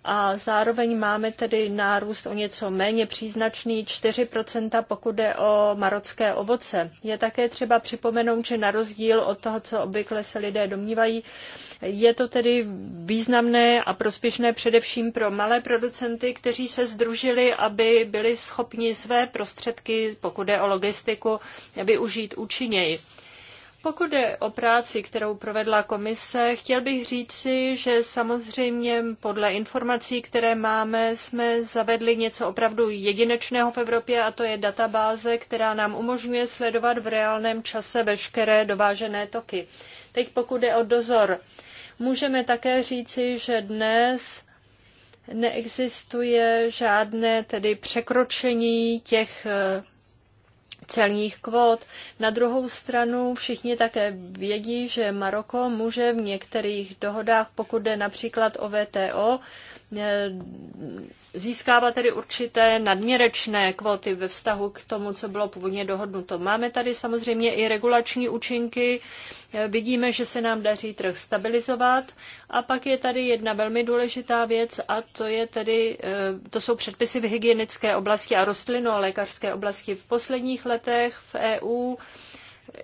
a zároveň máme tedy nárůst o něco méně příznačný 4%, pokud jde o marocké ovoce. Je také třeba připomenout, že na rozdíl od toho, co obvykle se lidé domnívají, je to tedy významné a prospěšné především pro malé producenty, kteří se združili, aby byli schopni své prostředky, pokud jde o logistiku, využít účinněji. Pokud jde o práci, kterou provedla komise, chtěl bych říci, že samozřejmě podle informací, které máme, jsme zavedli něco opravdu jedinečného v Evropě a to je databáze, která nám umožňuje sledovat v reálném čase veškeré dovážené toky. Teď pokud jde o dozor, můžeme také říci, že dnes neexistuje žádné tedy překročení těch eh, celních kvót. Na druhou stranu všichni také vědí, že Maroko může v některých dohodách, pokud jde například o VTO, E, získává tedy určité nadměrečné kvóty ve vztahu k tomu, co bylo původně dohodnuto. Máme tady samozřejmě i regulační účinky, e, vidíme, že se nám daří trh stabilizovat a pak je tady jedna velmi důležitá věc a to je tedy, e, to jsou předpisy v hygienické oblasti a lékařské oblasti. V posledních letech v EU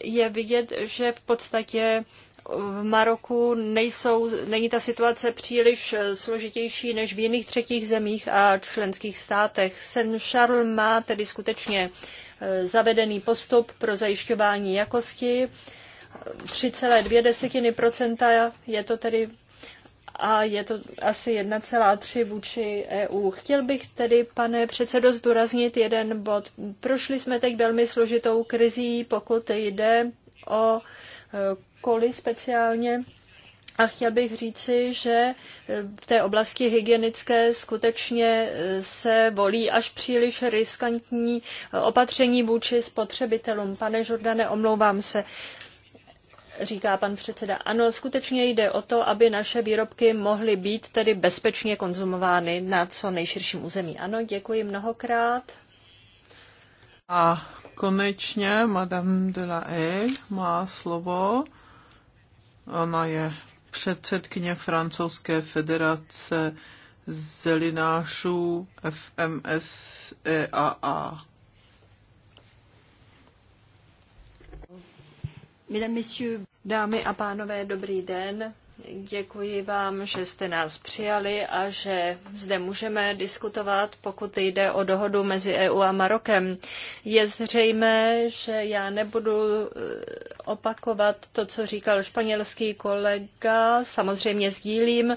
je vidět, že v podstatě v Maroku nejsou, není ta situace příliš eh, složitější než v jiných třetích zemích a členských státech. Sen Charles má tedy skutečně eh, zavedený postup pro zajišťování jakosti. 3,2% je to tedy a je to asi 1,3 vůči EU. Chtěl bych tedy, pane předsedo, zdůraznit jeden bod. Prošli jsme teď velmi složitou krizí, pokud jde o eh, koli speciálně. A chtěl bych říci, že eh, v té oblasti hygienické skutečně eh, se volí až příliš riskantní eh, opatření vůči spotřebitelům. Pane Žordane, omlouvám se říká pan předseda. Ano, skutečně jde o to, aby naše výrobky mohly být tedy bezpečně konzumovány na co nejširším území. Ano, děkuji mnohokrát. A konečně Madame de la E má slovo. Ona je předsedkyně Francouzské federace FMS EAA. Dámy a pánové, dobrý den. Děkuji vám, že jste nás přijali a že zde můžeme diskutovat, pokud jde o dohodu mezi EU a Marokem. Je zřejmé, že já nebudu eh, opakovat to, co říkal španělský kolega. Samozřejmě sdílím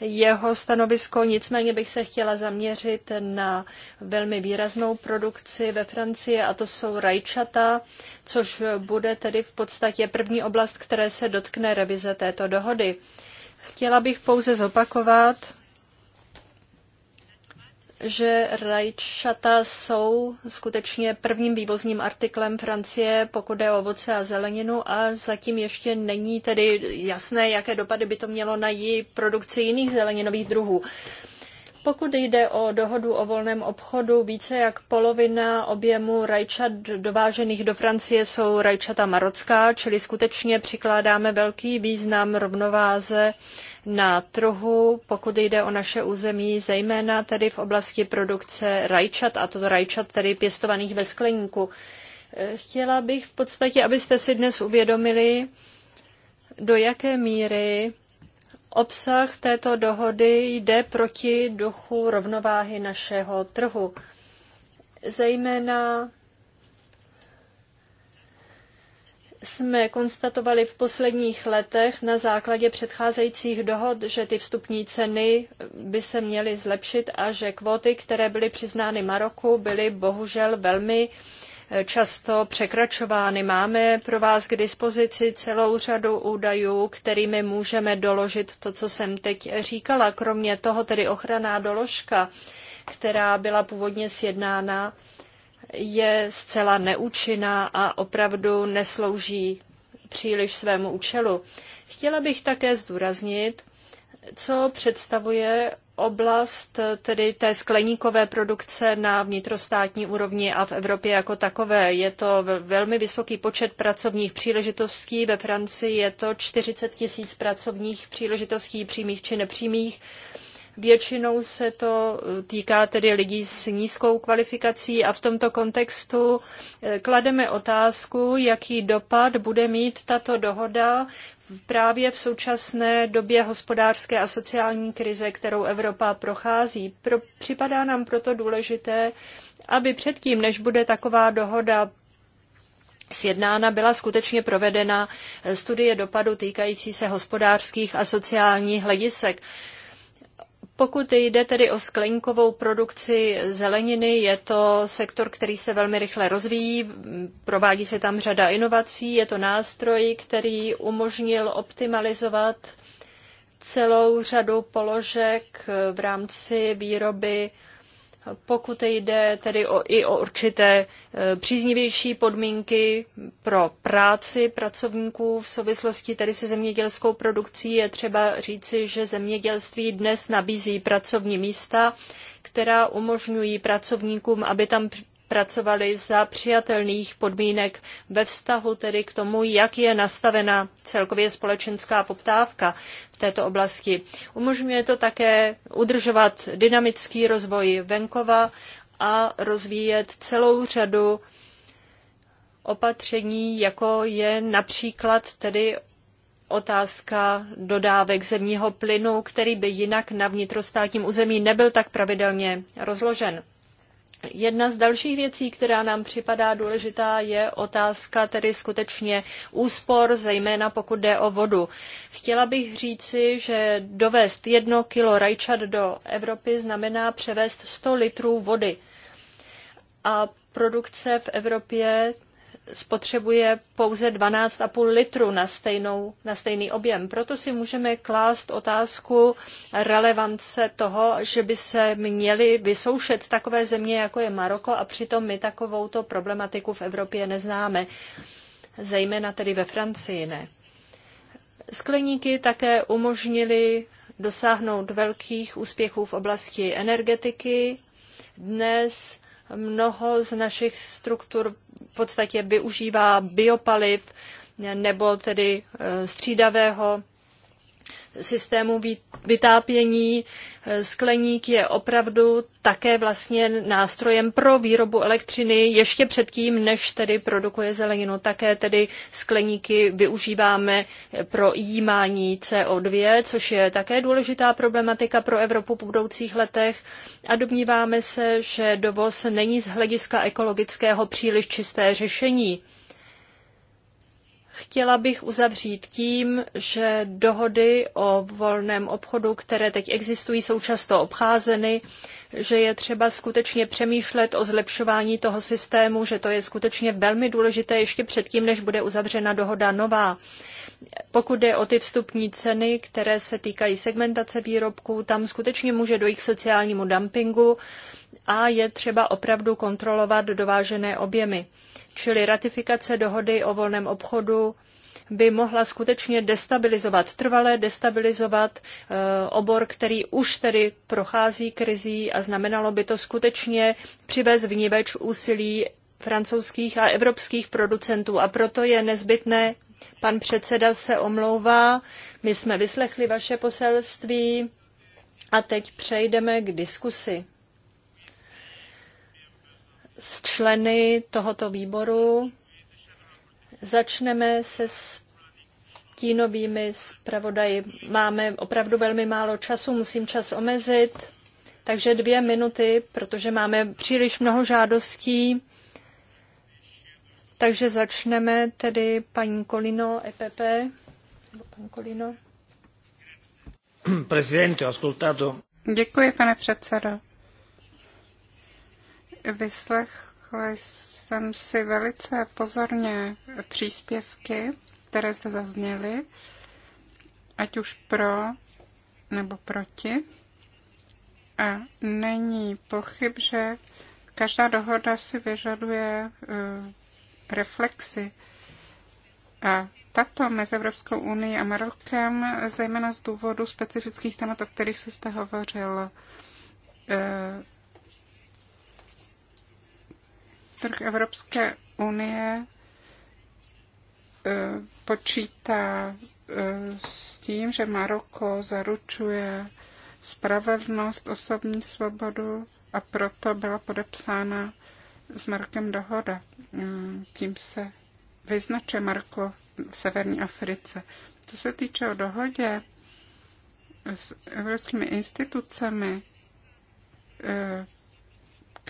jeho stanovisko, nicméně bych se chtěla zaměřit na velmi výraznou produkci ve Francii a to jsou rajčata, což bude tedy v podstatě první oblast, které se dotkne revize této dohody. Chtěla bych pouze zopakovat, že rajčata jsou skutečně prvním vývozním artiklem Francie, pokud je o ovoce a zeleninu a zatím ještě není tedy jasné, jaké dopady by to mělo na její produkci jiných zeleninových druhů. Pokud jde o dohodu o volném obchodu, více jak polovina objemu rajčat dovážených do Francie jsou rajčata marocká, čili skutečně přikládáme velký význam rovnováze na trhu, pokud jde o naše území, zejména tedy v oblasti produkce rajčat, a to rajčat tedy pěstovaných ve skleníku. Eh, chtěla bych v podstatě, abyste si dnes uvědomili, do jaké míry Obsah této dohody jde proti duchu rovnováhy našeho trhu. Zejména jsme konstatovali v posledních letech na základě předcházejících dohod, že ty vstupní ceny by se měly zlepšit a že kvóty, které byly přiznány Maroku, byly bohužel velmi často překračovány. Máme pro vás k dispozici celou řadu údajů, kterými můžeme doložit to, co jsem teď říkala. Kromě toho tedy ochranná doložka, která byla původně sjednána, je zcela neúčinná a opravdu neslouží příliš svému účelu. Chtěla bych také zdůraznit, co představuje oblast tedy té skleníkové produkce na vnitrostátní úrovni a v Evropě jako takové. Je to velmi vysoký počet pracovních příležitostí. Ve Francii je to 40 tisíc pracovních příležitostí přímých či nepřímých. Většinou se to eh, týká tedy lidí s nízkou kvalifikací a v tomto kontextu eh, klademe otázku, jaký dopad bude mít tato dohoda právě v současné době hospodářské a sociální krize, kterou Evropa prochází. Pro, připadá nám proto důležité, aby předtím, než bude taková dohoda sjednána, byla skutečně provedena eh, studie dopadu týkající se hospodářských a sociálních hledisek. Pokud jde tedy o skleníkovou produkci zeleniny, je to sektor, který se velmi rychle rozvíjí, provádí se tam řada inovací, je to nástroj, který umožnil optimalizovat celou řadu položek v rámci výroby pokud jde tedy o, i o určité e, příznivější podmínky pro práci pracovníků v souvislosti tedy se zemědělskou produkcí, je třeba říci, že zemědělství dnes nabízí pracovní místa, která umožňují pracovníkům, aby tam pracovali za přijatelných podmínek ve vztahu tedy k tomu, jak je nastavena celkově společenská poptávka v této oblasti. Umožňuje to také udržovat dynamický rozvoj venkova a rozvíjet celou řadu opatření, jako je například tedy otázka dodávek zemního plynu, který by jinak na vnitrostátním území nebyl tak pravidelně rozložen. Jedna z dalších věcí, která nám připadá důležitá, je otázka tedy skutečně úspor, zejména pokud jde o vodu. Chtěla bych říci, že dovést jedno kilo rajčat do Evropy znamená převést 100 litrů vody. A produkce v Evropě spotřebuje pouze 12,5 litru na, stejnou, na stejný objem. Proto si můžeme klást otázku relevance toho, že by se měly vysoušet takové země, jako je Maroko, a přitom my takovouto problematiku v Evropě neznáme, zejména tedy ve Francii ne. Skleníky také umožnili dosáhnout velkých úspěchů v oblasti energetiky. Dnes Mnoho z našich struktur v podstatě využívá biopaliv nebo tedy eh, střídavého systému vytápění. Eh, skleník je opravdu také vlastně nástrojem pro výrobu elektřiny ještě předtím, než tedy produkuje zeleninu. Také tedy skleníky využíváme pro jímání CO2, což je také důležitá problematika pro Evropu v budoucích letech. A domníváme se, že dovoz není z hlediska ekologického příliš čisté řešení. Chtěla bych uzavřít tím, že dohody o volném obchodu, které teď existují, jsou často obcházeny, že je třeba skutečně přemýšlet o zlepšování toho systému, že to je skutečně velmi důležité ještě předtím, než bude uzavřena dohoda nová. Pokud jde o ty vstupní ceny, které se týkají segmentace výrobků, tam skutečně může dojít k sociálnímu dumpingu a je třeba opravdu kontrolovat dovážené objemy. Čili ratifikace dohody o volném obchodu by mohla skutečně destabilizovat, trvale destabilizovat eh, obor, který už tedy prochází krizí a znamenalo by to skutečně přivez vníveč úsilí francouzských a evropských producentů. A proto je nezbytné, pan předseda se omlouvá, my jsme vyslechli vaše poselství a teď přejdeme k diskusi s členy tohoto výboru. Začneme se s tínovými zpravodaji. Máme opravdu velmi málo času, musím čas omezit, takže dvě minuty, protože máme příliš mnoho žádostí. Takže začneme tedy paní Kolino, EPP. Pan Kolino. Prezidente, ascoltato. Děkuji, pane předsedo. Vyslechla jsem si velice pozorně příspěvky, které zde zazněly, ať už pro nebo proti. A není pochyb, že každá dohoda si vyžaduje eh, reflexy. A tato mezi Evropskou unii a Marokem, zejména z důvodu specifických témat, o kterých se zde hovořil, eh, Trh Evropské unie eh, počítá eh, s tím, že Maroko zaručuje spravedlnost, osobní svobodu a proto byla podepsána s Markem dohoda. Mm, tím se vyznačuje Marko v Severní Africe. Co se týče o dohodě s evropskými institucemi, eh,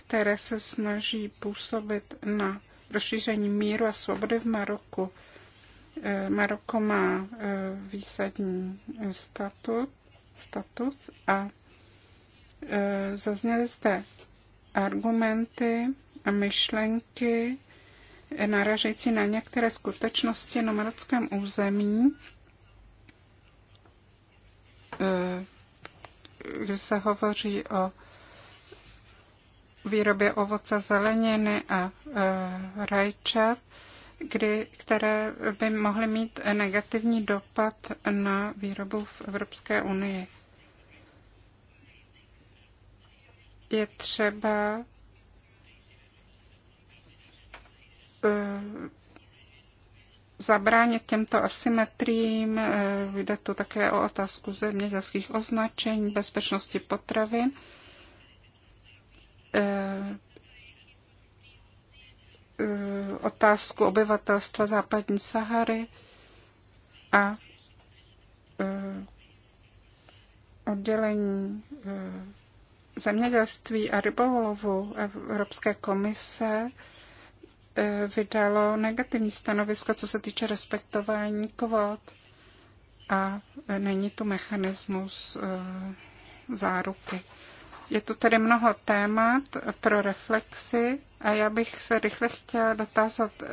které se snaží působit na rozšíření míru a svobody v Maroku. Eh, Maroko má eh, výsadní eh, statut, status a zazněly zde argumenty a myšlenky naražející na některé skutečnosti na marockém území, kdy se hovoří o výrobě ovoce, zeleniny a e, rajčat, kdy, které by mohly mít negativní dopad na výrobu v Evropské unii. Je třeba e, zabránit těmto asymetriím. E, jde tu také o otázku zemědělských označení, bezpečnosti potravin. Eh, eh, otázku obyvatelstva západní Sahary a eh, oddělení zemědělství a rybolovu Evropské komise vydalo negativní stanovisko, co se týče respektování kvot a není tu mechanismus záruky. Je tu tedy mnoho témat pro reflexy a já bych se rychle chtěla dotázat eh,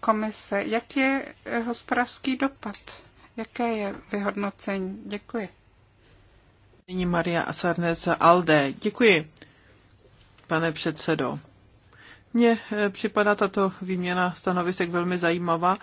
komise, jak je eh, hospodářský dopad, jaké je vyhodnocení. Děkuji. Nyní Maria Asarnes Alde. Děkuji, pane předsedo. Mně eh, připadá tato výměna stanovisek velmi zajímavá,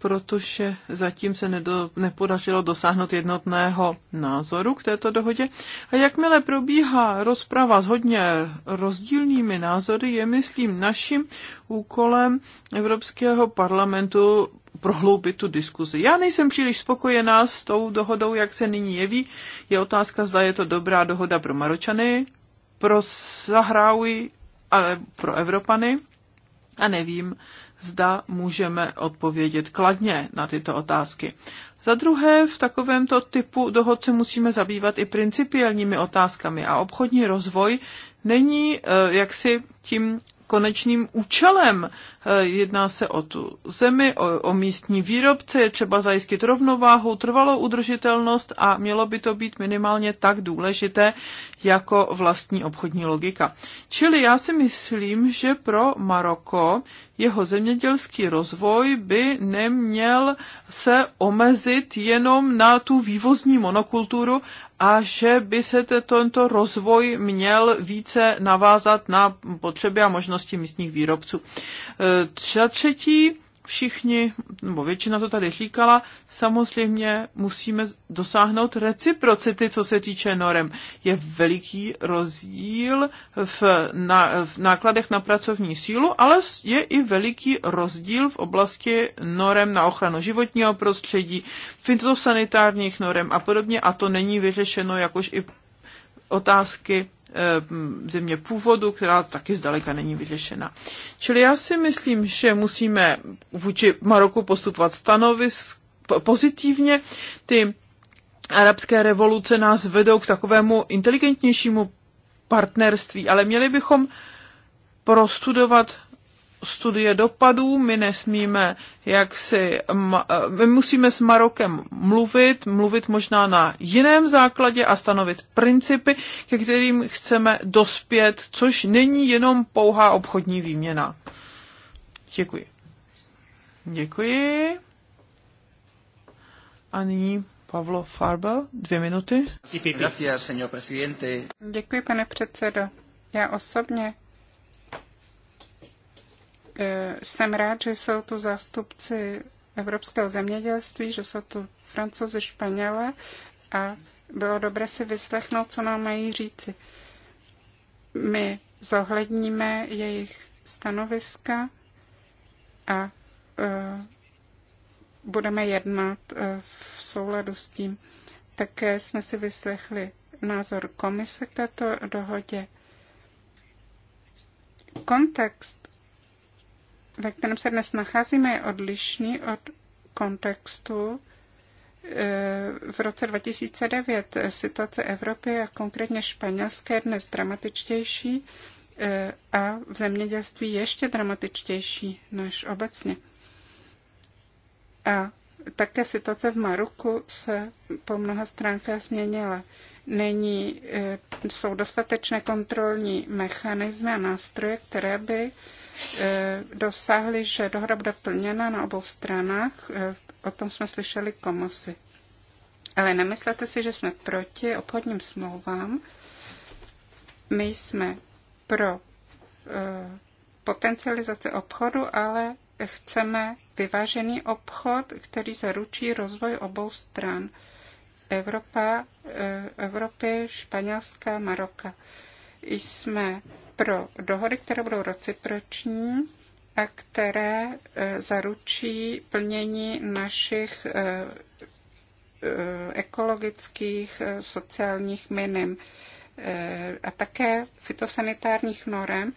protože zatím se nedo, nepodařilo dosáhnout jednotného názoru k této dohodě. A jakmile probíhá rozprava s hodně rozdílnými názory, je, myslím, naším úkolem Evropského parlamentu prohloubit tu diskuzi. Já nejsem příliš spokojená s tou dohodou, jak se nyní jeví. Je otázka, zda je to dobrá dohoda pro Maročany, pro Zahráuji, ale pro Evropany a nevím, zda můžeme odpovědět kladně na tyto otázky. Za druhé, v takovémto typu dohod se musíme zabývat i principiálními otázkami a obchodní rozvoj není eh, jaksi tím konečným účelem. Eh, jedná se o tu zemi, o, o místní výrobce, je třeba zajistit rovnováhu, trvalou udržitelnost a mělo by to být minimálně tak důležité jako vlastní obchodní logika. Čili já si myslím, že pro Maroko jeho zemědělský rozvoj by neměl se omezit jenom na tu vývozní monokulturu, a že by se tento rozvoj měl více navázat na potřeby a možnosti místních výrobců. E, za třetí, všichni, nebo většina to tady říkala, samozřejmě musíme dosáhnout reciprocity, co se týče norem. Je veliký rozdíl v, na, v nákladech na pracovní sílu, ale je i veliký rozdíl v oblasti norem na ochranu životního prostředí, fitosanitárních norem a podobně a to není vyřešeno jakož i otázky Eh, země původu, která taky zdaleka není vyřešena. Čili já si myslím, že musíme vůči Maroku postupovat stanovisk pozitivně. Ty arabské revoluce nás vedou k takovému inteligentnějšímu partnerství, ale měli bychom prostudovat studie dopadů, my nesmíme jak si, eh, my musíme s Marokem mluvit, mluvit možná na jiném základě a stanovit principy, ke kterým chceme dospět, což není jenom pouhá obchodní výměna. Děkuji. Děkuji. A nyní Pavlo Farbel, dvě minuty. Děkuji, pane předsedo. Já osobně E, jsem rád, že jsou tu zástupci evropského zemědělství, že jsou tu francouzi, španělé a bylo dobré si vyslechnout, co nám mají říci. My zohledníme jejich stanoviska a uh, budeme jednat uh, v souladu s tím. Také jsme si vyslechli názor komise k této dohodě. Kontext ve kterém se dnes nacházíme, je odlišný od kontextu e, v roce 2009. Situace Evropy a konkrétně španělské je dnes dramatičtější e, a v zemědělství ještě dramatičtější než obecně. A také situace v Maroku se po mnoha stránkách změnila. Není, e, jsou dostatečné kontrolní mechanismy a nástroje, které by Eh, dosáhli, že dohoda bude plněna na obou stranách. Eh, o tom jsme slyšeli komosy. Ale nemyslete si, že jsme proti obchodním smlouvám. My jsme pro eh, potencializaci obchodu, ale chceme vyvážený obchod, který zaručí rozvoj obou stran. Evropa, Evropy, Španělska, Maroka jsme pro dohody, které budou reciproční a které e, zaručí plnění našich e, e, ekologických, sociálních minim a také fitosanitárních norem,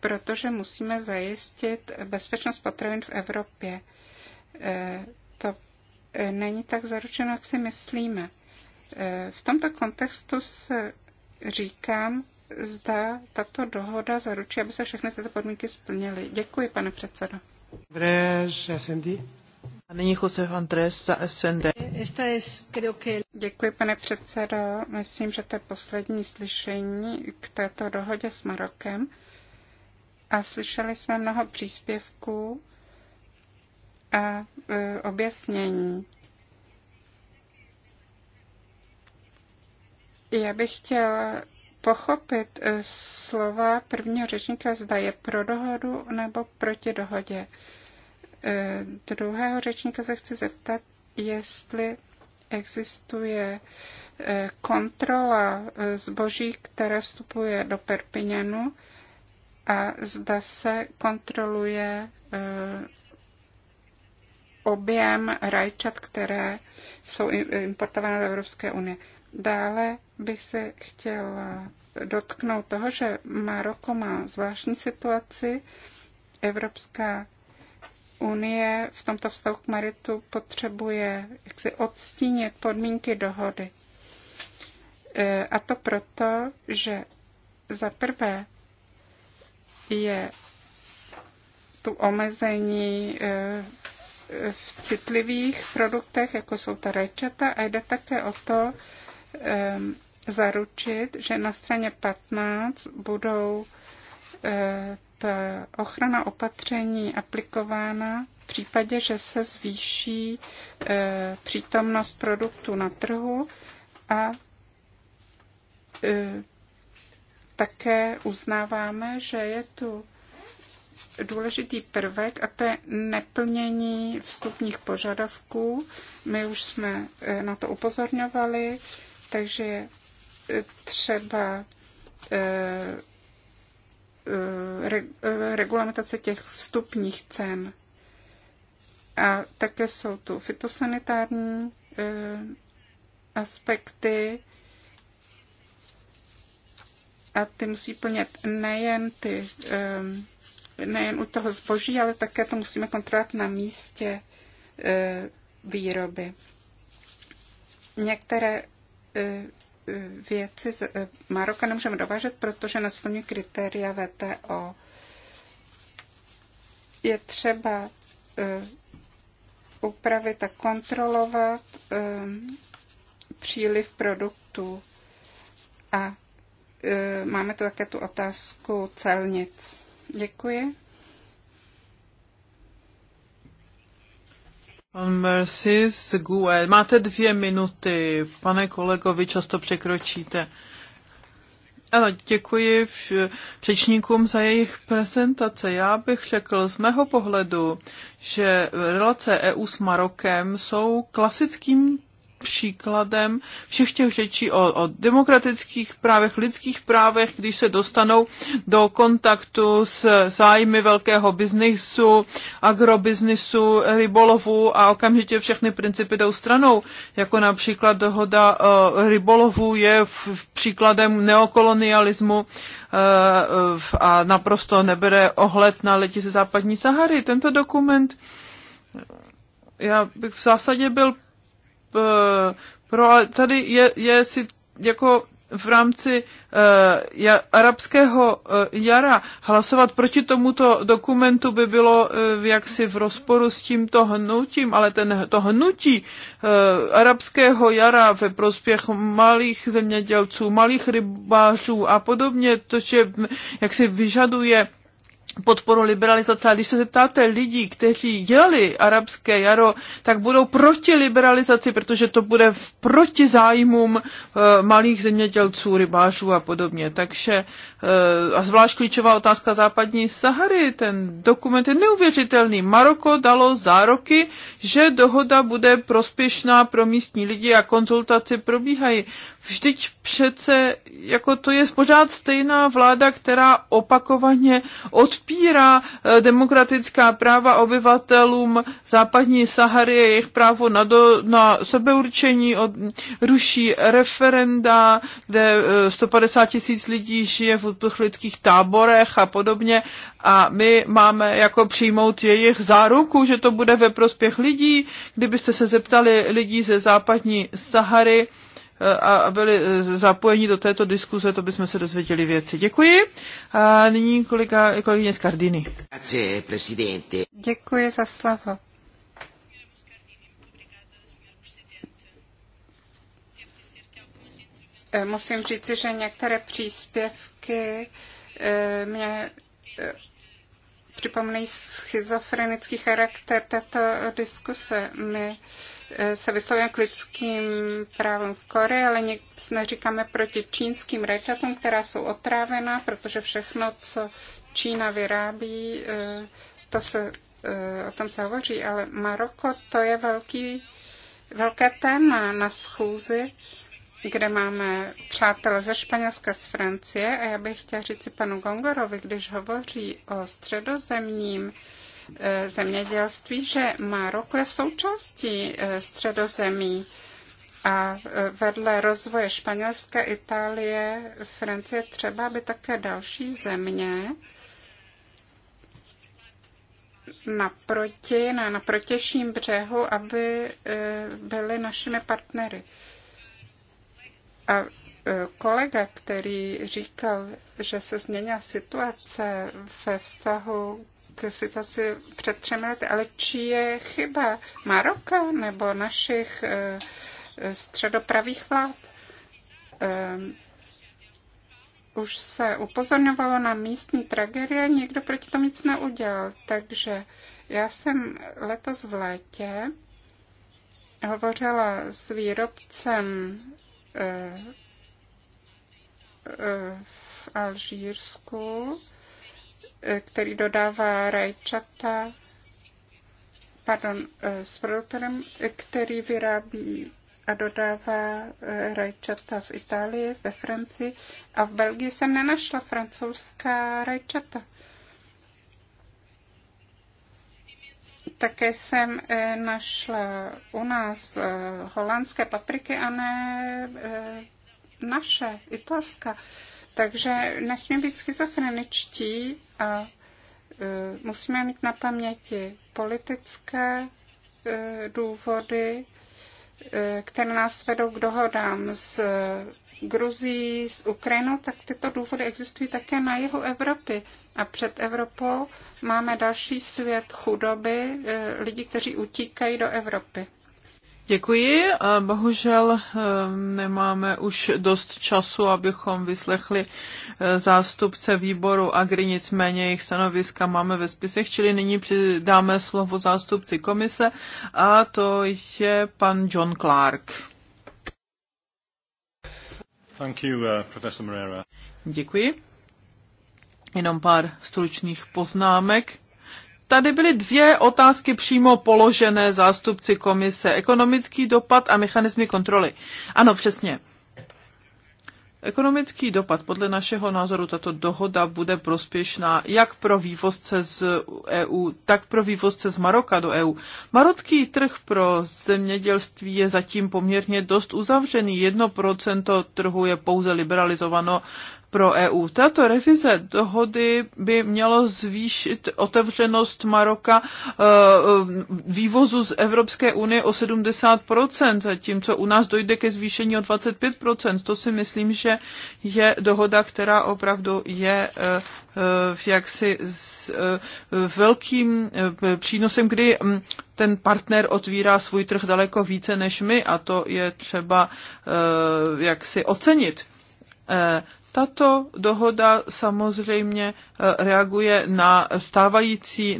protože musíme zajistit bezpečnost potravin v Evropě. To není tak zaručeno, jak si myslíme. V tomto kontextu se říkám, zda tato dohoda zaručí, aby se všechny tyto podmínky splnily. Děkuji, pane předsedo. A nyní Josef Andrés za SND. Děkuji, pane předsedo. Myslím, že to je poslední slyšení k této dohodě s Marokem. A slyšeli jsme mnoho příspěvků a e, objasnění. Já bych chtěla pochopit eh, slova prvního řečníka, zda je pro dohodu nebo proti dohodě. Eh, druhého řečníka se chci zeptat, jestli existuje eh, kontrola zboží, které vstupuje do Perpiněnu a zda se kontroluje objem rajčat, které jsou importované do Evropské unie. Dále bych se chtěla dotknout toho, že Maroko má zvláštní situaci. Evropská unie v tomto vztahu k Maritu potřebuje jaksi odstínit podmínky dohody. E, a to proto, že za prvé je tu omezení e, v citlivých produktech, jako jsou ta rajčata, a jde také o to, zaručit, že na straně 15 budou eh, ta ochrana opatření aplikována v případě, že se zvýší eh, přítomnost produktu na trhu a eh, také uznáváme, že je tu důležitý prvek a to je neplnění vstupních požadavků. My už jsme na to upozorňovali, takže třeba eh, eh, eh, regulamentace těch vstupních cen. A také jsou tu fitosanitární aspekty a ty musí plnit nejen ty, nejen u toho zboží, ale také to musíme kontrolovat na místě výroby. Některé věci z eh, Maroka nemůžeme dovážet, protože nesplňují kritéria VTO. Je třeba eh, upravit a kontrolovat eh, příliv produktů. A máme tu také tu otázku celnic. Děkuji. Pan Mercy Máte dvě minuty. Pane kolego, vy často překročíte. Ano, děkuji řečníkům za jejich prezentace. Já bych řekl z mého pohledu, že relace EU s Marokem jsou klasickým příkladem všech těch řečí o, o demokratických právech, lidských právech, když se dostanou do kontaktu s zájmy velkého biznisu, agrobiznisu, rybolovu a okamžitě všechny principy jdou stranou, jako například dohoda uh, rybolovu je v, v příkladem neokolonialismu uh, a naprosto nebere ohled na leti ze západní Sahary. Tento dokument já bych v zásadě byl Eh, pro, tady je, je si jako v rámci uh, ja, arabského uh, jara hlasovat proti tomuto dokumentu by bylo uh, jaksi v rozporu s tímto hnutím, ale ten, to hnutí uh, arabského jara ve prospěch malých zemědělců, malých rybářů a podobně, to, že hm, jak si vyžaduje podporu liberalizace. A když se zeptáte lidí, kteří dělali arabské jaro, tak budou proti liberalizaci, protože to bude v proti zájmům e, malých zemědělců, rybářů a podobně. Takže Eh, a zvlášť klíčová otázka západní Sahary. Ten dokument je neuvěřitelný. Maroko dalo zároky, že dohoda bude prospěšná pro místní lidi a konzultace probíhají. Vždyť přece, jako to je pořád stejná vláda, která opakovaně odpírá eh, demokratická práva obyvatelům západní Sahary, jejich právo na, do, na sebeurčení, od, ruší referenda, kde 150 eh, tisíc lidí žije v uprchlických táborech a podobně. A my máme jako přijmout jejich záruku, že to bude ve prospěch lidí. Kdybyste se zeptali lidí ze západní Sahary, eh, a byli eh, zapojeni do této diskuze, to bychom se dozvěděli věci. Děkuji. A nyní kolega, kolegyně z Kardiny. Děkuji za slovo. Eh, musím říci, že některé příspěvky eh, mě eh, připomínají schizofrenický charakter této diskuse. My se vyslovujeme k lidským právům v Koreji, ale nic neříkáme proti čínským rajčatům, která jsou otrávená, protože všechno, co Čína vyrábí, to se, o tom se hovoří, ale Maroko to je velký, velké téma na schůzi kde máme přátelé ze Španělska, z Francie a já bych chtěla říct si panu Gongorovi, když hovoří o středozemním eh, zemědělství, že Maroko je součástí eh, středozemí a eh, vedle rozvoje Španělska, Itálie, Francie třeba by také další země naproti, na protějším břehu, aby byly našimi partnery. A e, kolega, který říkal, že se změnila situace ve vztahu k situaci před třemi lety, ale čí je chyba Maroka nebo našich e, středopravých vlád? E, už se upozorňovalo na místní tragédie, nikdo proti tomu nic neudělal. Takže já jsem letos v létě hovořila s výrobcem v Alžírsku, který dodává rajčata, pardon, s produktorem, který vyrábí a dodává eh, rajčata v Itálii, ve Francii a v Belgii jsem nenašla francouzská rajčata. Také jsem eh, našla u nás eh, holandské papriky a ne eh, naše, italská. Takže nesmí být schizofreničtí a musíme mít na paměti politické důvody, které nás vedou k dohodám s Gruzí, s Ukrajinou, tak tyto důvody existují také na jihu Evropy. A před Evropou máme další svět chudoby, eh, lidí, kteří utíkají do Evropy. Děkuji. Bohužel eh, nemáme už dost času, abychom vyslechli eh, zástupce výboru Agri, nicméně jejich stanoviska máme ve spisech, čili nyní dáme slovo zástupci komise a to je pan John Clark. Thank you, uh, Professor Moreira. Děkuji. Jenom pár stručných poznámek. Tady byly dvě otázky přímo položené zástupci komise. Ekonomický dopad a mechanismy kontroly. Ano, přesně. Ekonomický dopad podle našeho názoru tato dohoda bude prospěšná jak pro vývozce z EU, tak pro vývozce z Maroka do EU. Marocký trh pro zemědělství je zatím poměrně dost uzavřený. Jedno procento trhu je pouze liberalizováno pro EU. Tato revize dohody by mělo zvýšit otevřenost Maroka eh, vývozu z Evropské unie o 70%, zatímco u nás dojde ke zvýšení o 25%. To si myslím, že je dohoda, která opravdu je eh, eh, jaksi s velkým přínosem, kdy mm, ten partner otvírá svůj trh daleko více než my a to je třeba jaksi ocenit. Tato dohoda samozřejmě eh, reaguje na stávající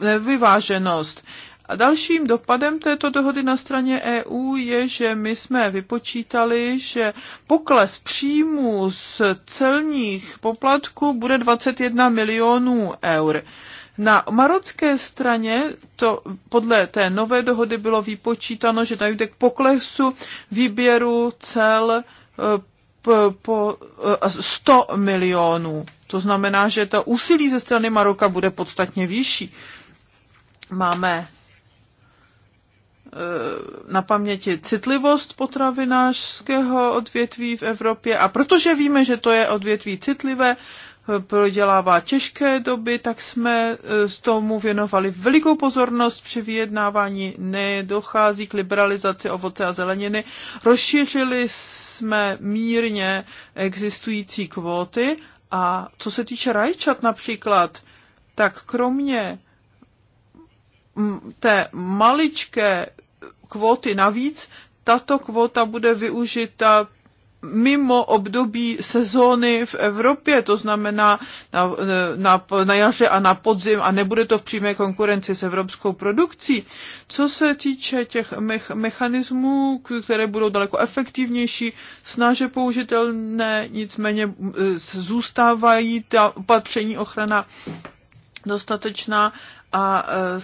nevyváženost. A dalším dopadem této dohody na straně EU je, že my jsme vypočítali, že pokles příjmů z celních poplatků bude 21 milionů eur. Na marocké straně to podle té nové dohody bylo vypočítáno, že dojde k poklesu výběru cel eh, po 100 eh, milionů. To znamená, že to úsilí ze strany Maroka bude podstatně vyšší. Máme eh, na paměti citlivost potravinářského odvětví v Evropě a protože víme, že to je odvětví citlivé, prodělává těžké doby, tak jsme z e, tomu věnovali velikou pozornost při vyjednávání. Nedochází k liberalizaci ovoce a zeleniny. Rozšířili jsme mírně existující kvóty a co se týče rajčat například, tak kromě té maličké kvóty navíc, tato kvóta bude využita mimo období sezóny v Evropě, to znamená na, na, na jaře a na podzim a nebude to v přímé konkurenci s evropskou produkcí. Co se týče těch me- mechanismů, které budou daleko efektivnější, snaže použitelné, nicméně e, zůstávají ta opatření ochrana dostatečná a e,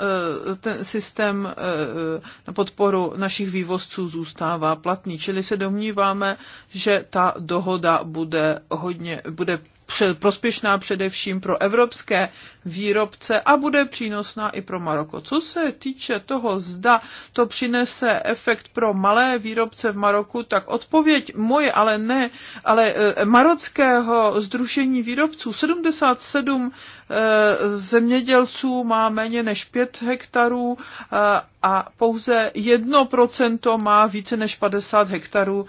Eh, ten systém eh, na podporu našich vývozců zůstává platný. Čili se domníváme, že ta dohoda bude hodně, bude prospěšná především pro evropské výrobce a bude přínosná i pro Maroko. Co se týče toho, zda to přinese efekt pro malé výrobce v Maroku, tak odpověď moje, ale ne, ale e, marockého združení výrobců 77 e, zemědělců má méně než 5 hektarů e, a pouze 1% má více než 50 hektarů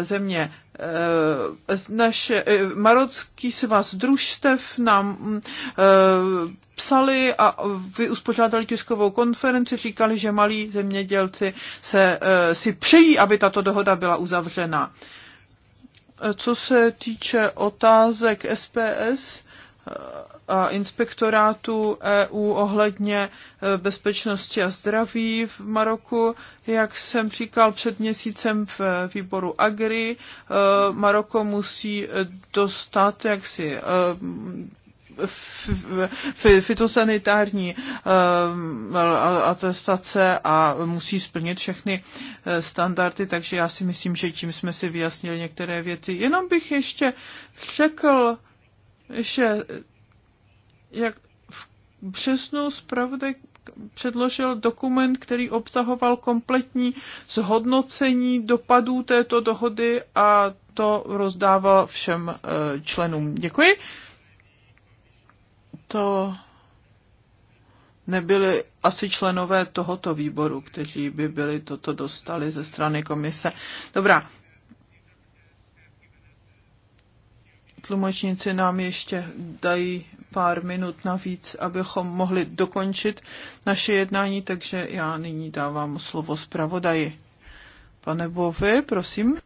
země. Eh, naše, eh, Marocký svaz družstev nám eh, psali a uspořádali tiskovou konferenci, říkali, že malí zemědělci se, si přejí, aby tato dohoda byla uzavřena. Co se týče otázek SPS, inspektorátu EU ohledně e, bezpečnosti a zdraví v Maroku. Jak jsem říkal před měsícem v výboru Agri, e, Maroko musí e, dostat jaksi fitosanitární atestace a musí splnit všechny standardy, takže já si myslím, že tím jsme si vyjasnili některé věci. Jenom bych ještě řekl, že jak v březnu zpravodaj předložil dokument, který obsahoval kompletní zhodnocení dopadů této dohody a to rozdával všem eh, členům. Děkuji. To nebyli asi členové tohoto výboru, kteří by byli toto dostali ze strany komise. Dobrá. Tlumočníci nám ještě dají pár minut navíc, abychom mohli dokončit naše jednání, takže já nyní dávám slovo zpravodaji. Pane Bové, prosím.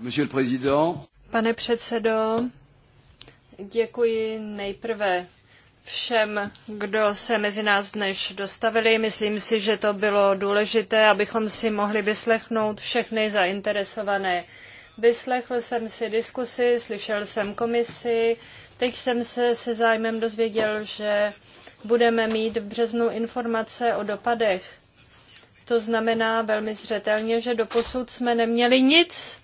Monsieur le Président. Pane předsedo, děkuji nejprve všem, kdo se mezi nás dnes dostavili. Myslím si, že to bylo důležité, abychom si mohli vyslechnout všechny zainteresované Vyslechl jsem si diskusi, slyšel jsem komisi, teď jsem se se zájmem dozvěděl, že budeme mít v březnu informace o dopadech. To znamená velmi zřetelně, že doposud jsme neměli nic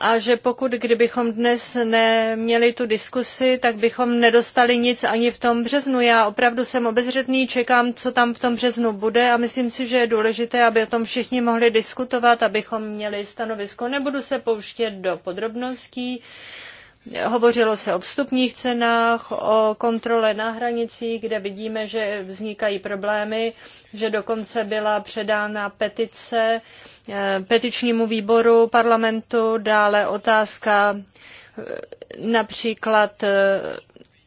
a že pokud kdybychom dnes neměli tu diskusi, tak bychom nedostali nic ani v tom březnu. Já opravdu jsem obezřetný, čekám, co tam v tom březnu bude a myslím si, že je důležité, aby o tom všichni mohli diskutovat, abychom měli stanovisko. Nebudu se pouštět do podrobností. Hovořilo se o vstupních cenách, o kontrole na hranicích, kde vidíme, že vznikají problémy, že dokonce byla předána petice eh, petičnímu výboru parlamentu, dále otázka eh, například eh,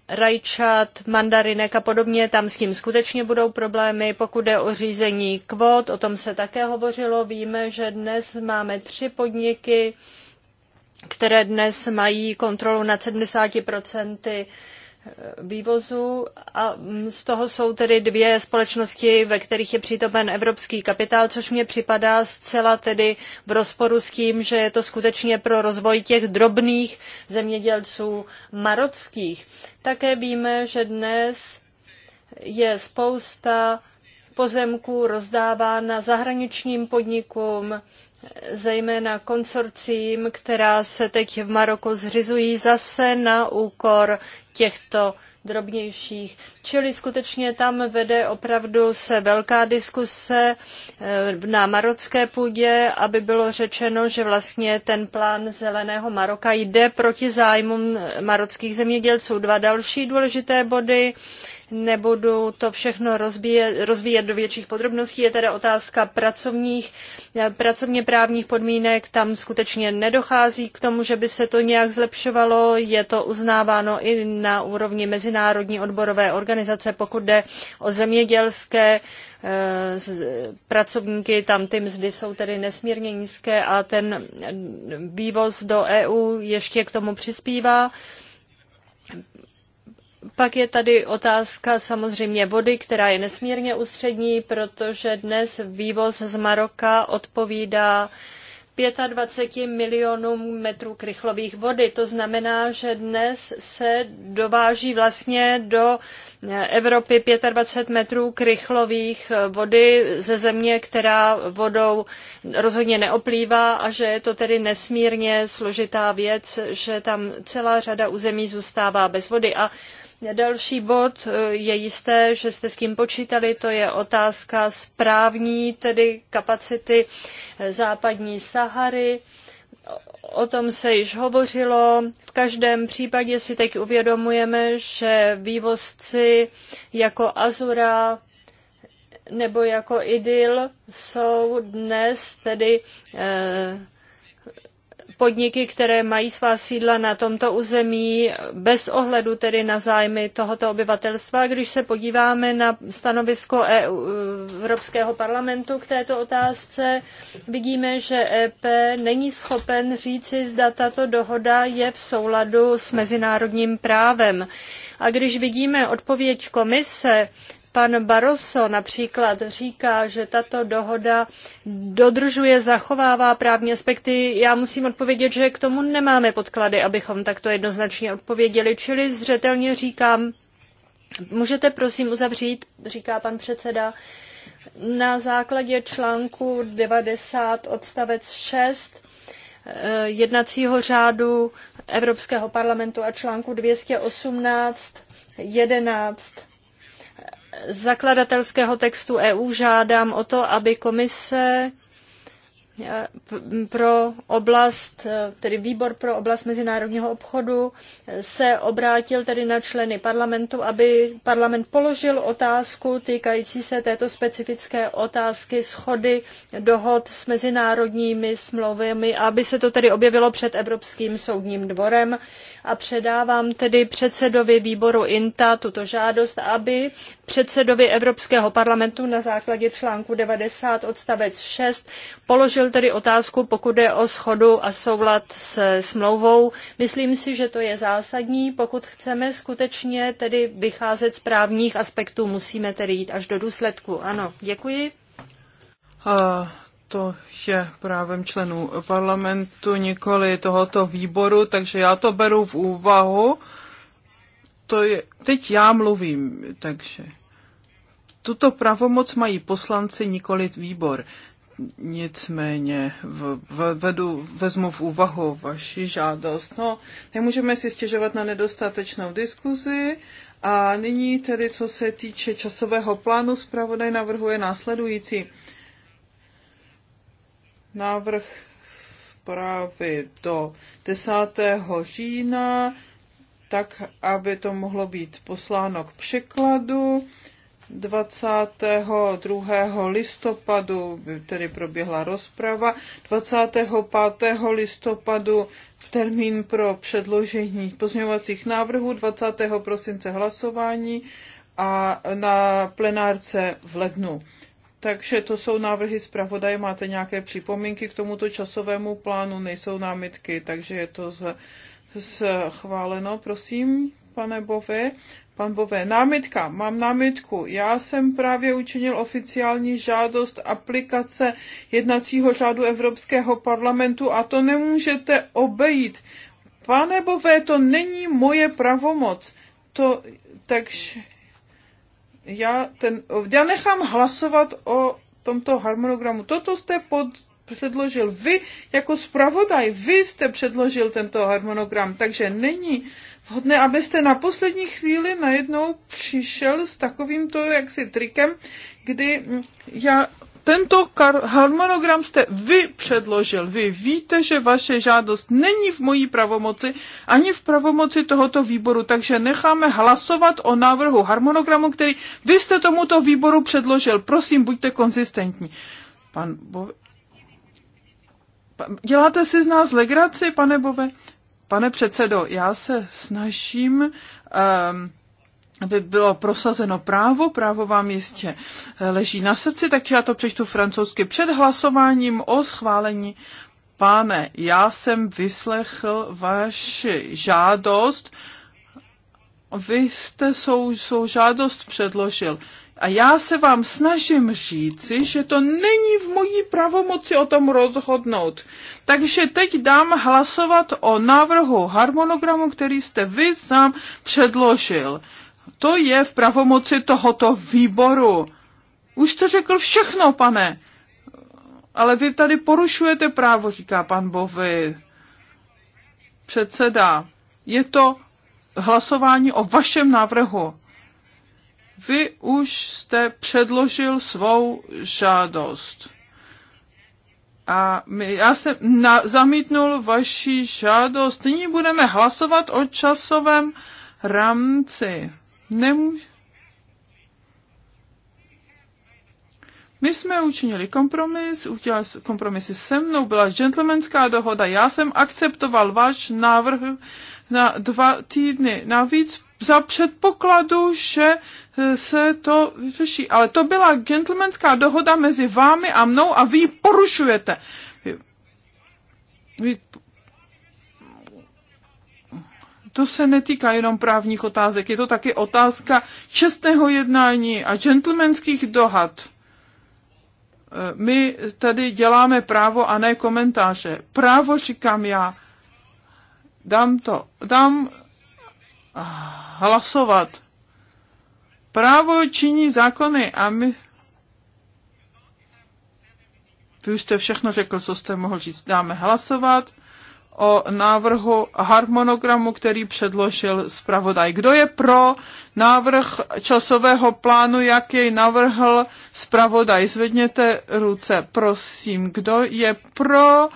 rajčat, mandarinek a podobně, tam s tím skutečně budou problémy. Pokud jde o řízení kvót, o tom se také hovořilo. Víme, že dnes máme tři podniky, které dnes mají kontrolu nad 70 eh, vývozu a mm, z toho jsou tedy dvě společnosti, ve kterých je přítomen evropský kapitál, což mě připadá zcela tedy v rozporu s tím, že je to skutečně pro rozvoj těch drobných zemědělců marockých. Také víme, že dnes je spousta pozemků rozdávána zahraničním podnikům, zejména konsorcím, která se teď v Maroku zřizují zase na úkor těchto drobnějších. Čili skutečně tam vede opravdu se velká diskuse eh, na marocké půdě, aby bylo řečeno, že vlastně ten plán zeleného Maroka jde proti zájmům marockých zemědělců. Dva další důležité body Nebudu to všechno rozbíjet, rozvíjet do větších podrobností. Je teda otázka pracovních, eh, pracovně právních podmínek. Tam skutečně nedochází k tomu, že by se to nějak zlepšovalo. Je to uznáváno i na úrovni Mezinárodní odborové organizace, pokud jde o zemědělské eh, pracovníky, tam ty mzdy jsou tedy nesmírně nízké a ten eh, vývoz do EU ještě k tomu přispívá. Pak je tady otázka samozřejmě vody, která je nesmírně ústřední, protože dnes vývoz z Maroka odpovídá 25 milionům metrů krychlových vody. To znamená, že dnes se dováží vlastně do Evropy 25 metrů krychlových vody ze země, která vodou rozhodně neoplývá a že je to tedy nesmírně složitá věc, že tam celá řada území zůstává bez vody. A Další bod e, je jisté, že jste s tím počítali, to je otázka správní, tedy kapacity e, západní Sahary. O tom se již hovořilo. V každém případě si teď uvědomujeme, že vývozci jako Azura nebo jako Idil jsou dnes tedy eh, podniky, které mají svá sídla na tomto území, bez ohledu tedy na zájmy tohoto obyvatelstva. Když se podíváme na stanovisko e Evropského parlamentu k této otázce, vidíme, že EP není schopen říci, zda tato dohoda je v souladu s mezinárodním právem. A když vidíme odpověď komise Pan Barroso například říká, že tato dohoda dodržuje, zachovává právní aspekty. Já musím odpovědět, že k tomu nemáme podklady, abychom takto jednoznačně odpověděli, čili zřetelně říkám, můžete prosím uzavřít, říká pan předseda, na základě článku 90 odstavec 6 eh, jednacího řádu Evropského parlamentu a článku 218 11 zakladatelského textu EU žádám o to, aby komise eh, pro oblast, eh, tedy výbor pro oblast mezinárodního obchodu eh, se obrátil tedy na členy parlamentu, aby parlament položil otázku týkající se této specifické otázky schody dohod s mezinárodními smlouvami, aby se to tedy objevilo před Evropským soudním dvorem a předávám tedy předsedovi výboru INTA tuto žádost, aby předsedovi Evropského parlamentu na základě článku 90 odstavec 6 položil tedy otázku, pokud je o schodu a soulad s smlouvou. Myslím si, že to je zásadní. Pokud chceme skutečně tedy vycházet z právních aspektů, musíme tedy jít až do důsledku. Ano, děkuji. Uh to je právem členů parlamentu, nikoli tohoto výboru, takže já to beru v úvahu. To je, teď já mluvím, takže tuto pravomoc mají poslanci, nikoli výbor. Nicméně v, v, vedu, vezmu v úvahu vaši žádost. No, nemůžeme si stěžovat na nedostatečnou diskuzi a nyní tedy, co se týče časového plánu, zpravodaj navrhuje následující návrh zprávy do 10. října, tak aby to mohlo být posláno k překladu. 22. listopadu tedy proběhla rozprava, 25. listopadu termín pro předložení pozměňovacích návrhů, 20. prosince hlasování a na plenárce v lednu. Takže to jsou návrhy zpravodaje. Máte nějaké připomínky k tomuto časovému plánu? Nejsou námitky, takže je to schváleno. Prosím, pane Bové. Pan Bové, námitka, mám námitku. Já jsem právě učinil oficiální žádost aplikace jednacího řádu Evropského parlamentu a to nemůžete obejít. Pane Bové, to není moje pravomoc. To, takže já, ten, já nechám hlasovat o tomto harmonogramu. Toto jste pod, předložil vy jako zpravodaj, vy jste předložil tento harmonogram, takže není vhodné, abyste na poslední chvíli najednou přišel s takovýmto jaksi trikem, kdy já tento harmonogram jste vy předložil. Vy víte, že vaše žádost není v mojí pravomoci ani v pravomoci tohoto výboru, takže necháme hlasovat o návrhu harmonogramu, který vy jste tomuto výboru předložil. Prosím, buďte konzistentní. Pan Bove... Děláte si z nás legraci, pane Bove? Pane předsedo, já se snažím... Um, aby bylo prosazeno právo, právo vám jistě eh, leží na srdci, tak já to přečtu francouzsky. Před hlasováním o schválení Pane, já jsem vyslechl vaši žádost, vy jste svou, svou žádost předložil. A já se vám snažím říci, že to není v mojí pravomoci o tom rozhodnout. Takže teď dám hlasovat o návrhu harmonogramu, který jste vy sám předložil. To je v pravomoci tohoto výboru. Už jste řekl všechno, pane. Ale vy tady porušujete právo, říká pan Bovy. Předseda, je to hlasování o vašem návrhu. Vy už jste předložil svou žádost. A my, já jsem na, zamítnul vaši žádost. Nyní budeme hlasovat o časovém rámci nemůže... My jsme učinili kompromis, udělali kompromisy se mnou, byla gentlemanská dohoda, já jsem akceptoval váš návrh na dva týdny navíc za předpokladu, že e, se to vyřeší. Ale to byla gentlemanská dohoda mezi vámi a mnou a vy ji porušujete. Vy to se netýká jenom právních otázek, je to taky otázka čestného jednání a gentlemanských dohad. Eh, my tady děláme právo a ne komentáře. Právo říkám já, dám to, dám ah, hlasovat. Právo činí zákony a my... Vy už jste všechno řekl, co jste mohl říct. Dáme hlasovat o návrhu harmonogramu, který předložil zpravodaj. Kdo je pro návrh časového plánu, jak jej navrhl zpravodaj? Zvedněte ruce, prosím. Kdo je pro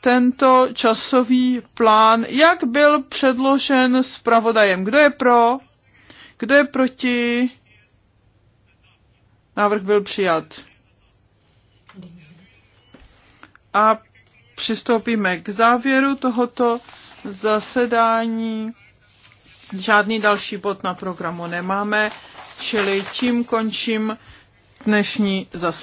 tento časový plán, jak byl předložen zpravodajem? Kdo je pro? Kdo je proti? Návrh byl přijat. A přistoupíme k závěru tohoto zasedání. Žádný další bod na programu nemáme, čili tím končím dnešní zasedání.